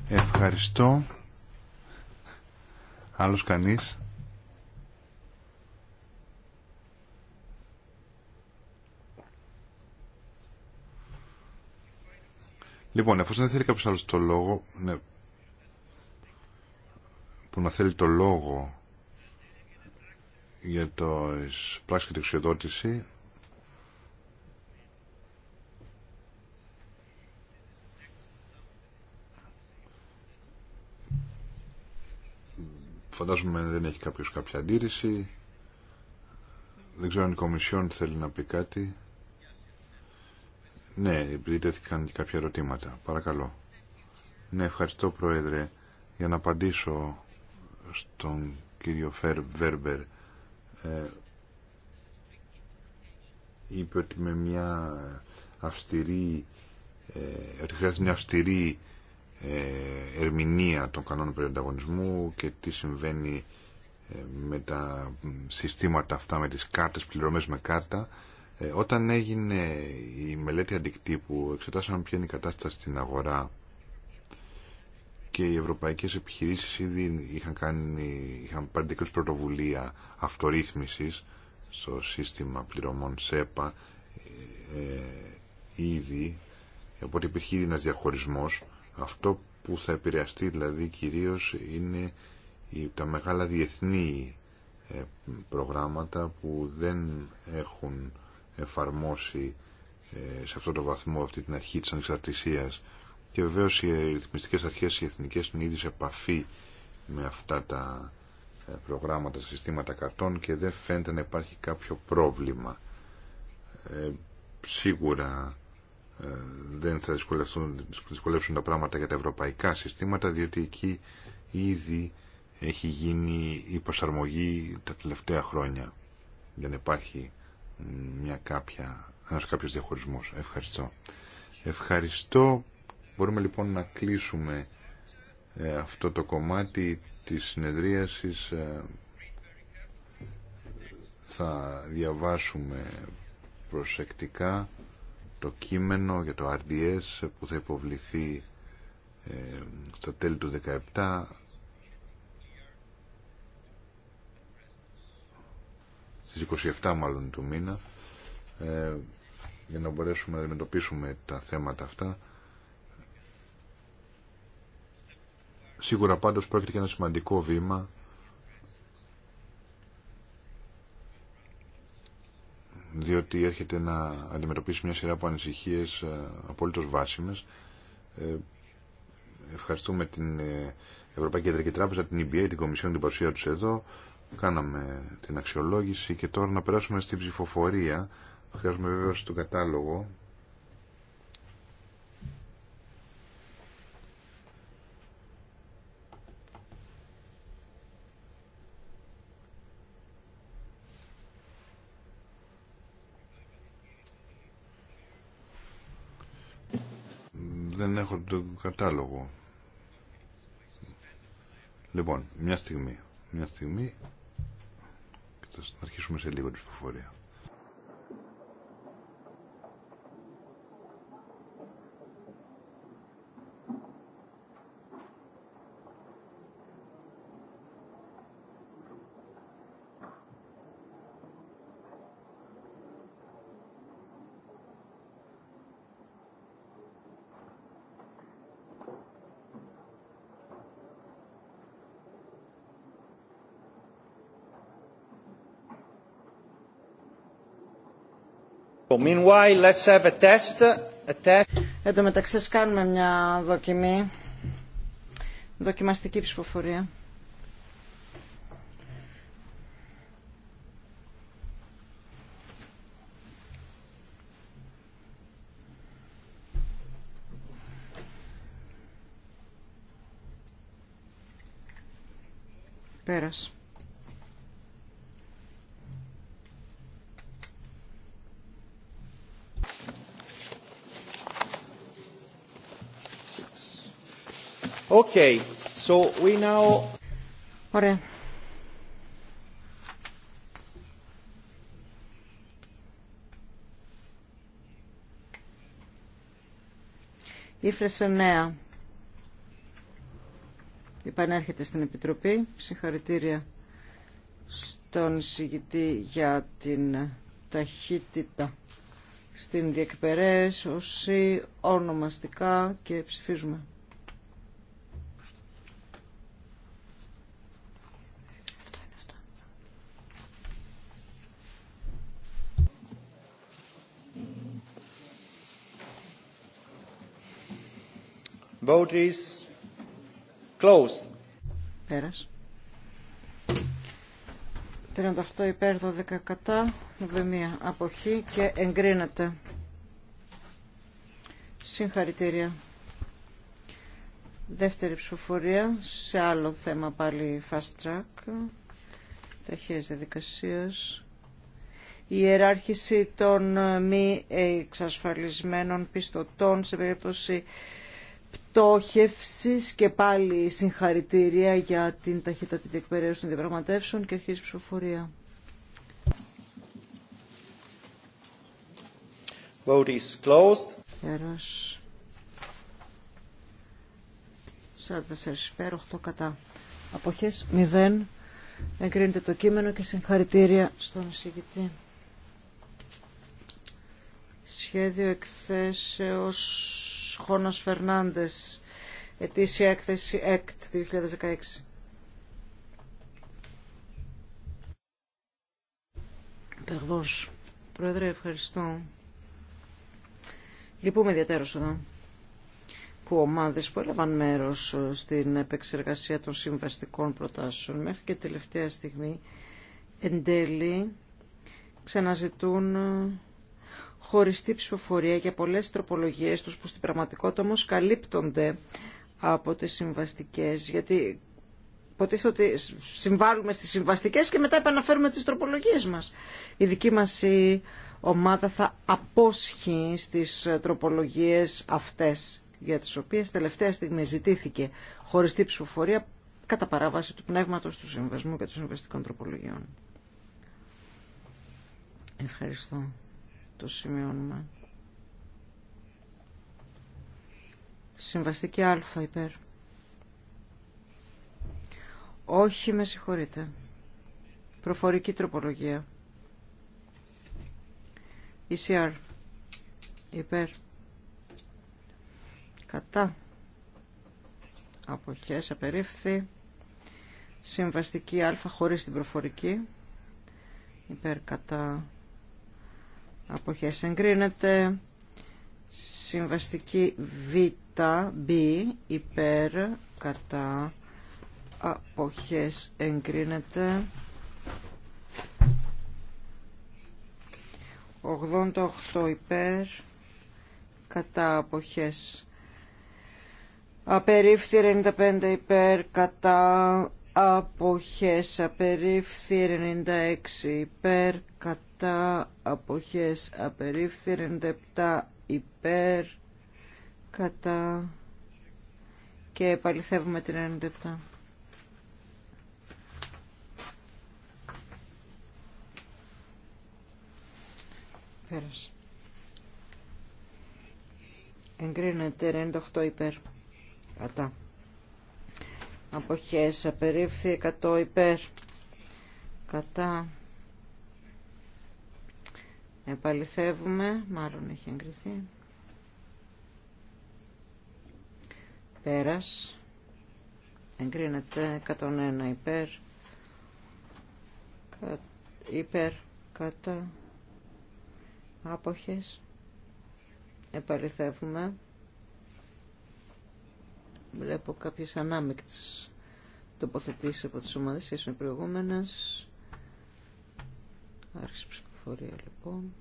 Ευχαριστώ. Άλλος κανείς. Λοιπόν, εφόσον δεν θέλει κάποιος άλλος το λόγο, ναι. που να θέλει το λόγο για το πράξη και εξοδότηση, Φαντάζομαι δεν έχει κάποιος κάποια αντίρρηση. Δεν ξέρω αν η Κομισιόν θέλει να πει κάτι. Ναι, επειδή τέθηκαν κάποια ερωτήματα. Παρακαλώ. Ναι, ευχαριστώ Πρόεδρε για να απαντήσω στον κύριο Φερ Βέρμπερ. Ε, είπε ότι με μια αυστηρή ε, ότι χρειάζεται μια αυστηρή ε, ερμηνεία των κανόνων ανταγωνισμού και τι συμβαίνει ε, με τα συστήματα αυτά, με τις κάρτες, πληρωμές με κάρτα. Ε, όταν έγινε η μελέτη αντικτύπου, εξετάσαμε ποια είναι η κατάσταση στην αγορά και οι ευρωπαϊκές επιχειρήσεις ήδη είχαν, κάνει, είχαν πάρει πρωτοβουλία αυτορύθμισης στο σύστημα πληρωμών ΣΕΠΑ ήδη, οπότε υπήρχε ήδη ένας διαχωρισμός αυτό που θα επηρεαστεί δηλαδή κυρίως είναι τα μεγάλα διεθνή ε, προγράμματα που δεν έχουν εφαρμόσει ε, σε αυτό το βαθμό αυτή την αρχή της ανεξαρτησίας και βεβαίως οι ε, ρυθμιστικές αρχές οι εθνικές είναι ήδη σε επαφή με αυτά τα προγράμματα, συστήματα καρτών και δεν φαίνεται να υπάρχει κάποιο πρόβλημα. σίγουρα ε, δεν θα δυσκολεύσουν, τα πράγματα για τα ευρωπαϊκά συστήματα διότι εκεί ήδη έχει γίνει η προσαρμογή τα τελευταία χρόνια. Δεν υπάρχει μια κάποια, ένας κάποιος διαχωρισμός. Ευχαριστώ. Ευχαριστώ. Μπορούμε λοιπόν να κλείσουμε ε, αυτό το κομμάτι της συνεδρίασης. Ε, θα διαβάσουμε προσεκτικά το κείμενο για το RDS που θα υποβληθεί ε, στο τέλη του 2017 στις 27 μάλλον του μήνα ε, για να μπορέσουμε να αντιμετωπίσουμε τα θέματα αυτά σίγουρα πάντως πρόκειται για ένα σημαντικό βήμα διότι έρχεται να αντιμετωπίσει μια σειρά από ανησυχίες ε, απολύτως βάσιμες. Ε, ευχαριστούμε την ε, Ευρωπαϊκή Κεντρική Τράπεζα, την EBA, την Κομισιόν, την παρουσία τους εδώ. Κάναμε την αξιολόγηση και τώρα να περάσουμε στην ψηφοφορία. Χρειάζομαι βέβαια στον κατάλογο κατάλογο. Λοιπόν, μια στιγμή. Μια στιγμή. Και θα αρχίσουμε σε λίγο τη ψηφοφορία. Meanwhile, let's have a test. A test. Εν τω μεταξύ, κάνουμε μια δοκιμή. Δοκιμαστική ψηφοφορία. Okay. So we Ωραία. Ήφρεσε νέα. Επανέρχεται στην Επιτροπή. Συγχαρητήρια στον εισηγητή για την ταχύτητα στην διεκπαιρέωση ονομαστικά και ψηφίζουμε. Vote is closed. Πέρας. 38 υπέρ 12 κατά, μία αποχή και εγκρίνεται. Συγχαρητήρια. Δεύτερη ψηφοφορία σε άλλο θέμα πάλι fast track. Ταχείας διαδικασίας. Η ιεράρχηση των μη εξασφαλισμένων πιστωτών σε περίπτωση πτώχευσης και πάλι συγχαρητήρια για την ταχύτατη διεκπαιρέωση των διαπραγματεύσεων και αρχής ψηφοφορία. Vote is closed. 44 8 κατά. Αποχές 0. Εγκρίνεται το κείμενο και συγχαρητήρια στον εισηγητή. Σχέδιο εκθέσεως Χώνος Φερνάντες, ετήσια έκθεση ΕΚΤ 2016. Περβός. Πρόεδρε, ευχαριστώ. Λυπούμε ιδιαίτερως εδώ που ομάδες που έλαβαν μέρος στην επεξεργασία των συμβαστικών προτάσεων μέχρι και τελευταία στιγμή εν τέλει ξαναζητούν χωριστή ψηφοφορία για πολλές τροπολογίες τους που στην πραγματικότητα όμως καλύπτονται από τις συμβαστικές γιατί υποτίθεται ότι συμβάλλουμε στις συμβαστικές και μετά επαναφέρουμε τις τροπολογίες μας. Η δική μας ομάδα θα απόσχει στις τροπολογίες αυτές για τις οποίες τελευταία στιγμή ζητήθηκε χωριστή ψηφοφορία κατά παράβαση του πνεύματος του συμβασμού και των συμβαστικών τροπολογιών. Ευχαριστώ το σημειώνουμε. Συμβαστική α υπέρ. Όχι, με συγχωρείτε. Προφορική τροπολογία. ECR. Υπέρ. Κατά. Αποχές απερίφθη. Συμβαστική α χωρίς την προφορική. Υπέρ κατά αποχές εγκρίνεται συμβαστική β, β υπέρ κατά αποχές εγκρίνεται 88 υπέρ κατά αποχές απερίφθη 95 υπέρ κατά αποχές απερίφθη 96 υπέρ κατά τα αποχές απερίφθη 97 υπέρ κατά και επαληθεύουμε την 97 Πέρασε. Εγκρίνεται 98 υπέρ. Κατά. Αποχές απερίφθη 100 υπέρ. Κατά. Επαληθεύουμε. Μάλλον έχει εγκριθεί. Πέρας. Εγκρίνεται 101 υπέρ. Κα, υπέρ. Κατά. Άποχες. Επαληθεύουμε. Βλέπω κάποιες ανάμεικτες τοποθετήσεις από τις ομάδες, με προηγούμενες. Άρχισε πληροφορία λοιπόν.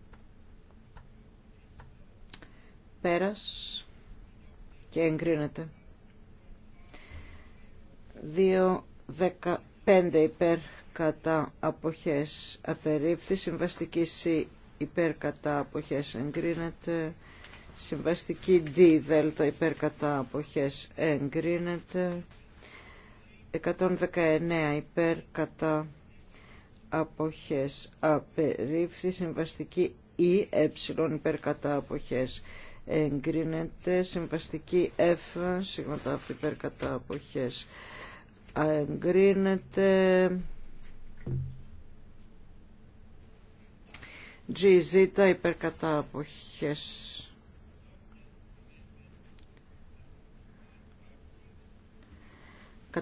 Πέρας και εγκρινεται 2,15 υπέρ κατά αποχές απερίφθη. Συμβαστική C υπέρ κατά αποχές εγκρίνεται. Συμβαστική D δέλτα υπέρ κατά αποχές εγκρίνεται. 119 υπέρ κατά αποχές απερίφθη συμβαστική ή ε υπερκατα κατά αποχές εγκρίνεται συμβαστική F σίγματα υπέρ κατά αποχές εγκρίνεται GZ υπέρ κατά αποχές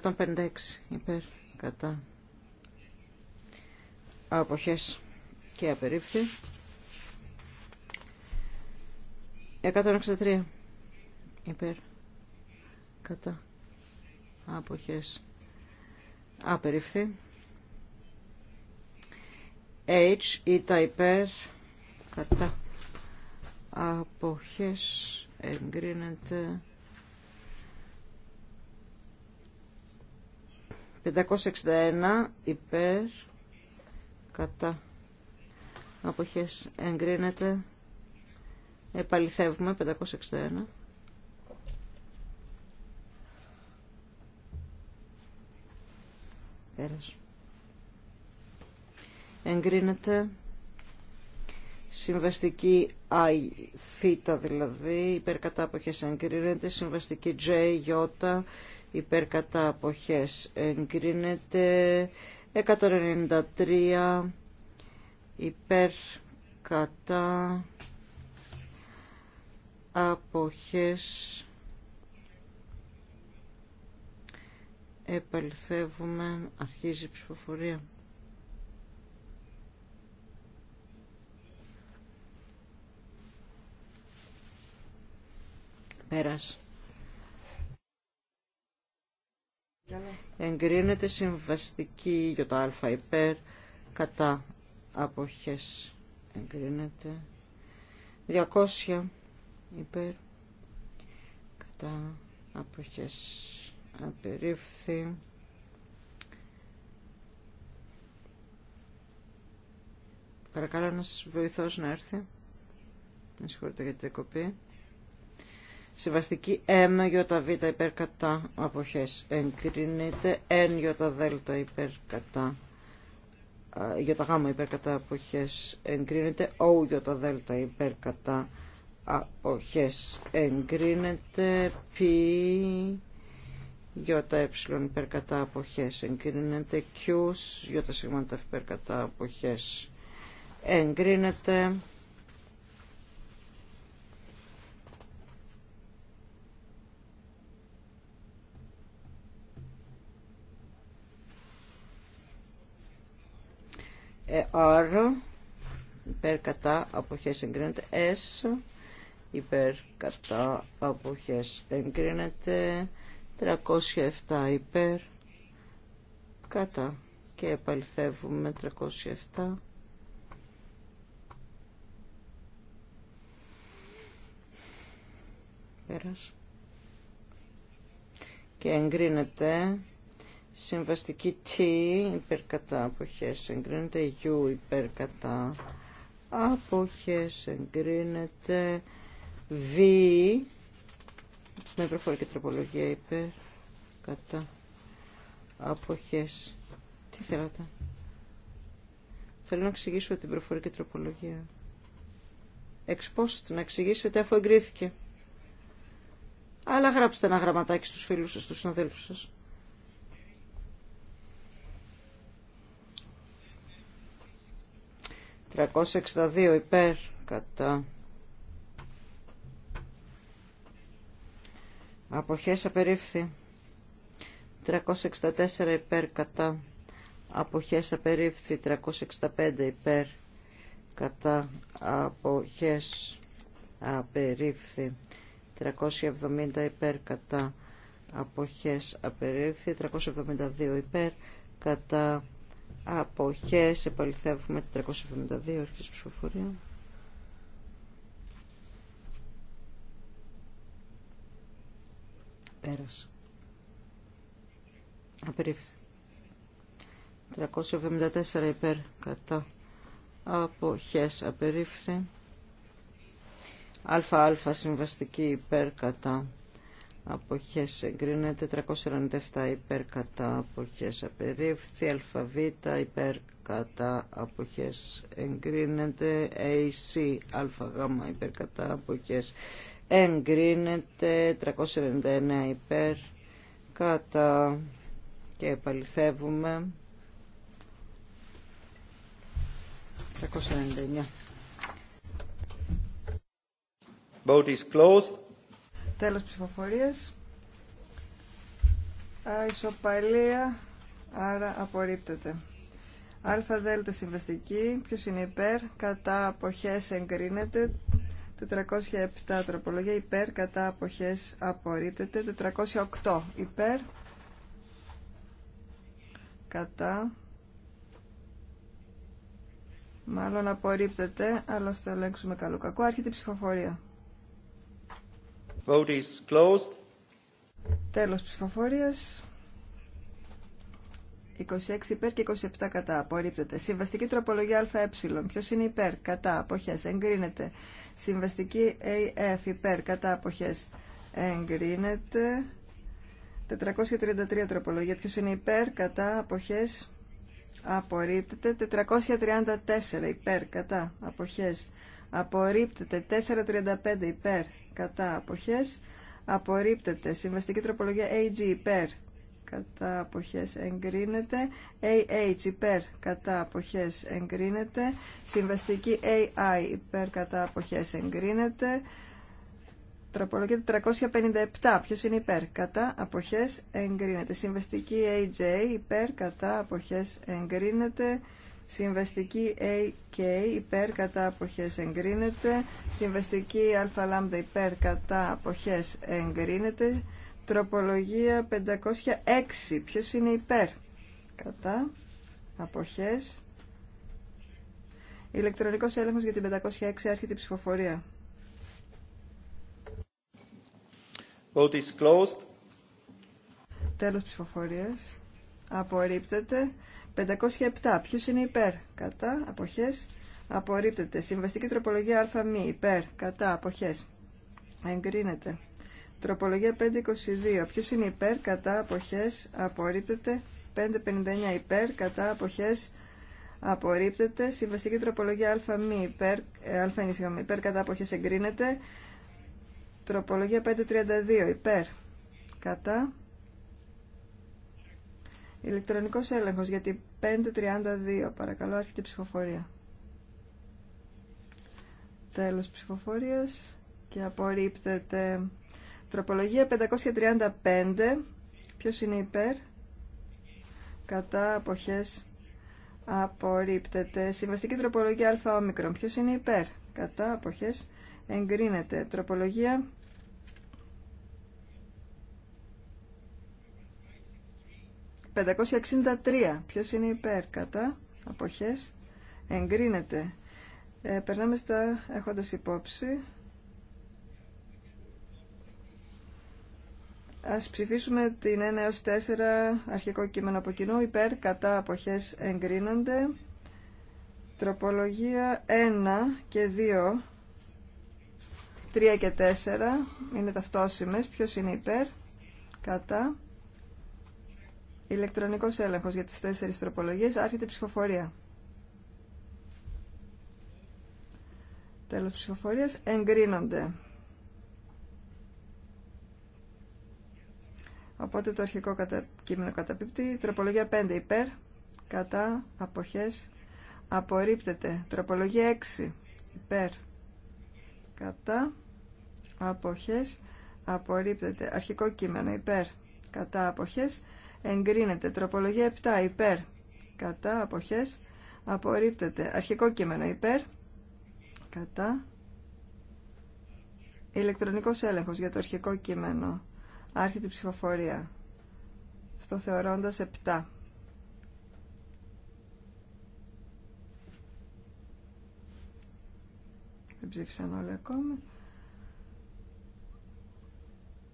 156 υπέρ κατά αποχές και απερίφθη 163 υπέρ κατά αποχές απερίφθη H τα υπέρ κατά αποχές εγκρίνεται 561 υπέρ κατά αποχές εγκρίνεται επαληθεύουμε 561 πέρας εγκρίνεται συμβαστική I, θ δηλαδή, υπερκατά αποχές εγκρίνεται, συμβαστική J, Ι, υπερκατά αποχές εγκρίνεται, 193 υπέρ κατά αποχές επαληθεύουμε αρχίζει η ψηφοφορία Πέρασε. εγκρίνεται συμβαστική για το α υπέρ κατά αποχές εγκρίνεται 200 υπέρ κατά αποχές απερίφθη Παρακαλώ να σας βοηθώ να έρθει. Με συγχωρείτε για την διακοπή. Συμβαστική M, τα υπέρ κατά αποχές εγκρίνεται. N, δέλτα υπέρ κατά γάμα υπέρ κατά αποχές εγκρίνεται. Ο, δέλτα υπέρ κατά αποχές εγκρίνεται. Π, ε υπέρ κατά αποχές εγκρίνεται. Q, τα υπέρ κατά αποχές εγκρίνεται. Ε, R υπέρ κατά αποχές εγκρίνεται S υπέρ κατά αποχές εγκρίνεται 307 υπέρ κατά και επαληθεύουμε 307 πέρας και εγκρίνεται Συμβαστική T υπερκατά αποχές εγκρίνεται. U υπερκατά αποχές εγκρίνεται. V με προφορική τροπολογία υπερκατά, αποχές. Τι θέλατε. Θέλω να εξηγήσω την προφορική τροπολογία. Εξ να εξηγήσετε αφού εγκρίθηκε. Αλλά γράψτε ένα γραμματάκι στους φίλους σας, στους συναδέλφους σας. 362 υπέρ κατά αποχές απερίφθη 364 υπέρ κατά αποχές απερίφθη 365 υπέρ κατά αποχές απερίφθη 370 υπέρ κατά αποχές απερίφθη 372 υπέρ κατά Αποχές επαληθεύουμε 372 αρχής ψηφοφορία. Πέρασε. Απερίφθη. 374 υπέρ κατά. Αποχές απερίφθη. ΑΑ συμβαστική υπέρ κατά αποχές εγκρίνεται 397 υπέρ κατά αποχές απερίφθη αβ υπέρ κατά αποχές εγκρίνεται AC ε ΑΓ υπέρ κατά αποχές εγκρίνεται 399 υπέρ κατά και επαληθεύουμε 399 Vote is closed Τέλος ψηφοφορίας. Α, ισοπαλία, άρα απορρίπτεται. Αλφα δέλτα συμβαστική, ποιος είναι υπέρ, κατά αποχές εγκρίνεται. 407 τροπολογία υπέρ, κατά αποχές απορρίπτεται. 408 υπέρ, κατά. Μάλλον απορρίπτεται, αλλά στο ελέγξουμε καλού κακού. Άρχεται η ψηφοφορία. Vote is closed. Τέλος ψηφοφορίας. 26 υπέρ και 27 κατά. Απορρίπτεται. Συμβαστική τροπολογία ΑΕ. Ποιο είναι υπέρ, κατά, αποχέ. Εγκρίνεται. Συμβαστική ΑΕΦ. Υπέρ, κατά, αποχέ. Εγκρίνεται. 433 τροπολογία. Ποιο είναι υπέρ, κατά, αποχέ. Απορρίπτεται. 434 υπέρ, κατά, αποχέ. Απορρίπτεται. 435 υπέρ, κατά αποχές απορρίπτεται. Συμβαστική τροπολογία AG υπέρ κατά αποχές εγκρίνεται. AH υπέρ κατά αποχές εγκρίνεται. Συμβαστική AI υπέρ κατά αποχές εγκρίνεται. Τροπολογία 457. Ποιος είναι υπέρ. Κατά αποχές εγκρίνεται. Συμβαστική AJ υπέρ κατά αποχές εγκρίνεται. Συμβαστική AK υπέρ κατά αποχές εγκρίνεται. Συμβαστική ΑΛ υπέρ κατά αποχές εγκρίνεται. Τροπολογία 506. Ποιος είναι υπέρ. Κατά. Αποχές. Ηλεκτρονικός έλεγχος για την 506 έρχεται η ψηφοφορία. Vote is closed. Τέλος ψηφοφορίας. Απορρίπτεται. 507. Ποιο είναι υπέρ, κατά, απόχέ, απορρίπτεται. Συμβαστική τροπολογία α μη, υπέρ, κατά, Κατά εγκρίνεται. Τροπολογία 522. Ποιο είναι υπέρ, κατά, αποχέ, απορρίπτεται. 559 υπέρ, κατά, αποχέ, απορρίπτεται. Συμβαστική τροπολογία α μη, υπέρ, ε, α υπέρ, κατά, αποχέ, εγκρίνεται. Τροπολογία 532 υπέρ, κατά, Ηλεκτρονικός έλεγχος για την 532. Παρακαλώ, άρχεται η ψηφοφορία. Τέλος ψηφοφορίας και απορρίπτεται. Τροπολογία 535. Ποιος είναι υπέρ? Κατά αποχές απορρίπτεται. Συμβαστική τροπολογία αόμικρον. Ποιος είναι υπέρ? Κατά αποχές εγκρίνεται. Τροπολογία 563. Ποιος είναι υπέρ, κατά, αποχές, εγκρίνεται. Ε, περνάμε στα έχοντας υπόψη. Ας ψηφίσουμε την 1 έως 4 αρχικό κείμενο από κοινού. Υπέρ, κατά, αποχές, εγκρίνονται. Τροπολογία 1 και 2. 3 και 4 είναι ταυτόσιμες. Ποιος είναι υπέρ, κατά, Ηλεκτρονικό έλεγχο για τις τέσσερις τροπολογίες. Άρχεται η ψηφοφορία. Τέλος ψηφοφορία Εγκρίνονται. Οπότε το αρχικό κατα... κείμενο καταπίπτει. Τροπολογία 5 υπέρ. Κατά. Αποχές. Απορρίπτεται. Τροπολογία 6 υπέρ. Κατά. Αποχές. Απορρίπτεται. Αρχικό κείμενο υπέρ. Κατά. Αποχές εγκρίνεται. Τροπολογία 7 υπέρ κατά αποχές απορρίπτεται. Αρχικό κείμενο υπέρ κατά ηλεκτρονικός έλεγχος για το αρχικό κείμενο. Άρχεται η ψηφοφορία. Στο θεωρώντας 7. Δεν ψήφισαν όλοι ακόμα.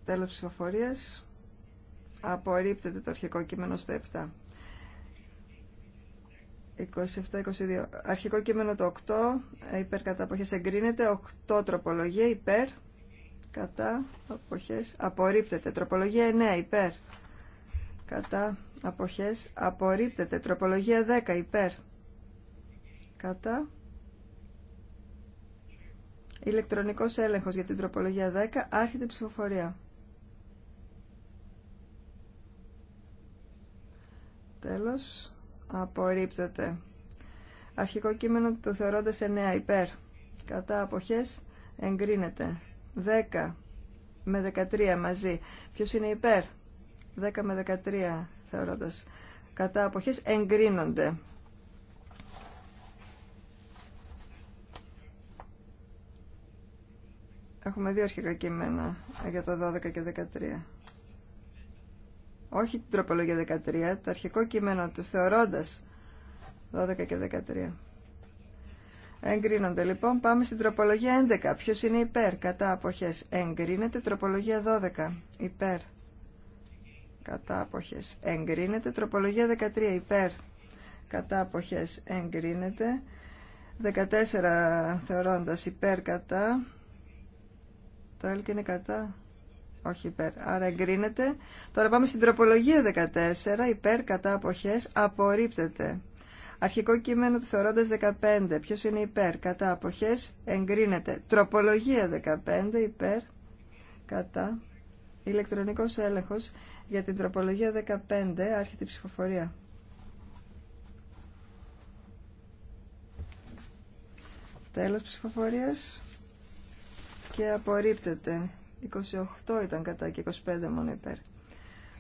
Τέλος ψηφοφορίας. Απορρίπτεται το αρχικό κείμενο στο 7. 27-22. Αρχικό κείμενο το 8. Ε, υπέρ κατά αποχές εγκρίνεται. 8 τροπολογία. Υπέρ κατά αποχές απορρίπτεται. Τροπολογία 9. Υπέρ κατά αποχές απορρίπτεται. Τροπολογία 10. Υπέρ κατά ηλεκτρονικός έλεγχος για την τροπολογία 10. Άρχεται ψηφοφορία. Τέλος. Απορρίπτεται. Αρχικό κείμενο το θεωρώντα 9 υπέρ. Κατά αποχές εγκρίνεται. 10 με 13 μαζί. Ποιο είναι υπέρ. 10 με 13 θεωρώντας. Κατά αποχές εγκρίνονται. Έχουμε δύο αρχικά κείμενα για το 12 και 13 όχι την τροπολογία 13, το αρχικό κείμενο του θεωρώντας 12 και 13. Εγκρίνονται λοιπόν. Πάμε στην τροπολογία 11. Ποιο είναι υπέρ. Κατά αποχέ. Εγκρίνεται. Τροπολογία 12. Υπέρ. Κατά αποχέ. Εγκρίνεται. Τροπολογία 13. Υπέρ. Κατά αποχέ. Εγκρίνεται. 14 θεωρώντα υπέρ. Κατά. Το άλλο είναι κατά όχι υπέρ. Άρα εγκρίνεται. Τώρα πάμε στην τροπολογία 14. Υπέρ κατά αποχές απορρίπτεται. Αρχικό κείμενο του θεωρώντας 15. Ποιος είναι υπέρ κατά αποχές εγκρίνεται. Τροπολογία 15 υπέρ κατά ηλεκτρονικός έλεγχος για την τροπολογία 15. Άρχεται η ψηφοφορία. Τέλος ψηφοφορίας και απορρίπτεται 28 ήταν κατά και 25 μόνο υπέρ.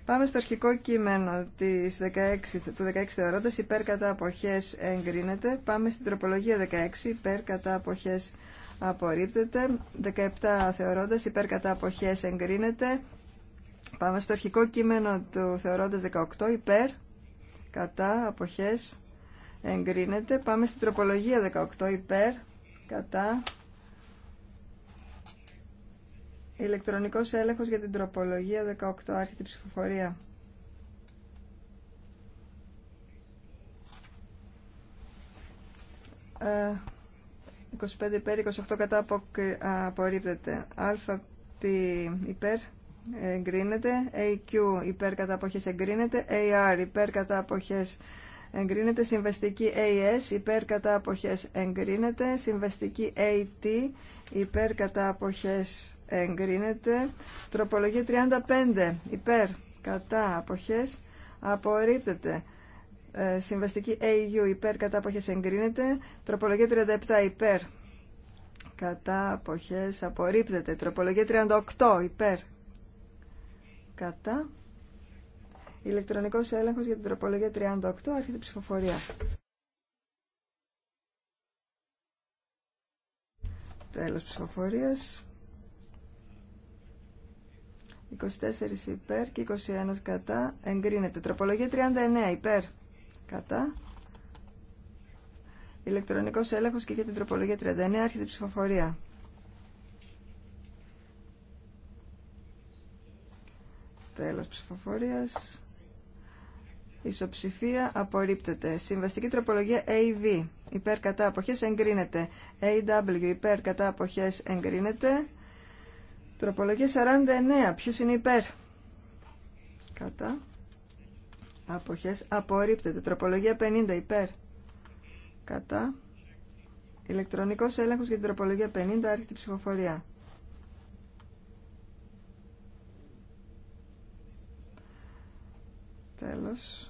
Πάμε στο αρχικό κείμενο της 16, του 16 θεωρώντας υπέρ κατά αποχές εγκρίνεται. Πάμε στην τροπολογία 16 υπέρ κατά αποχές απορρίπτεται. 17 θεωρώντας υπέρ κατά αποχές εγκρίνεται. Πάμε στο αρχικό κείμενο του θεωρώντας 18 υπέρ κατά αποχές εγκρίνεται. Πάμε στην τροπολογία 18 υπέρ κατά Ηλεκτρονικός έλεγχος για την τροπολογία 18 άρχιτη ψηφοφορία. 25 ε, υπέρ, 28 κατά απορρίπτεται. ΑΠ υπέρ εγκρίνεται. AQ ε, υπέρ κατά αποχές εγκρίνεται. AR ε, υπέρ κατά αποχές εγκρίνεται εγκρίνεται. Συμβαστική AS υπέρ κατά αποχές εγκρίνεται. Συμβαστική AT υπέρ κατά αποχές εγκρίνεται. Τροπολογία 35 υπέρ κατά αποχές απορρίπτεται. Ε, συμβαστική AU υπέρ κατά αποχές εγκρίνεται. Τροπολογία 37 υπέρ κατά αποχές απορρίπτεται. Τροπολογία 38 υπέρ κατά Ηλεκτρονικό έλεγχος για την τροπολογία 38. Άρχεται ψηφοφορία. Τέλος ψηφοφορίας. 24 υπέρ και 21 κατά. Εγκρίνεται. Τροπολογία 39 υπέρ. Κατά. Ηλεκτρονικό έλεγχος και για την τροπολογία 39 άρχεται ψηφοφορία. Τέλος ψηφοφορίας. Ισοψηφία απορρίπτεται. Συμβαστική τροπολογία AV. Υπέρ κατά αποχές εγκρίνεται. AW. Υπέρ κατά αποχές εγκρίνεται. Τροπολογία 49. Ποιος είναι υπέρ. Κατά. Αποχές απορρίπτεται. Τροπολογία 50. Υπέρ. Κατά. Ηλεκτρονικός έλεγχος για την τροπολογία 50. Άρχεται ψηφοφορία. Τέλος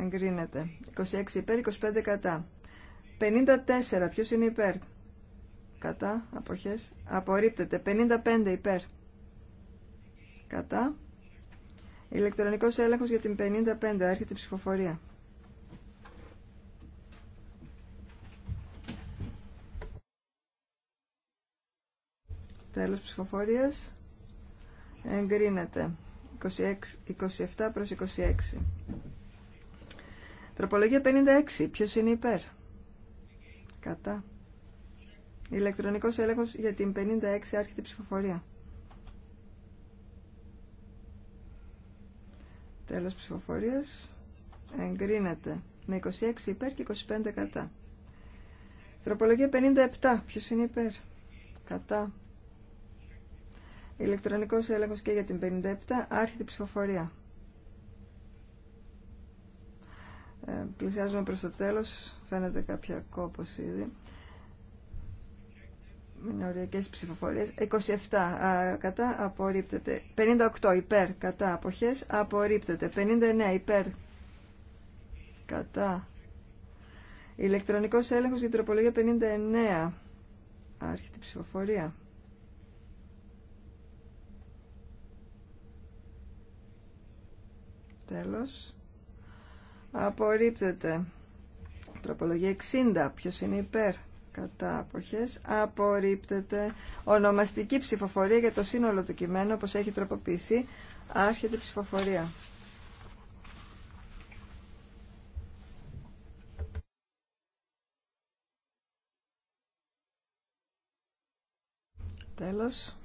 εγκρίνεται. 26 υπέρ, 25 κατά. 54, ποιος είναι υπέρ. Κατά, αποχές, απορρίπτεται. 55 υπέρ. Κατά. Ηλεκτρονικός έλεγχος για την 55, άρχεται η ψηφοφορία. Τέλος ψηφοφορίας. Εγκρίνεται. 26, 27 προς 26. Τροπολογία 56. Ποιος είναι υπέρ. Κατά. Ηλεκτρονικός έλεγχος για την 56 άρχεται ψηφοφορία. Τέλος ψηφοφορίας. Εγκρίνεται. Με 26 υπέρ και 25 κατά. Τροπολογία 57. Ποιος είναι υπέρ. Κατά. Ηλεκτρονικός έλεγχος και για την 57 άρχεται ψηφοφορία. Ε, πλησιάζουμε προς το τέλος, φαίνεται κάποια κόπος ήδη. Μινοριακές ψηφοφορίες. 27 κατά απορρίπτεται. 58 υπέρ κατά αποχές απορρίπτεται. 59 υπέρ κατά. Ηλεκτρονικός έλεγχος για τροπολογία 59. Άρχεται ψηφοφορία. Τέλος απορρίπτεται. Τροπολογία 60. Ποιο είναι υπέρ. Κατά αποχές απορρίπτεται. Ονομαστική ψηφοφορία για το σύνολο του κειμένου όπως έχει τροποποιηθεί. Άρχεται ψηφοφορία. Τέλος.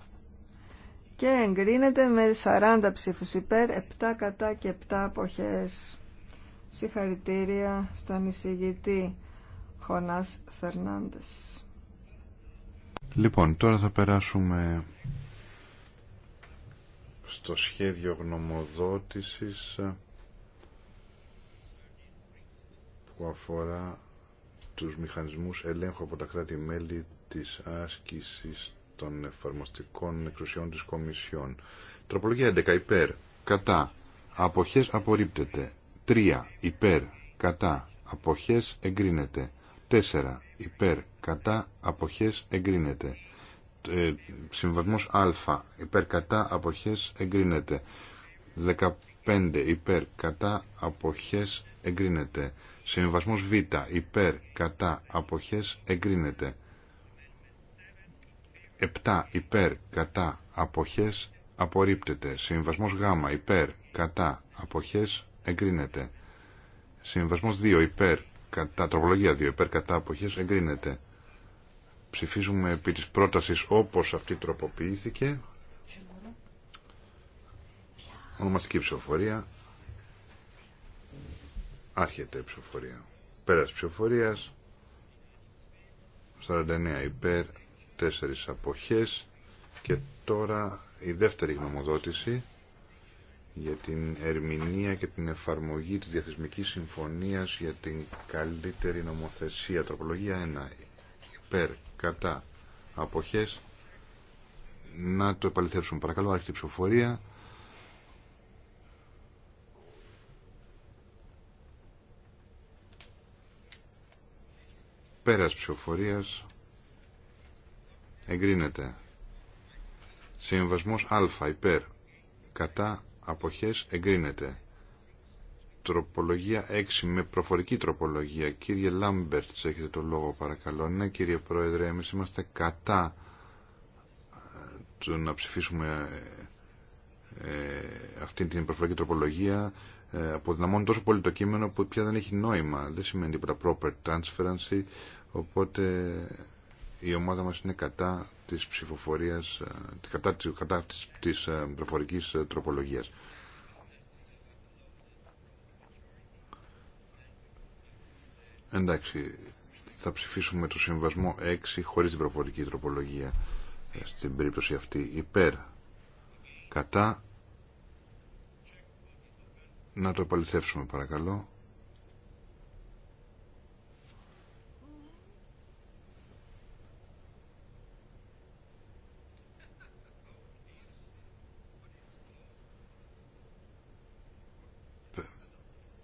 Και εγκρίνεται με 40 ψήφους υπέρ, 7 κατά και 7 αποχές. Συγχαρητήρια στον εισηγητή Χωνάς Φερνάντες. Λοιπόν, τώρα θα περάσουμε στο σχέδιο γνωμοδότησης που αφορά τους μηχανισμούς ελέγχου από τα κράτη-μέλη της άσκησης των εφαρμοστικών εξουσιών της Κομισιόν. Τροπολογία 11 υπέρ, κατά, αποχές απορρίπτεται. 3 υπέρ κατά αποχές εγκρίνεται 4 υπέρ κατά αποχές εγκρίνεται ε, συμβασμός α υπέρ κατά αποχές εγκρίνεται 15 υπέρ κατά αποχές εγκρίνεται συμβασμός β υπέρ κατά αποχές εγκρίνεται 7 υπέρ κατά αποχές απορρίπτεται συμβασμός γ υπέρ κατά αποχές εγκρίνεται. Συμβασμό 2 υπέρ κατά, τροπολογία 2 υπέρ κατά αποχές εγκρίνεται. Ψηφίζουμε επί τη πρόταση όπω αυτή τροποποιήθηκε. Ονομαστική ψηφοφορία. Άρχεται η ψηφοφορία. Πέρας ψηφοφορία. 49 υπέρ, 4 αποχές και τώρα η δεύτερη γνωμοδότηση για την ερμηνεία και την εφαρμογή της Διαθεσμικής Συμφωνίας για την καλύτερη νομοθεσία. Τροπολογία 1. Υπέρ, κατά, αποχές. Να το επαληθεύσουμε παρακαλώ. άρχισε ψηφοφορία. Πέρας ψηφοφορίας. Εγκρίνεται. Συμβασμός α υπέρ κατά αποχές εγκρίνεται. Τροπολογία 6 με προφορική τροπολογία. Κύριε Λάμπερτ έχετε το λόγο παρακαλώ. Ναι κύριε Πρόεδρε, εμείς είμαστε κατά ε, του να ψηφίσουμε ε, ε, αυτή την προφορική τροπολογία. Ε, αποδυναμώνει τόσο πολύ το κείμενο που πια δεν έχει νόημα. Δεν σημαίνει τίποτα proper transferency. οπότε η ομάδα μας είναι κατά της ψηφοφορίας, ε, κατά, κατά της, της ε, προφορικής ε, τροπολογίας. Εντάξει, θα ψηφίσουμε το συμβασμό 6 χωρίς την προφορική τροπολογία στην περίπτωση αυτή υπέρ κατά να το επαληθεύσουμε παρακαλώ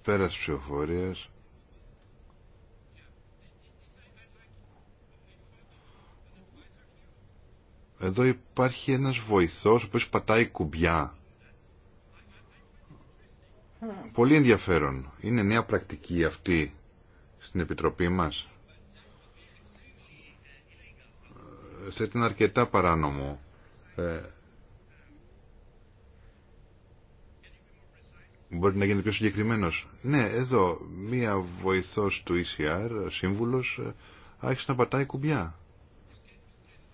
Πέρας ψηφοφορίας. Εδώ υπάρχει ένας βοηθός που πατάει κουμπιά. Πολύ ενδιαφέρον. Είναι νέα πρακτική αυτή στην Επιτροπή μας. Ε, θα ήταν αρκετά παράνομο ε, Μπορεί να γίνει πιο συγκεκριμένος. Ναι, εδώ, μία βοηθός του ECR, σύμβουλος, άρχισε να πατάει κουμπιά.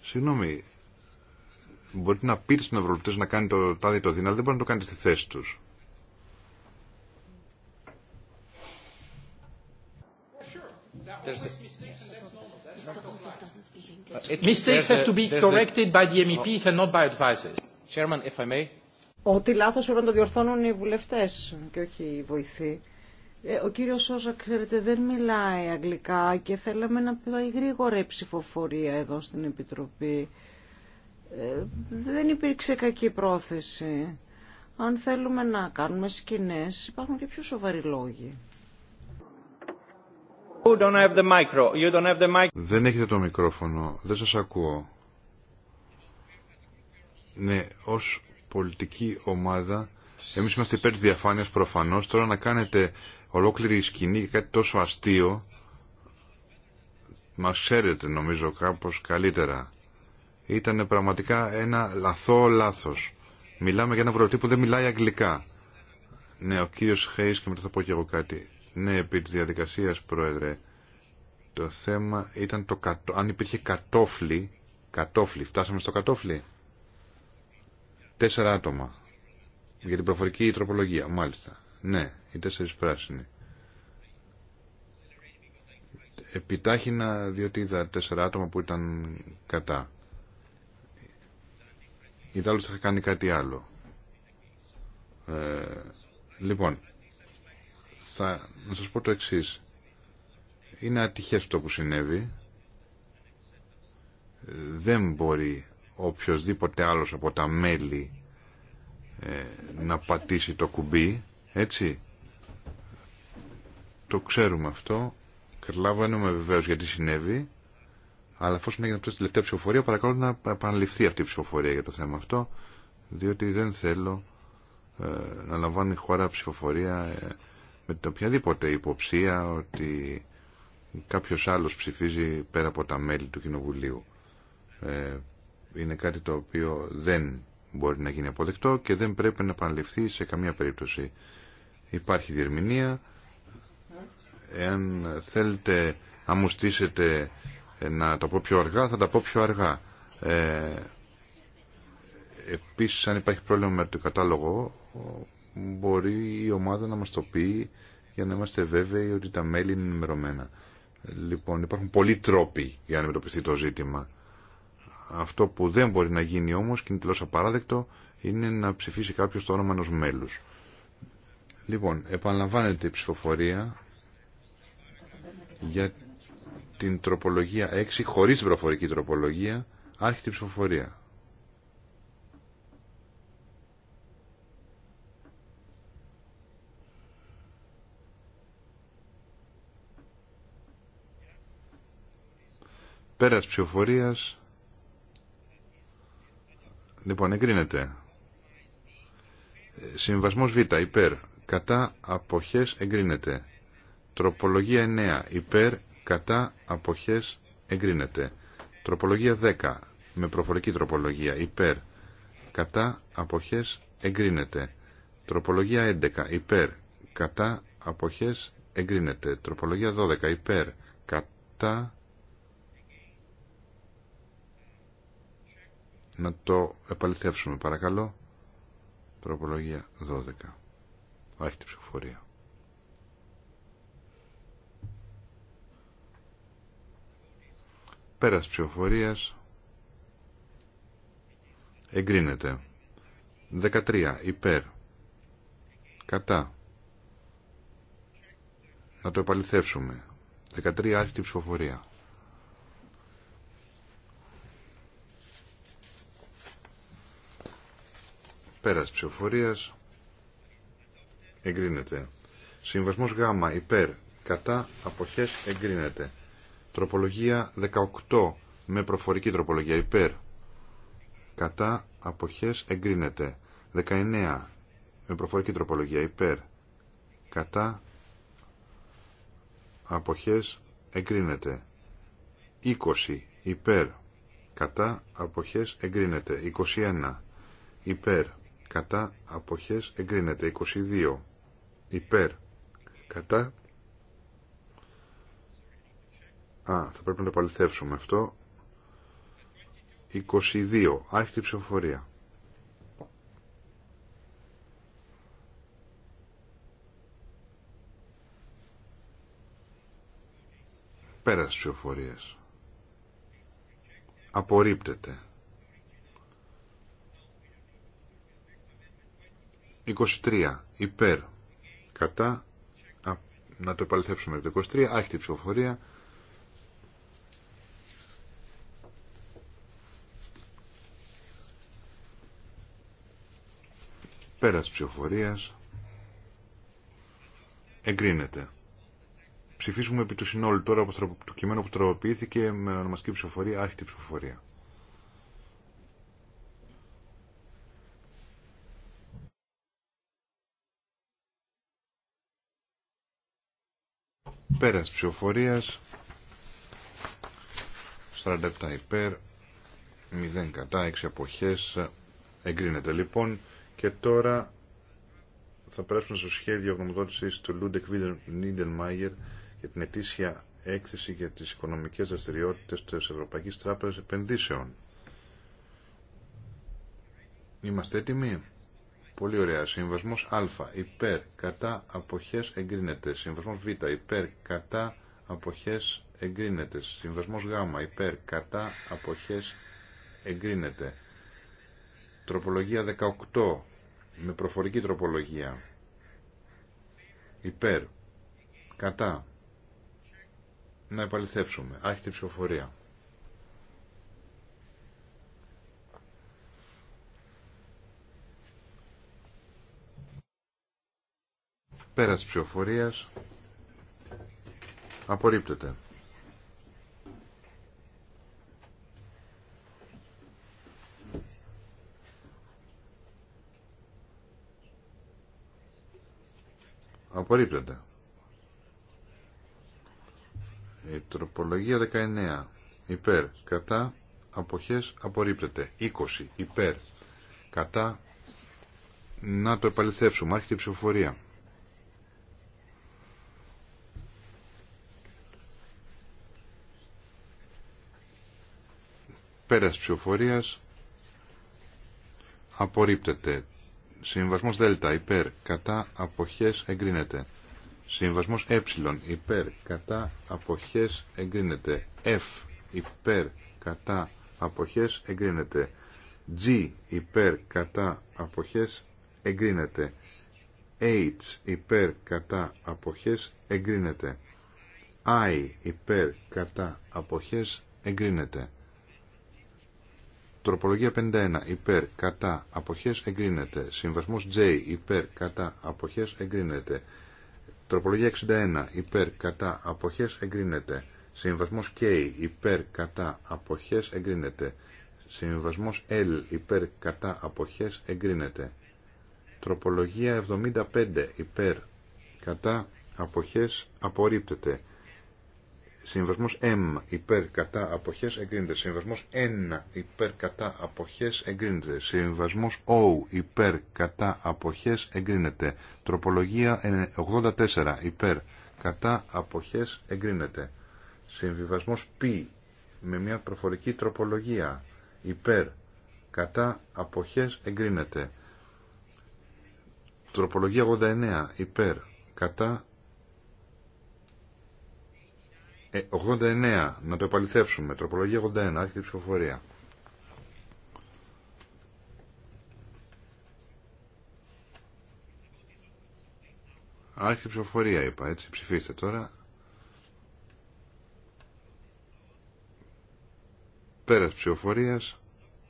Συγγνώμη, μπορείτε να πείτε στους ευρωβουλευτές να κάνει το τάδι το δίνα, αλλά δεν μπορεί να το κάνει στη θέση τους. Mistakes have to be corrected by the MEPs and not by advisors. Chairman, if I may. Ότι λάθο πρέπει να το διορθώνουν οι βουλευτέ και όχι οι βοηθοί. Ε, ο κύριο Σόζα, ξέρετε, δεν μιλάει αγγλικά και θέλαμε να πει γρήγορα η ψηφοφορία εδώ στην Επιτροπή. Ε, δεν υπήρξε κακή πρόθεση. Αν θέλουμε να κάνουμε σκηνέ, υπάρχουν και πιο σοβαροί λόγοι. δεν έχετε το μικρόφωνο. Δεν σας ακούω. Ναι, ως πολιτική ομάδα. Εμεί είμαστε υπέρ τη διαφάνειας προφανώς. Τώρα να κάνετε ολόκληρη σκηνή και κάτι τόσο αστείο, μας ξέρετε νομίζω κάπω καλύτερα. Ήταν πραγματικά ένα λαθό λάθο. Μιλάμε για ένα βουλευτή που δεν μιλάει αγγλικά. Ναι, ο κύριο Χέις και μετά θα πω και εγώ κάτι. Ναι, επί τη διαδικασία Πρόεδρε, το θέμα ήταν το κατώ... αν υπήρχε κατόφλι, κατόφλι, φτάσαμε στο κατόφλι. Τέσσερα άτομα. Για την προφορική τροπολογία, μάλιστα. Ναι, οι τέσσερι πράσινοι. Επιτάχυνα διότι είδα τέσσερα άτομα που ήταν κατά. Ιδάλλως θα κάνει κάτι άλλο. Ε, λοιπόν, θα, να σας πω το εξής. Είναι ατυχές αυτό που συνέβη. Ε, δεν μπορεί οποιοδήποτε άλλος από τα μέλη ε, να πατήσει το κουμπί, έτσι. Το ξέρουμε αυτό, καταλάβαμε βεβαίως γιατί συνέβη, αλλά εφόσον έγινε αυτή τη τελευταία ψηφοφορία, παρακαλώ να επαναληφθεί αυτή η ψηφοφορία για το θέμα αυτό, διότι δεν θέλω ε, να λαμβάνει η χώρα ψηφοφορία ε, με την οποιαδήποτε υποψία ότι κάποιος άλλος ψηφίζει πέρα από τα μέλη του Κοινοβουλίου. Ε, είναι κάτι το οποίο δεν μπορεί να γίνει αποδεκτό και δεν πρέπει να επαναληφθεί σε καμία περίπτωση. Υπάρχει διερμηνία. Εάν θέλετε, να μου στήσετε ε, να τα πω πιο αργά, θα τα πω πιο αργά. Ε, επίσης, αν υπάρχει πρόβλημα με το κατάλογο, μπορεί η ομάδα να μας το πει για να είμαστε βέβαιοι ότι τα μέλη είναι ενημερωμένα. Λοιπόν, υπάρχουν πολλοί τρόποι για να αντιμετωπιστεί το ζήτημα. Αυτό που δεν μπορεί να γίνει όμως και είναι τελώς απαράδεκτο είναι να ψηφίσει κάποιος το όνομα ενό μέλους. Λοιπόν, επαναλαμβάνεται η ψηφοφορία για την τροπολογία 6 χωρί την προφορική τροπολογία άρχεται η ψηφοφορία. Πέρας ψηφοφορίας Λοιπόν, εγκρίνεται. Συμβασμός Β, υπέρ. Κατά αποχές εγκρίνεται. Τροπολογία 9, υπέρ. Κατά αποχές εγκρίνεται. Τροπολογία 10, με προφορική τροπολογία, υπέρ. Κατά αποχές εγκρίνεται. Τροπολογία 11, υπέρ. Κατά αποχές εγκρίνεται. Τροπολογία 12, υπέρ. Κατά να το επαληθεύσουμε παρακαλώ. Προπολογία 12. Όχι ψηφοφορία. Πέρας ψηφοφορίας εγκρίνεται. 13. Υπέρ. Κατά. Να το επαληθεύσουμε. 13. άρχιτη ψηφοφορία. Πέρας ψηφοφορίας. Εγκρίνεται. Συμβασμός Γ υπέρ κατά αποχές εγκρίνεται. Τροπολογία 18 με προφορική τροπολογία υπέρ κατά αποχές εγκρίνεται. 19 με προφορική τροπολογία υπέρ κατά αποχές εγκρίνεται. 20 υπέρ κατά αποχές εγκρίνεται. 21 υπέρ κατά αποχές εγκρίνεται 22 υπέρ κατά α θα πρέπει να το παληθεύσουμε αυτό 22 άρχιτη ψηφοφορία πέρας ψηφοφορίας απορρίπτεται 23 υπέρ κατά να το επαληθεύσουμε το 23 άρχιτη ψηφοφορία πέρας ψηφοφορία. εγκρίνεται ψηφίσουμε επί του συνόλου τώρα το κείμενο που τροποποιήθηκε με ονομαστική ψηφοφορία άρχιτη ψηφοφορία Πέρας ψηφοφορίας. 47 υπέρ, 0 κατά, 6 αποχές. Εγκρίνεται λοιπόν. Και τώρα θα περάσουμε στο σχέδιο γνωμοδότησης του Λούντεκ Μαγερ για την ετήσια έκθεση για τις οικονομικές δραστηριότητε της Ευρωπαϊκής Τράπεζας Επενδύσεων. Είμαστε έτοιμοι. Πολύ ωραία. Συμβασμός Α. Υπέρ. Κατά. Αποχές. Εγκρίνεται. Συμβασμός Β. Υπέρ. Κατά. Αποχές. Εγκρίνεται. Συμβασμός Γ. Υπέρ. Κατά. Αποχές. Εγκρίνεται. Τροπολογία 18. Με προφορική τροπολογία. Υπέρ. Κατά. Να επαληθεύσουμε. Άρχιτε ψηφοφορία. Πέρας ψηφοφορίας. Απορρίπτεται. Απορρίπτεται. Η τροπολογία 19. Υπέρ. Κατά. Αποχές. Απορρίπτεται. 20. Υπέρ. Κατά. Να το επαληθεύσουμε. Άρχεται η ψηφοφορία. Πέρας ψηφοφορίας. Απορρίπτεται. Συμβασμός Δέλτα υπέρ κατά αποχές εγκρίνεται. Συμβασμός ε υπέρ κατά αποχές εγκρίνεται. F υπέρ κατά αποχές εγκρίνεται. G υπέρ κατά αποχές εγκρίνεται. H υπέρ κατά αποχές εγκρίνεται. I υπέρ κατά αποχές εγκρίνεται. Τροπολογία 51. Υπέρ, κατά, αποχές, εγκρίνεται. Συμβασμός J. Υπέρ, κατά, αποχές, εγκρίνεται. Τροπολογία 61. Υπέρ, κατά, αποχές, εγκρίνεται. Συμβασμός K. Υπέρ, κατά, αποχές, εγκρίνεται. Συμβασμός L. Υπέρ, κατά, αποχές, εγκρίνεται. Τροπολογία 75. Υπέρ, κατά, αποχές, απορρίπτεται. Συμβασμός M υπέρ κατά αποχές εγκρίνεται. Συμβασμός N υπέρ κατά αποχές εγκρίνεται. Συμβασμός O υπέρ κατά αποχές εγκρίνεται. Τροπολογία 84 υπέρ κατά αποχές εγκρίνεται. Συμβιβασμός P με μια προφορική τροπολογία υπέρ κατά αποχές εγκρίνεται. Τροπολογία 89 υπέρ κατά 89. Ε, να το επαληθεύσουμε. Τροπολογία 81. Άρχεται ψηφοφορία. Άρχισε ψηφοφορία είπα, έτσι, ψηφίστε τώρα. Πέρας ψηφοφορίας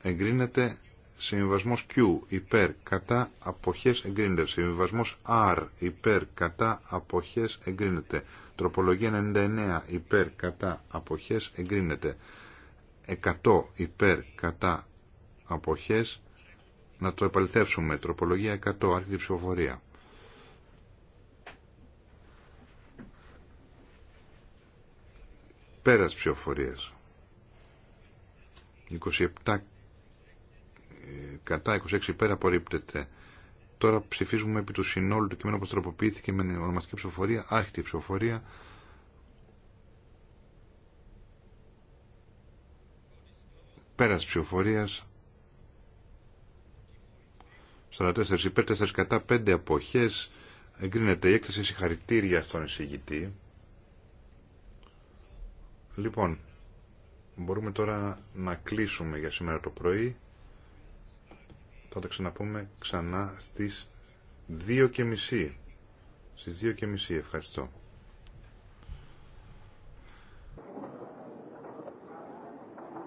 εγκρίνεται συμβιβασμός Q υπέρ κατά αποχές εγκρίνεται. Συμβιβασμός R υπέρ κατά αποχές εγκρίνεται. Τροπολογία 99 υπέρ κατά αποχές εγκρίνεται. 100 υπέρ κατά αποχές να το επαληθεύσουμε. Τροπολογία 100 άρχιτη ψηφοφορία. Πέρας ψηφοφορίας. 27 ε, κατά 26 υπέρ απορρίπτεται. Τώρα ψηφίζουμε επί του συνόλου του κειμένου που τροποποιήθηκε με την ονομαστική ψηφοφορία, άρχιτη ψηφοφορία. Πέρας ψηφοφορίας. 44 υπέρ, 4 κατά, 5 αποχές. Εγκρίνεται η έκθεση συγχαρητήρια στον εισηγητή. Λοιπόν, μπορούμε τώρα να κλείσουμε για σήμερα το πρωί θα τα ξαναπούμε ξανά στις 2.30. Στις 2.30 ευχαριστώ.